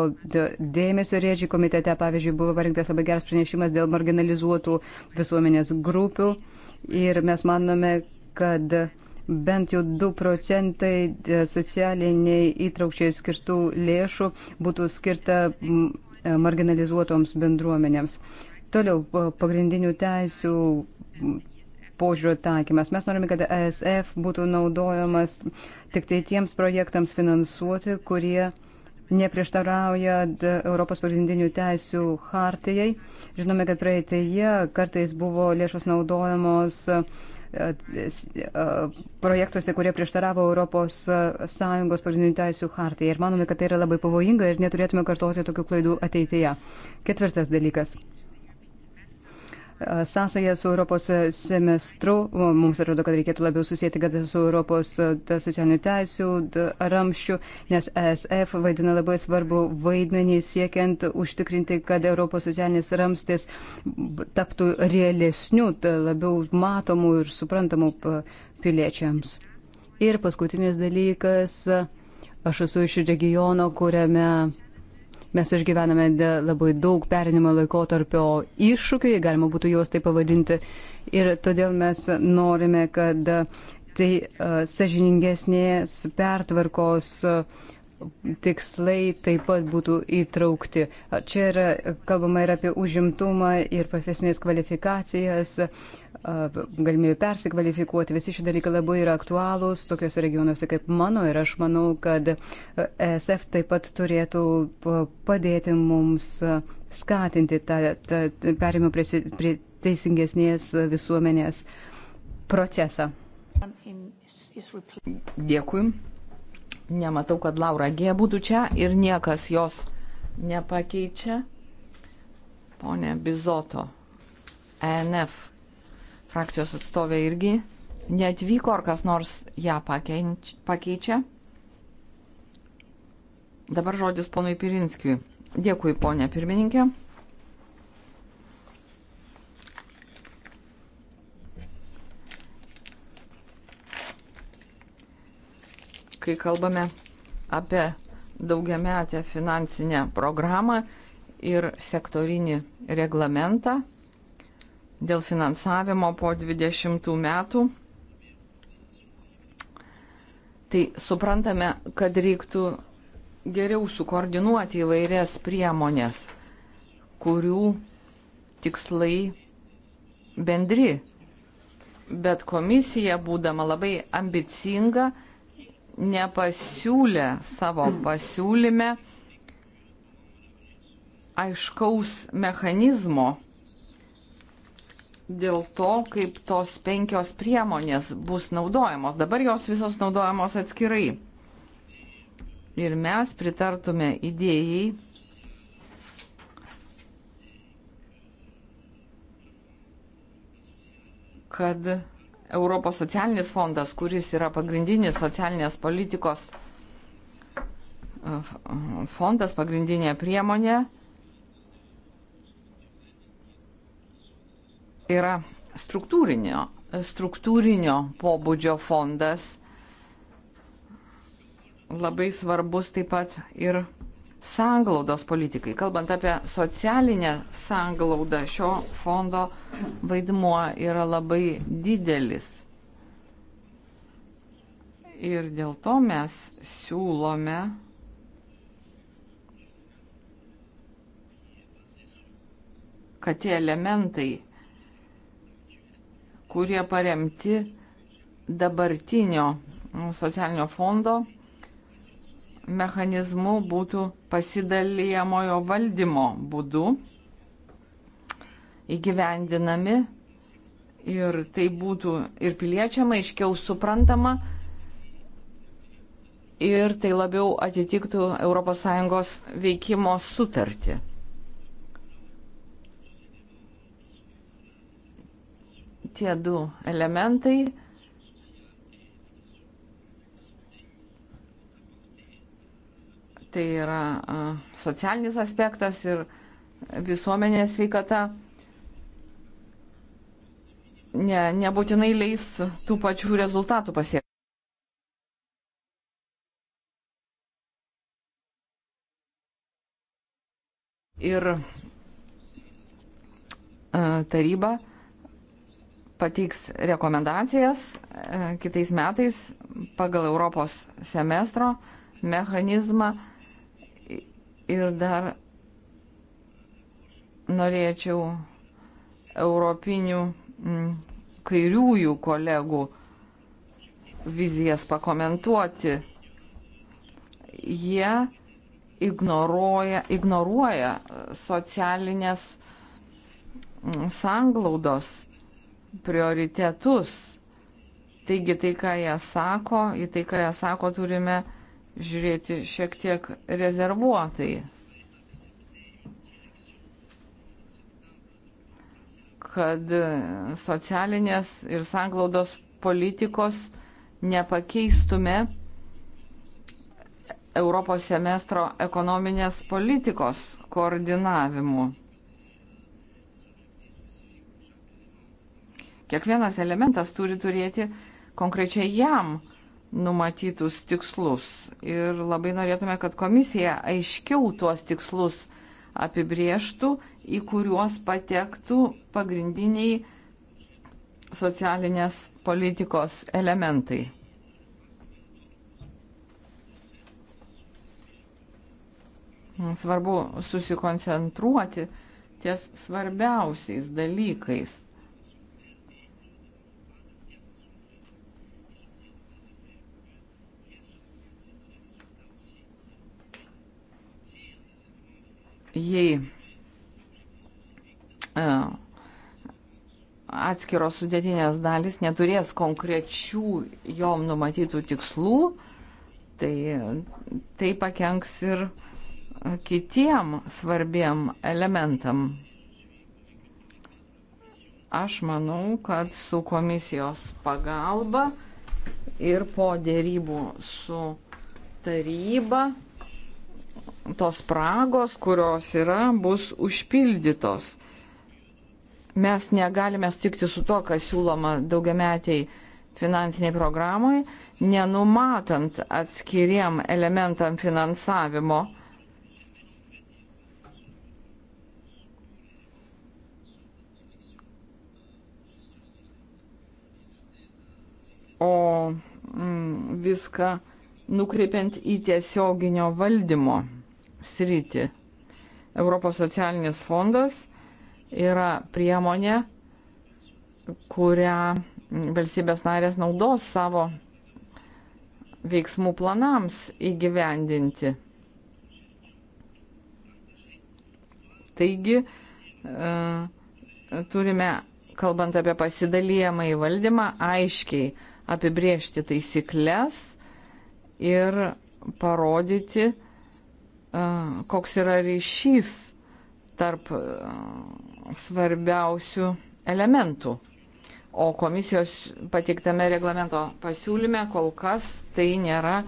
dėmesio. Rėdžiai komitete, pavyzdžiui, buvo parinktas labai geras pranešimas dėl marginalizuotų visuomenės grupių. Ir mes manome, kad bent jau 2 procentai e, socialiniai įtraukčiai skirtų lėšų būtų skirta e, marginalizuotoms bendruomenėms. Toliau pagrindinių teisų požiūrio taikymas. Mes norime, kad ESF būtų naudojamas tik tai tiems projektams finansuoti, kurie neprieštarauja Europos pagrindinių teisių hartijai. Žinome, kad praeitėje kartais buvo lėšos naudojamos e, e, projektuose, kurie prieštaravo Europos e, Sąjungos pagrindinių teisių hartijai. Ir manome, kad tai yra labai pavojinga ir neturėtume kartoti tokių klaidų ateityje. Ketvirtas dalykas sąsają su Europos semestru. Mums atrodo, kad reikėtų labiau susijęti su Europos e, socialinių teisių ramščių, nes ESF vaidina labai svarbu vaidmenį siekiant užtikrinti, kad Europos socialinis ramstis taptų realesniu, labiau matomu ir suprantamu piliečiams. Ir paskutinis dalykas, aš esu iš regiono, kuriame Mes išgyvename labai daug perinimo laikotarpio iššūkių, jei galima būtų juos taip pavadinti. Ir todėl mes norime, kad tai uh, e, sažiningesnės pertvarkos uh, tikslai taip pat būtų įtraukti. Čia yra kalbama ir apie užimtumą ir profesinės kvalifikacijas, galimybę persikvalifikuoti. Visi šie dalykai labai yra aktualūs tokiuose regionuose kaip mano ir aš manau, kad ESF taip pat turėtų padėti mums skatinti tą, tą perimą prie, prie teisingesnės visuomenės procesą. Dėkui. Nematau, kad Laura G. būtų čia ir niekas jos nepakeičia. Pone Bizoto, ENF frakcijos atstovė irgi neatvyko, ar kas nors ją pakeičia. Dabar žodis ponui Pirinskijui. Dėkui, ponė pirmininkė. kai kalbame apie daugiametę finansinę programą ir sektorinį reglamentą dėl finansavimo po 20 metų. Tai suprantame, kad reiktų geriau sukoordinuoti įvairias priemonės, kurių tikslai bendri. Bet komisija, būdama labai ambicinga, nepasiūlė savo pasiūlyme aiškaus mechanizmo dėl to, kaip tos penkios priemonės bus naudojamos. Dabar jos visos naudojamos atskirai. Ir mes pritartume idėjai kad Europos socialinis fondas, kuris yra pagrindinis socialinės politikos e, e, fondas, pagrindinė priemonė, yra struktūrinio, struktūrinio pobūdžio fondas. Labai svarbus taip pat ir sanglaudos politikai. Kalbant apie socialinę sanglaudą, šio fondo vaidmuo yra labai didelis. Ir dėl to mes siūlome kad tie elementai, kurie paremti dabartinio socialinio fondo mechanizmu būtų pasidalyjamojo valdymo būdu įgyvendinami ir tai būtų ir piliečiam aiškiau suprantama ir tai labiau atitiktų ES veikimo sutartį. Tie du elementai tai yra socialinis aspektas ir visuomenės sveikata ne, nebūtinai leis tų pačių rezultatų pasiekti. Ir taryba pateiks rekomendacijas kitais metais pagal Europos semestro mechanizmą Ir dar norėčiau europinių mm, kairiųjų kolegų vizijas pakomentuoti. Jie ignoruoja, ignoruoja socialinės mm, sanglaudos prioritetus. Taigi tai, ką jie sako, į tai, ką jie sako, turime žiūrėti šiek tiek rezervuotai. kad socialinės ir sanglaudos politikos nepakeistume Europos semestro ekonominės politikos koordinavimu. Kiekvienas elementas turi turėti konkrečiai jam numatytus tikslus. Ir labai norėtume, kad komisija aiškiau tuos tikslus apibrieštų, į kuriuos patektų pagrindiniai socialinės politikos elementai. Svarbu susikoncentruoti ties svarbiausiais dalykais. jei e, atskiros sudėtinės dalis neturės konkrečių jom numatytų tikslų, tai tai pakenks ir kitiem svarbiem elementam. Aš manau, kad su komisijos pagalba ir po dėrybų su taryba tos spragos, kurios yra, bus užpildytos. Mes negalime sutikti su to, kas siūloma daugiametiai finansiniai programai, nenumatant atskiriam elementam finansavimo. O mm, viską nukreipiant į tiesioginio valdymo sritį. Europos socialinis fondas yra priemonė, kurią valstybės narės naudos savo veiksmų planams įgyvendinti. Taigi, e, turime, kalbant apie pasidalijimą į valdymą, aiškiai apibriežti taisyklės ir parodyti, koks yra ryšys tarp svarbiausių elementų. O komisijos pateiktame reglamento pasiūlyme kol kas tai nėra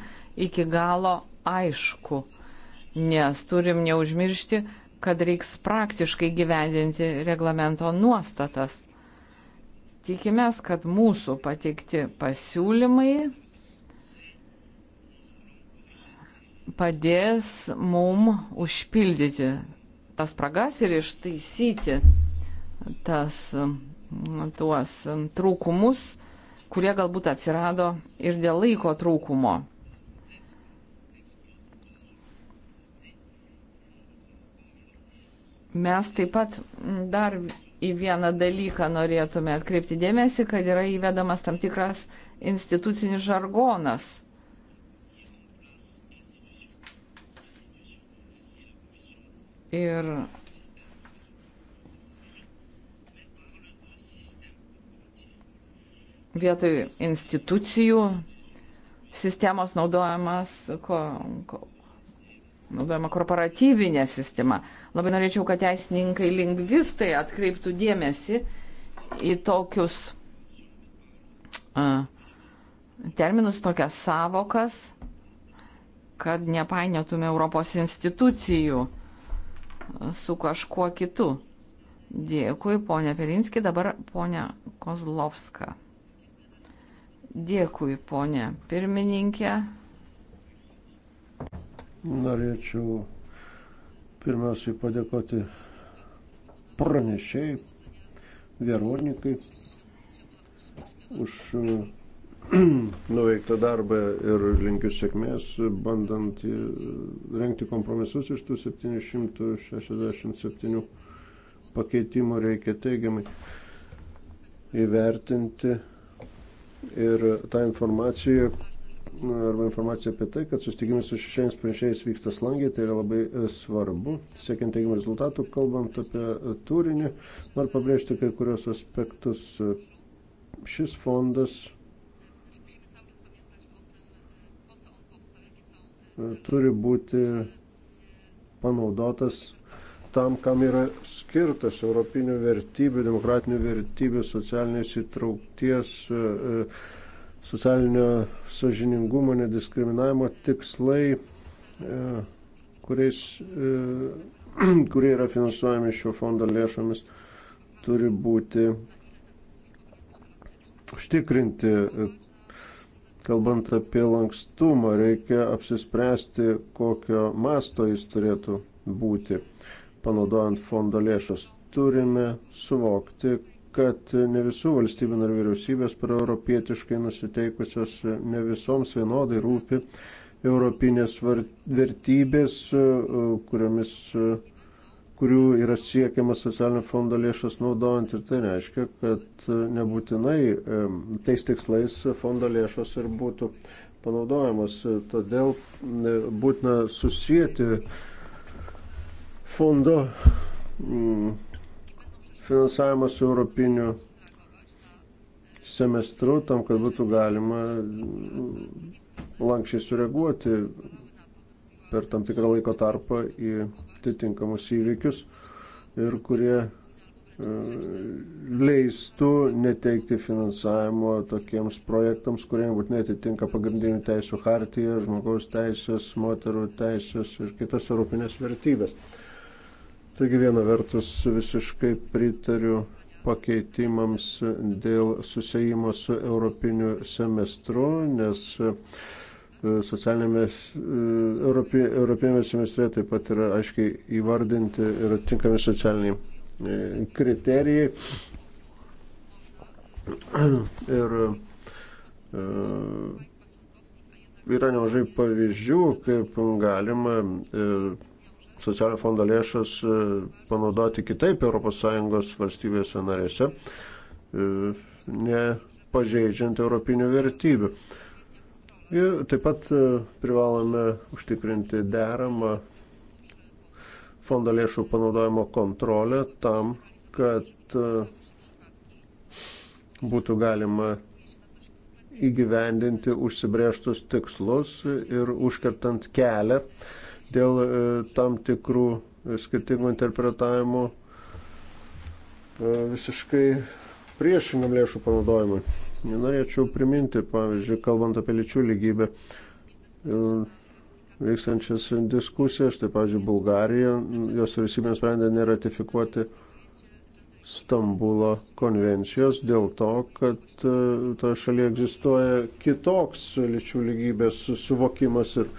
iki galo aišku, nes turim neužmiršti, kad reiks praktiškai gyvendinti reglamento nuostatas. Tikimės, kad mūsų pateikti pasiūlymai padės mum užpildyti tas spragas ir ištaisyti tas, mm, tuos trūkumus, kurie galbūt atsirado ir dėl laiko trūkumo. Mes taip pat mm, dar į vieną dalyką norėtume atkreipti dėmesį, kad yra įvedamas tam tikras institucinis žargonas – Ir vietoj institucijų sistemos naudojamas, ko, ko, naudojama korporatyvinė sistema. Labai norėčiau, kad teisininkai lingvistai atkreiptų dėmesį į tokius uh, terminus, tokias savokas, kad nepainiotume Europos institucijų su kažkuo kitu. Dėkui, ponia Pirinski, dabar ponia Kozlovska. Dėkui, ponia pirmininkė. Norėčiau pirmiausiai padėkoti pranešėjai Veronikai už (clears throat) nuveiktą darbą ir linkiu sėkmės, bandant rengti kompromisus iš tų 767 pakeitimų reikia teigiamai įvertinti ir tą informaciją arba informacija apie tai, kad susitikimas su šešiais pranešėjais vyksta slangiai, tai yra labai e, svarbu, siekiant teigiamų rezultatų, kalbant apie turinį, noriu pabrėžti kai kurios aspektus. Šis fondas turi būti panaudotas tam, kam yra skirtas europinių vertybių, demokratinių vertybių, socialinės įtraukties, e, e, socialinio sažiningumo, nediskriminavimo tikslai, e, kuriais, (clears throat) kurie yra finansuojami šio fondo lėšomis, turi būti užtikrinti, Kalbant apie lankstumą, reikia apsispręsti, kokio masto jis turėtų būti, panaudojant fondo lėšas. Turime suvokti, kad ne visų valstybių ir vyriausybės proeuropietiškai nusiteikusios ne visoms vienodai rūpi europinės vertybės, kuriomis kurių yra siekiama socialinio fondo lėšas naudojant ir tai reiškia, kad e, nebūtinai e, tais tikslais fondo lėšos ir būtų panaudojamas. Todėl e, būtina susijęti fondo mm, finansavimą su europiniu semestru, tam, kad būtų galima mm, lankščiai sureaguoti per tam tikrą laiko tarpą į atitinkamus įvykius ir kurie e, leistų neteikti finansavimo tokiems projektams, kurie būtinai atitinka pagrindinių teisų hartiją, žmogaus teisės, moterų teisės ir kitas europinės vertybės. Taigi viena vertus visiškai pritariu pakeitimams dėl susijimo su europiniu semestru, nes E, socialinėme Europė, Europėme semestre taip pat yra aiškiai įvardinti ir atitinkami socialiniai e, kriterijai. Ir e, yra nemažai pavyzdžių, kaip galima socialinio fondo lėšas panaudoti kitaip ES valstybėse narėse, nepažeidžiant europinių vertybių. Ir taip pat e, privalome užtikrinti deramą fondo lėšų panaudojimo kontrolę tam, kad e, būtų galima įgyvendinti užsibrėžtus tikslus ir užkertant kelią dėl e, tam tikrų skirtingų interpretavimų visiškai priešingam lėšų panaudojimui. Norėčiau priminti, pavyzdžiui, kalbant apie lyčių lygybę, e, vykstančias diskusijas, štai, pavyzdžiui, Bulgarija, jos vyriausybė nusprendė neratifikuoti Stambulo konvencijos dėl to, kad e, toje šalyje egzistuoja kitoks lyčių lygybės suvokimas ir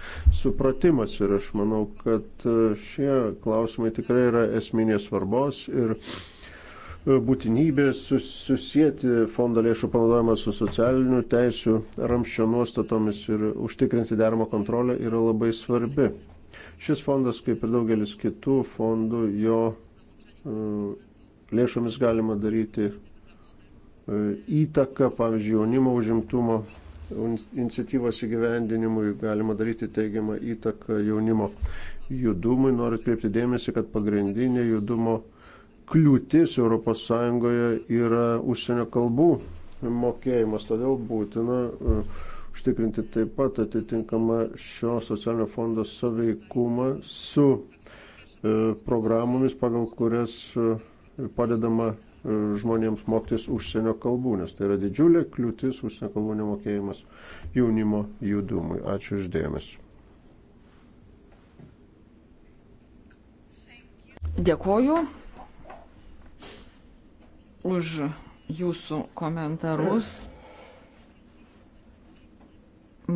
supratimas. Ir aš manau, kad e, šie klausimai tikrai yra esminės svarbos ir uh, būtinybės sus, susijęti fondo lėšų panaudojimą su socialinių teisų ramščio nuostatomis ir užtikrinti deramą kontrolę yra labai svarbi. Šis fondas, kaip ir daugelis kitų fondų, jo e, lėšomis galima daryti e, įtaką, pavyzdžiui, jaunimo užimtumo iniciatyvos įgyvendinimui, galima daryti teigiamą įtaką jaunimo judumui. Noriu atkreipti dėmesį, kad pagrindinė judumo kliūtis ES yra užsienio kalbų mokėjimas, todėl būtina uh, užtikrinti taip pat atitinkamą šio socialinio fondo saveikumą su uh, programomis, pagal kurias uh, padedama žmonėms mokytis užsienio kalbų, nes tai yra didžiulė kliūtis užsienio kalbų nemokėjimas jaunimo judumui. Ačiū uždėmesi. Dėkoju už jūsų komentarus.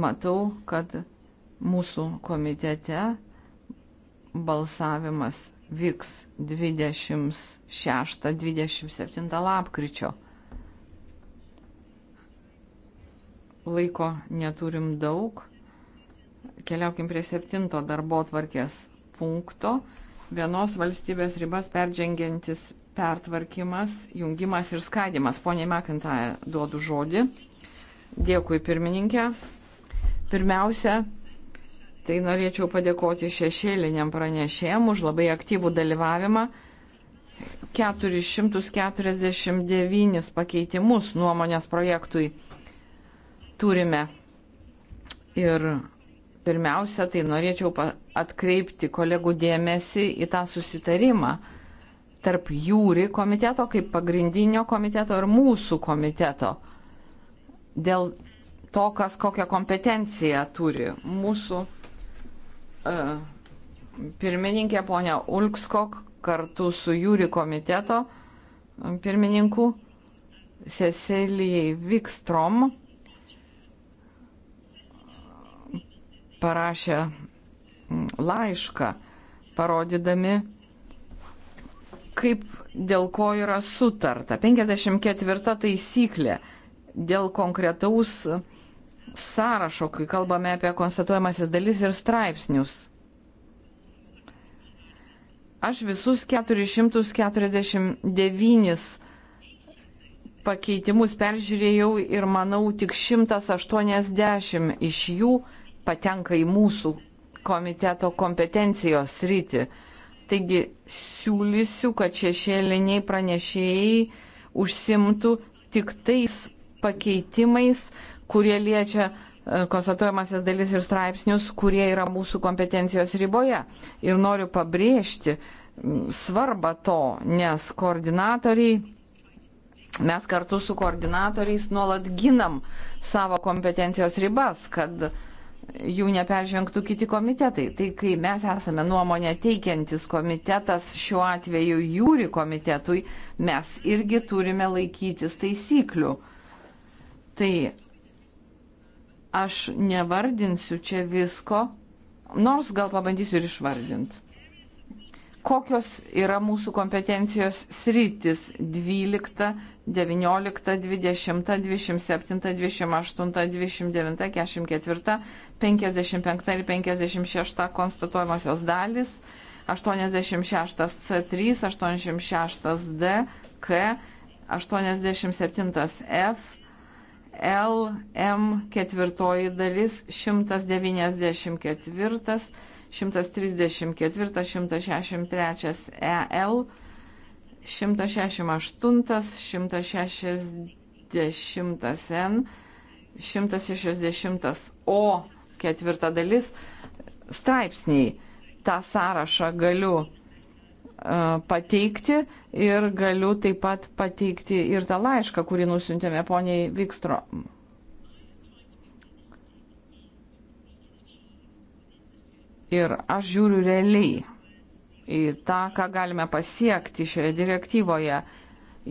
Matau, kad mūsų komitete balsavimas vyks 26-27 lapkričio. Laiko neturim daug. Keliaukim prie septinto darbo tvarkės punkto. Vienos valstybės ribas peržengiantis pertvarkymas, jungimas ir skaidimas. Pone Mekintaja, duodu žodį. Dėkui pirmininkė. Pirmiausia, tai norėčiau padėkoti šešėliniam pranešėjim už labai aktyvų dalyvavimą. 449 pakeitimus nuomonės projektui turime. Ir pirmiausia, tai norėčiau atkreipti kolegų dėmesį į tą susitarimą tarp jūri komiteto kaip pagrindinio komiteto ir mūsų komiteto dėl to, kas kokią kompetenciją turi. Mūsų uh, pirmininkė ponia Ulkskok kartu su jūri komiteto e, pirmininku Cecilijai Vikstrom parašė laišką, parodydami kaip dėl ko yra sutarta. 54 taisyklė dėl konkretaus sąrašo, kai kalbame apie konstatuojamasis dalis ir straipsnius. Aš visus 449 pakeitimus peržiūrėjau ir manau tik 180 iš jų patenka į mūsų komiteto kompetencijos rytį. Taigi siūlysiu, kad šešėliniai pranešėjai užsimtų tik tais pakeitimais, kurie liečia e, konstatuojamasias dalis ir straipsnius, kurie yra mūsų kompetencijos riboje. Ir noriu pabrėžti svarbą to, nes koordinatoriai, mes kartu su koordinatoriais nuolat ginam savo kompetencijos ribas, kad uh, jų neperžengtų kiti komitetai. Tai kai mes esame nuomonę teikiantis komitetas, šiuo atveju jūri komitetui, mes irgi turime laikytis taisyklių. Tai aš nevardinsiu čia visko, nors gal pabandysiu ir išvardinti kokios yra mūsų kompetencijos sritis 12, 19, 20, 27, 28, 29, 44, 55 ir 56 konstatuojamosios dalis, 86 C3, 86 D, K, 87 F, L, M ketvirtoji dalis, 194 134-163 EL, 168-160 N, 160 O ketvirta dalis straipsniai. Ta sąrašą galiu e, pateikti ir galiu taip pat pateikti ir tą laišką, kurį nusintėme poniai Vikstrom. Ir aš žiūriu realiai į tą, ką galime pasiekti šioje direktyvoje.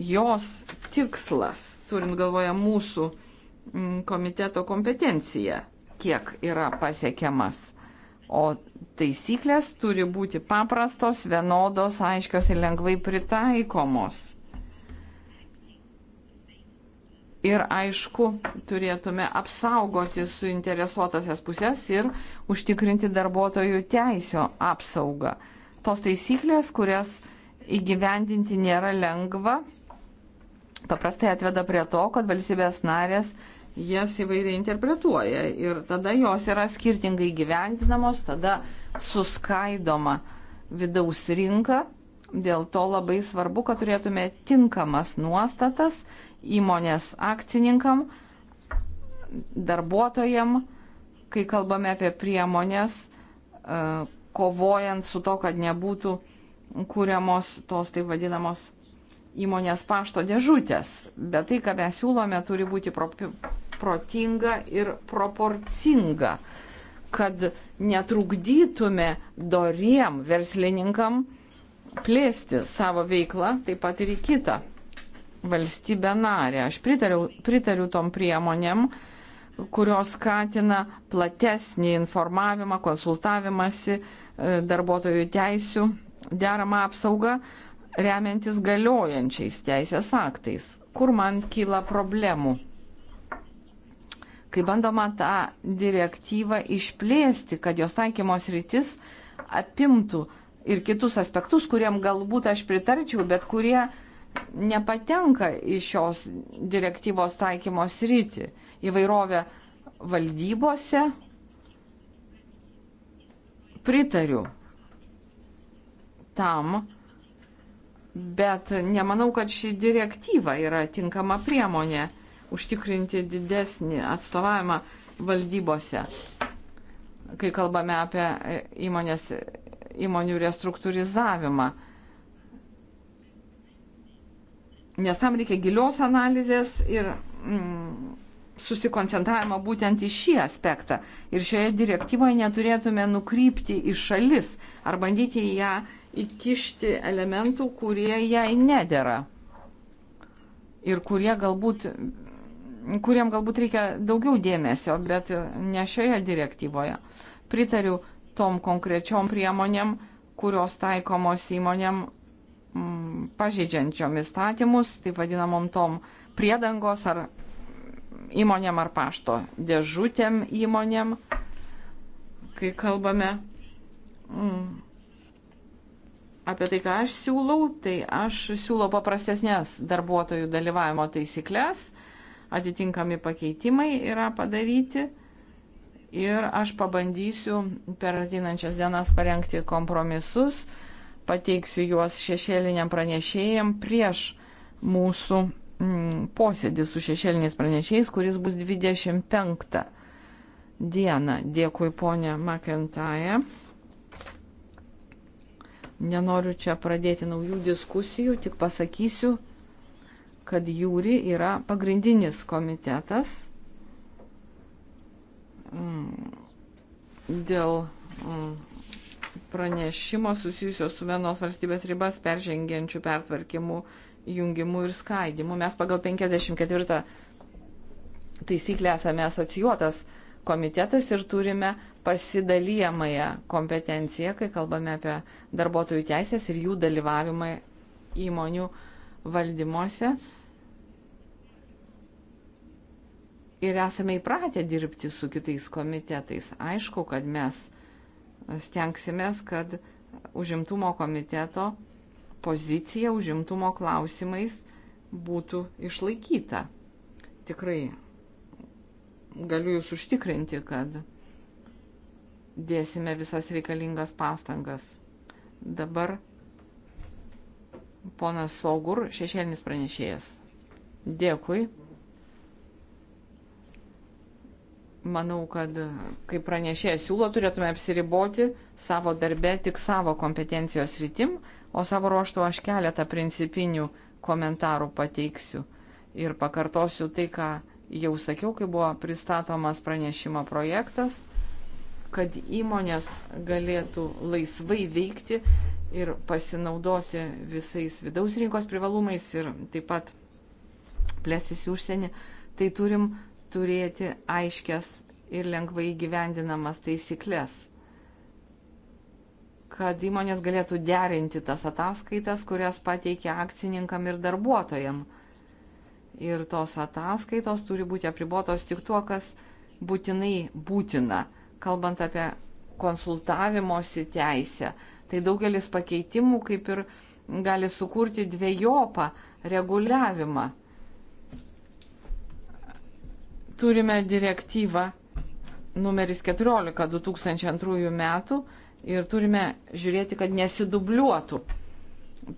Jos tikslas, turint galvoje mūsų mm, komiteto kompetenciją, kiek yra pasiekiamas. O taisyklės turi būti paprastos, vienodos, aiškios ir lengvai pritaikomos. Ir aišku, turėtume apsaugoti suinteresuotasias pusės ir užtikrinti darbuotojų teisio apsaugą. Tos taisyklės, kurias įgyvendinti nėra lengva, paprastai atveda prie to, kad valstybės narės jas įvairiai interpretuoja ir tada jos yra skirtingai gyvendinamos, tada suskaidoma vidaus rinka. Dėl to labai svarbu, kad turėtume tinkamas nuostatas įmonės akcininkam, darbuotojam, kai kalbame apie priemonės, e, kovojant su to, kad nebūtų kūriamos tos taip vadinamos įmonės pašto dėžutės. Bet tai, ką mes siūlome, turi būti protinga ir proporcinga, kad netrukdytume doriem verslininkam plėsti savo veiklą taip pat ir į kitą valstybę narę. Aš pritariu, pritariu tom priemonėm, kurios skatina platesnį informavimą, konsultavimąsi e, darbuotojų teisių, deramą apsaugą, remiantis galiojančiais teisės aktais. Kur man kyla problemų? Kai bandoma tą direktyvą išplėsti, kad jos taikymos rytis apimtų ir kitus aspektus, kuriem galbūt aš pritarčiau, bet kurie uh, nepatenka į šios direktyvos taikymos rytį. Įvairovė valdybose pritariu tam, bet nemanau, kad ši direktyva yra tinkama priemonė užtikrinti didesnį atstovavimą valdybose, kai kalbame apie įmonės, įmonių restruktūrizavimą. nes tam reikia gilios analizės ir mm, susikoncentravimo būtent į šį aspektą. Ir šioje direktyvoje neturėtume nukrypti į šalis ar bandyti į ją įkišti elementų, kurie jai nedėra. Ir kurie galbūt, kuriem galbūt reikia daugiau dėmesio, bet ne šioje direktyvoje. Pritariu tom konkrečiom priemonėm, kurios taikomos įmonėm m, mm, pažeidžiančiom įstatymus, tai vadinamom tom priedangos ar įmonėm ar pašto dėžutėm įmonėm, kai kalbame m, mm, apie tai, ką aš siūlau, tai aš siūlau paprastesnės darbuotojų dalyvavimo taisyklės, atitinkami pakeitimai yra padaryti ir aš pabandysiu per ateinančias dienas parengti kompromisus, pateiksiu juos šešėliniam pranešėjam prieš mūsų mm, posėdį su šešėliniais pranešėjais, kuris bus 25 dieną. Dėkui, ponė Makentaja. Nenoriu čia pradėti naujų diskusijų, tik pasakysiu, kad jūri yra pagrindinis komitetas mm, dėl mm, pranešimo susijusio su vienos valstybės ribas peržengiančių pertvarkimų, jungimų ir skaidimų. Mes pagal 54 taisyklę esame asocijuotas komitetas ir turime pasidalyjamąją kompetenciją, kai kalbame apie darbuotojų teisės ir jų dalyvavimą įmonių valdymuose. Ir esame įpratę dirbti su kitais komitetais. Aišku, kad mes stengsimės, kad užimtumo komiteto pozicija užimtumo klausimais būtų išlaikyta. Tikrai galiu Jūs užtikrinti, kad dėsime visas reikalingas pastangas. Dabar ponas Sogur, šešėlinis pranešėjas. Dėkui. manau, kad kaip pranešėjas siūlo, turėtume apsiriboti savo darbę tik savo kompetencijos rytim, o savo ruoštų aš keletą principinių komentarų pateiksiu ir pakartosiu tai, ką jau sakiau, kai buvo pristatomas pranešimo projektas, kad įmonės galėtų laisvai veikti ir pasinaudoti visais vidaus rinkos privalumais ir taip pat plėsis į užsienį, tai turim turėti aiškias ir lengvai gyvendinamas taisyklės, kad įmonės galėtų derinti tas ataskaitas, kurias pateikia akcininkam ir darbuotojam. Ir tos ataskaitos turi būti apribotos tik tuo, kas būtinai būtina, kalbant apie konsultavimosi teisę. Tai daugelis pakeitimų kaip ir gali sukurti dviejopą reguliavimą. Turime direktyvą numeris 14 2002 metų ir turime žiūrėti, kad nesidubliuotų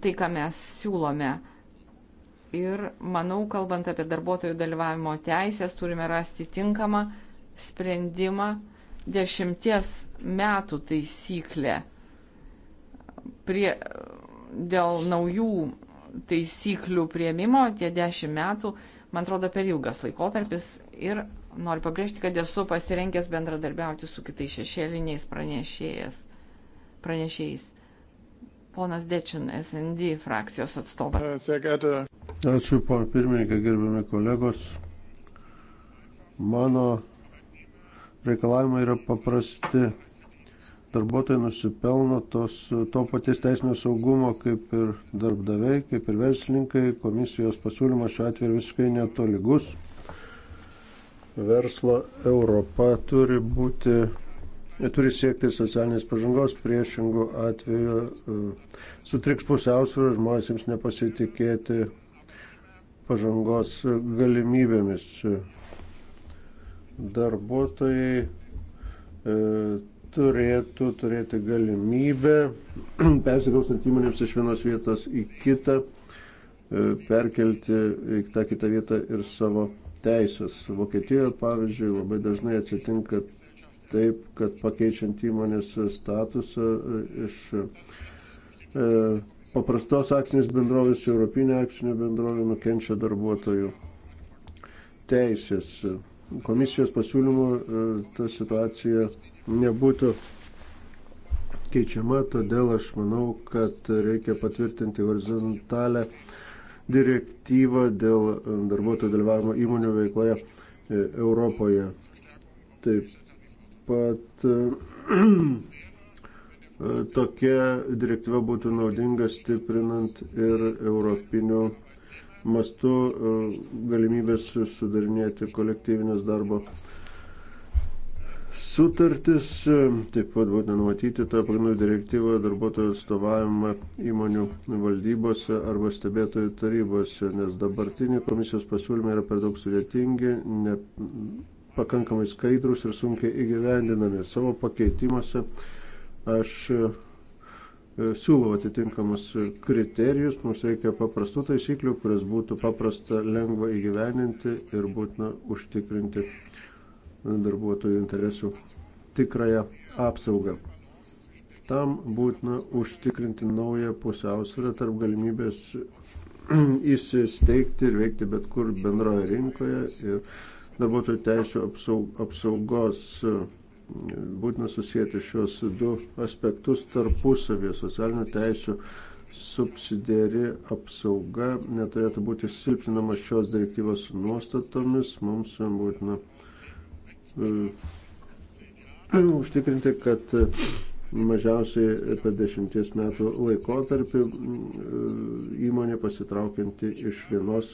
tai, ką mes siūlome. Ir manau, kalbant apie darbuotojų dalyvavimo teisės, turime rasti tinkamą sprendimą dešimties metų taisyklė prie, dėl naujų taisyklių prieimimo, tie dešimt metų, man atrodo, per ilgas laikotarpis ir noriu pabrėžti, kad esu pasirengęs bendradarbiauti su kitais šešėliniais pranešėjais. Ponas Dečin, SND frakcijos atstovas. Ačiū, pana pirmininkė, gerbiami kolegos. Mano reikalavimai yra paprasti. Darbuotojai nusipelno tos, to paties teisinio saugumo kaip ir darbdaviai, kaip ir verslininkai. Komisijos pasiūlymas šiuo atveju visiškai netoligus verslo Europa turi būti, turi siekti socialinės pažangos, priešingų atveju e, sutriks pusiausvyrą, žmonės jums nepasitikėti pažangos galimybėmis. Darbuotojai e, turėtų turėti galimybę (clears throat) persigausant įmonėms iš vienos vietos į kitą, e, perkelti į tą kitą vietą ir savo teisės. Vokietijoje, pavyzdžiui, labai dažnai atsitinka taip, kad pakeičiant įmonės statusą iš e, paprastos akcinės bendrovės į Europinę akcinę bendrovę nukenčia darbuotojų teisės. Komisijos pasiūlymų e, ta situacija nebūtų keičiama, todėl aš manau, kad reikia patvirtinti horizontalę direktyvą dėl e, darbuotojų dalyvavimo įmonių veikloje e, Europoje. Taip pat e, (clears throat) tokia direktyva būtų naudinga stiprinant ir europinių mastų galimybės sudarinėti kolektyvinės darbo sutartis, taip pat būtina numatyti tą pagrindų direktyvą darbuotojų atstovavimą įmonių valdybose arba stebėtojų tarybose, nes dabartiniai komisijos pasiūlymai yra per daug sudėtingi, nepakankamai skaidrus ir sunkiai įgyvendinami. Savo pakeitimuose aš e, siūlau atitinkamus kriterijus, mums reikia paprastų taisyklių, kurias būtų paprasta lengva įgyveninti ir būtina užtikrinti darbuotojų interesų tikrąją apsaugą. Tam būtina užtikrinti naują pusiausvyrą tarp galimybės (clears throat) įsisteigti ir veikti bet kur bendroje rinkoje ir darbuotojų teisų apsaugos būtina susijęti šios du aspektus tarpusavėje. Socialinių teisų subsidiari apsauga neturėtų būti silpinama šios direktyvos nuostatomis. Mums būtina Mm. Mm, užtikrinti, kad mm, mažiausiai per dešimties metų laikotarpį įmonė pasitraukianti iš vienos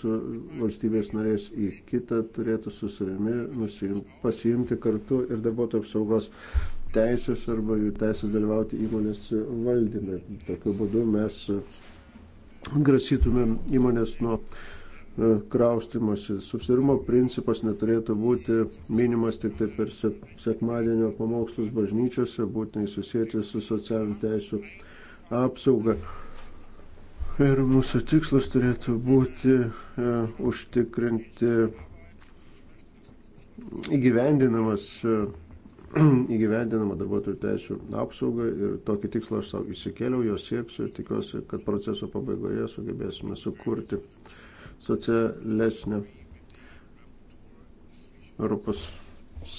valstybės narės į kitą turėtų su savimi pasiimti kartu ir darbuotojų apsaugos teisės arba jų teisės dalyvauti įmonės valdyme. Tokiu būdu mes grasytumėm įmonės nuo E, kraustimasi. Subsidirimo principas neturėtų būti minimas tik tai per sekmadienio pamokslus bažnyčiose, būtinai susijęti su socialiniu teisų apsauga. Ir mūsų tikslas turėtų būti e, užtikrinti įgyvendinamas, e, (clears throat) įgyvendinamą darbuotojų teisų apsaugą ir tokį tikslą aš savo įsikėliau, jo sieksiu ir tikiuosi, kad proceso pabaigoje sugebėsime sukurti e, socialesnę Europos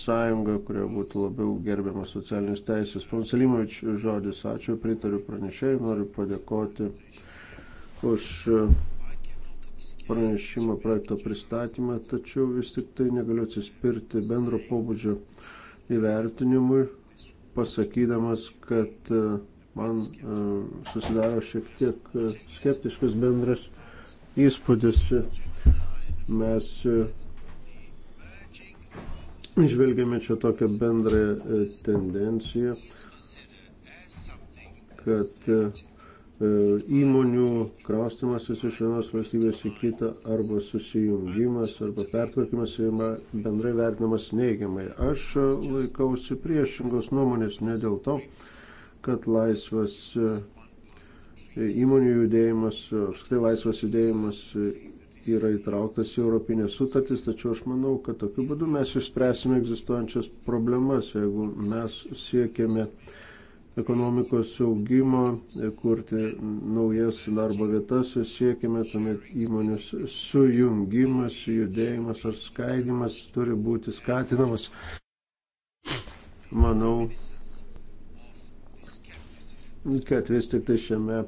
sąjungą, kurioje būtų labiau gerbiamas socialinės teisės. Ponas Limovič, žodis, ačiū, pritariu pranešėjai, noriu padėkoti už pranešimo projekto pristatymą, tačiau vis tik tai negaliu atsispirti bendro pobūdžio įvertinimui, pasakydamas, kad man e, susidaro šiek tiek e, skeptiškas bendras įspūdis. Mes e, Žvelgiame čia tokią bendrą e, tendenciją, kad e, įmonių kraustimasis iš vienos valstybės į kitą arba susijungimas arba pertvarkymas yra bendrai vertinamas neigiamai. Aš laikausi priešingos nuomonės ne dėl to, kad laisvas įmonių judėjimas, apskritai laisvas judėjimas yra įtrauktas į Europinės sutartys, tačiau aš manau, kad tokiu būdu mes išspręsime egzistuojančias problemas, jeigu mes siekiame ekonomikos saugimo, kurti naujas darbo vietas, siekime tuomet įmonės sujungimas, judėjimas ar skaidimas turi būti skatinamas. Manau, kad vis tik tai šiame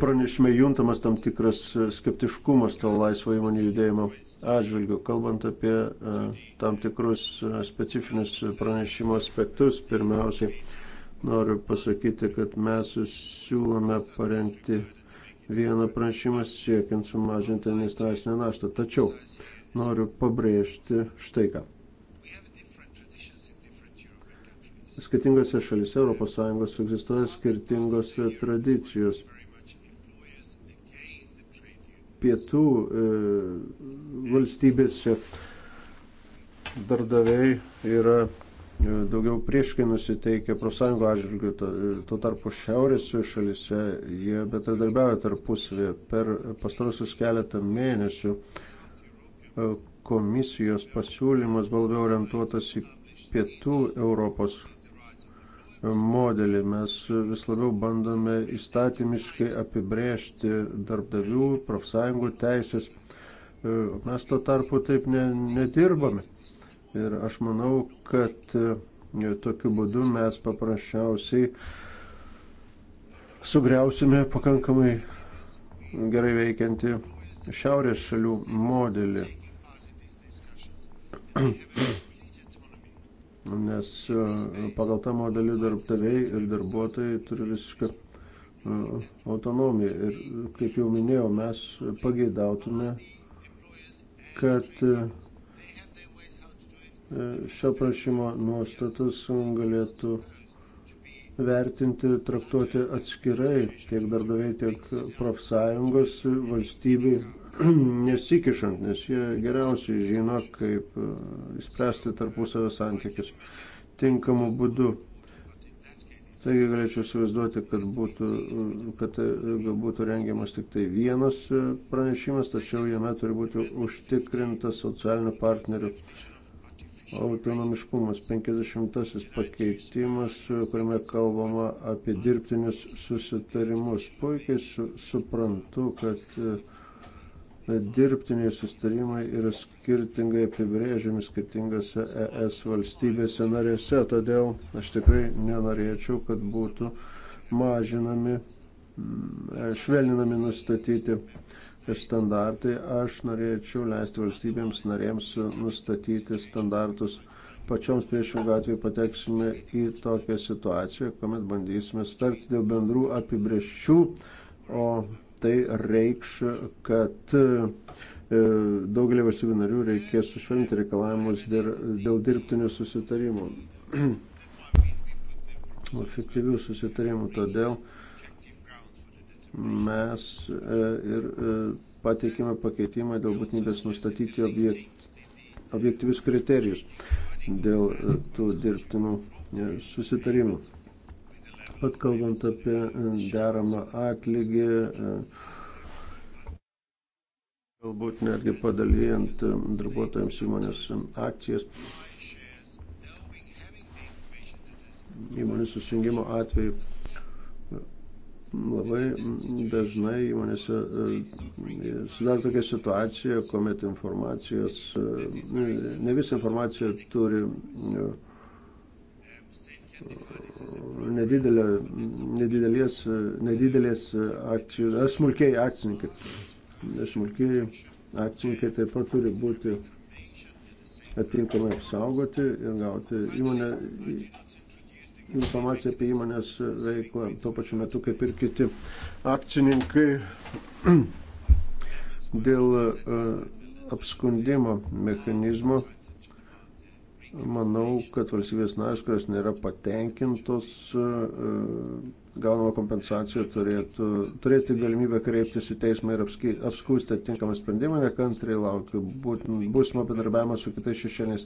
pranešime juntamas tam tikras e, skeptiškumas to laisvo įmonių judėjimo atžvilgių. Kalbant apie e, tam tikrus e, specifinius pranešimo aspektus, pirmiausiai noriu pasakyti, kad mes siūlome parengti vieną pranešimą siekiant sumažinti administracinę naštą. Tačiau noriu pabrėžti štai ką. skirtingose šalise Europos Sąjungos egzistuoja skirtingos e, tradicijos. Pietų e, valstybėse darbdaviai yra e, daugiau prieškai nusiteikę profsąjungo atžvilgių, e, tuo tarpu šiaurės šalise jie betradarbiauja tarpusavį per pastarusius keletą mėnesių. E, komisijos pasiūlymas buvo labiau orientuotas į pietų Europos modelį. Mes vis labiau bandome įstatymiškai apibrėžti darbdavių, profsąjungų teisės. E, mes to tarpu taip ne, nedirbame. Ir aš manau, kad e, tokiu būdu mes paprasčiausiai sugriausime pakankamai gerai veikianti šiaurės šalių modelį nes e, pagal tą modelį darbdaviai ir darbuotojai turi visišką e, autonomiją. Ir kaip jau minėjau, mes pageidautume, kad e, šio prašymo nuostatas galėtų vertinti, traktuoti atskirai tiek darbdaviai, tiek profsąjungos valstybei (clears throat) nesikišant, nes jie geriausiai žino, kaip e, spręsti tarpusavio santykius tinkamu būdu. Taigi galėčiau įsivaizduoti, kad būtų, e, kad e, būtų rengiamas tik tai vienas pranešimas, tačiau jame turi būti užtikrintas socialinių partnerių autonomiškumas. 50 pakeitimas, kuriame kalbama apie dirbtinius susitarimus. Puikiai su, suprantu, kad dirbtiniai sustarimai yra skirtingai apibrėžiami skirtingose ES valstybėse narėse, todėl aš tikrai nenorėčiau, kad būtų mažinami, mm, švelninami nustatyti standartai. Aš norėčiau leisti valstybėms narėms nustatyti standartus pačioms priešingų atveju pateksime į tokią situaciją, kuomet bandysime starti dėl bendrų apibrėžčių, o tai reikš, kad e, daugelį valstybių narių reikės sušvelninti reikalavimus dėl dirbtinių susitarimų, (clears throat) efektyvių susitarimų. Todėl mes e, ir e, pateikėme pakeitimą dėl būtinybės nustatyti objekt, objektyvius kriterijus dėl tų dirbtinų susitarimų pat kalbant apie e, deramą atlygį, e, galbūt netgi padalyjant e, darbuotojams įmonės akcijas. Įmonių susijungimo atveju labai dažnai įmonėse sudaro tokia situacija, kuomet informacijos, ne visą informaciją turi nedidelė, nedidelės, nedidelės akcijų, smulkiai akcininkai. Smulkiai akcininkai taip pat turi būti atinkamai apsaugoti ir gauti įmonę, informaciją apie įmonės veiklą tuo pačiu metu kaip ir kiti akcininkai (clears throat) dėl e, apskundimo mechanizmo Manau, kad valstybės narės, kurios nėra patenkintos e, e, gaunama kompensacija, turėtų turėti galimybę kreiptis į teismą ir apskūsti atitinkamą sprendimą. Nekantriai laukiu būsimo bendarbiavimo su kitais šešėliais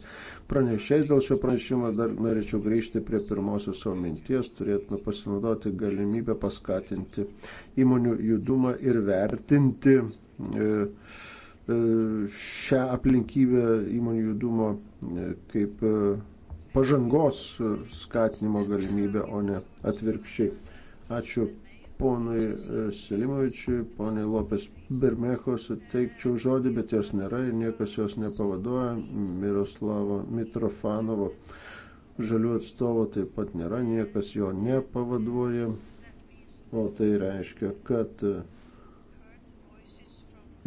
pranešiais. Dėl šio pranešimo dar norėčiau grįžti prie pirmosios savo minties. Turėtume pasinaudoti galimybę paskatinti įmonių judumą ir vertinti. E, E, šią aplinkybę įmonių judumo e, kaip e, pažangos skatinimo galimybę, o ne atvirkščiai. Ačiū ponui Selimovičiui, poniai Lopes Bermecho suteikčiau žodį, bet jos nėra ir niekas jos nepavaduoja. Miroslavo Mitrofanovo žalių atstovo taip pat nėra, niekas jo nepavaduoja. O tai reiškia, kad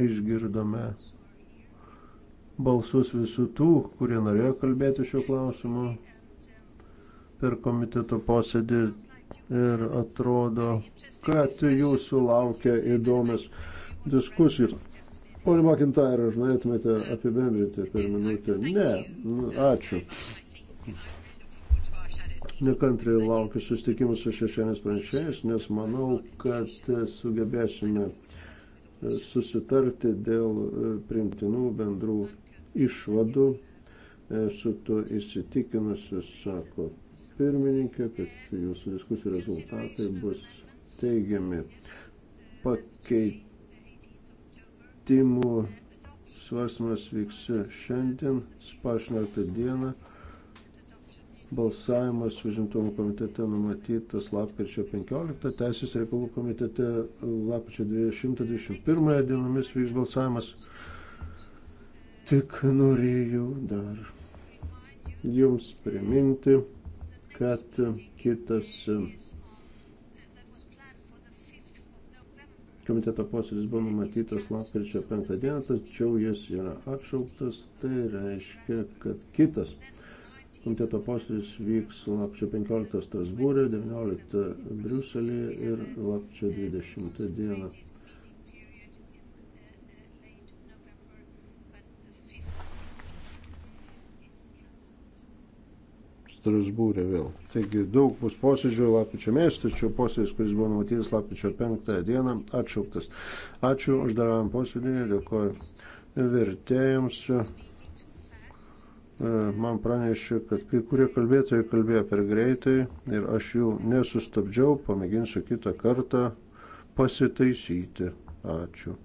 Išgirdome balsus visų tų, kurie norėjo kalbėti šiuo klausimu per komiteto posėdį ir atrodo, kad jūsų laukia įdomios diskusijos. Pone Makintairą, ar norėtumėte apibendrinti per minutę? Ne, nu, ačiū. Nekantriai laukiu susitikimų su šešėmis pranešėjais, nes manau, kad sugebėsime susitarti dėl e, primtinų bendrų išvadų. Esu to įsitikinusi, sako pirmininkė, kad jūsų diskusijų rezultatai bus teigiami. Pakeitimų svarstymas vyks šiandien, spašnaktą dieną. Balsavimas užimtumo komitete numatytas lapkričio 15, Teisės reikalų komitete lapkričio 20-21 dienomis vyks balsavimas. Tik norėjau dar jums priminti, kad kitas e, komiteto posėdis buvo numatytas lapkričio 5 dieną, tačiau jis yra atšauktas, tai reiškia, kad kitas Komiteto posėdis vyks lapčio 15 Strasbūrė, 19 Briuselėje ir lapčio 20 dieną. Strasbūrė vėl. Taigi daug bus posėdžių lapkričio mėnesį, tačiau posėdis, kuris buvo numatytas lapkričio 5 dieną, atšauktas. Ačiū uždaram posėdį, dėkoju vertėjams. E, man pranešė, kad kai kurie kalbėtojai kalbėjo per greitai ir aš jų nesustabdžiau, pamėginsiu kitą kartą pasitaisyti. Ačiū.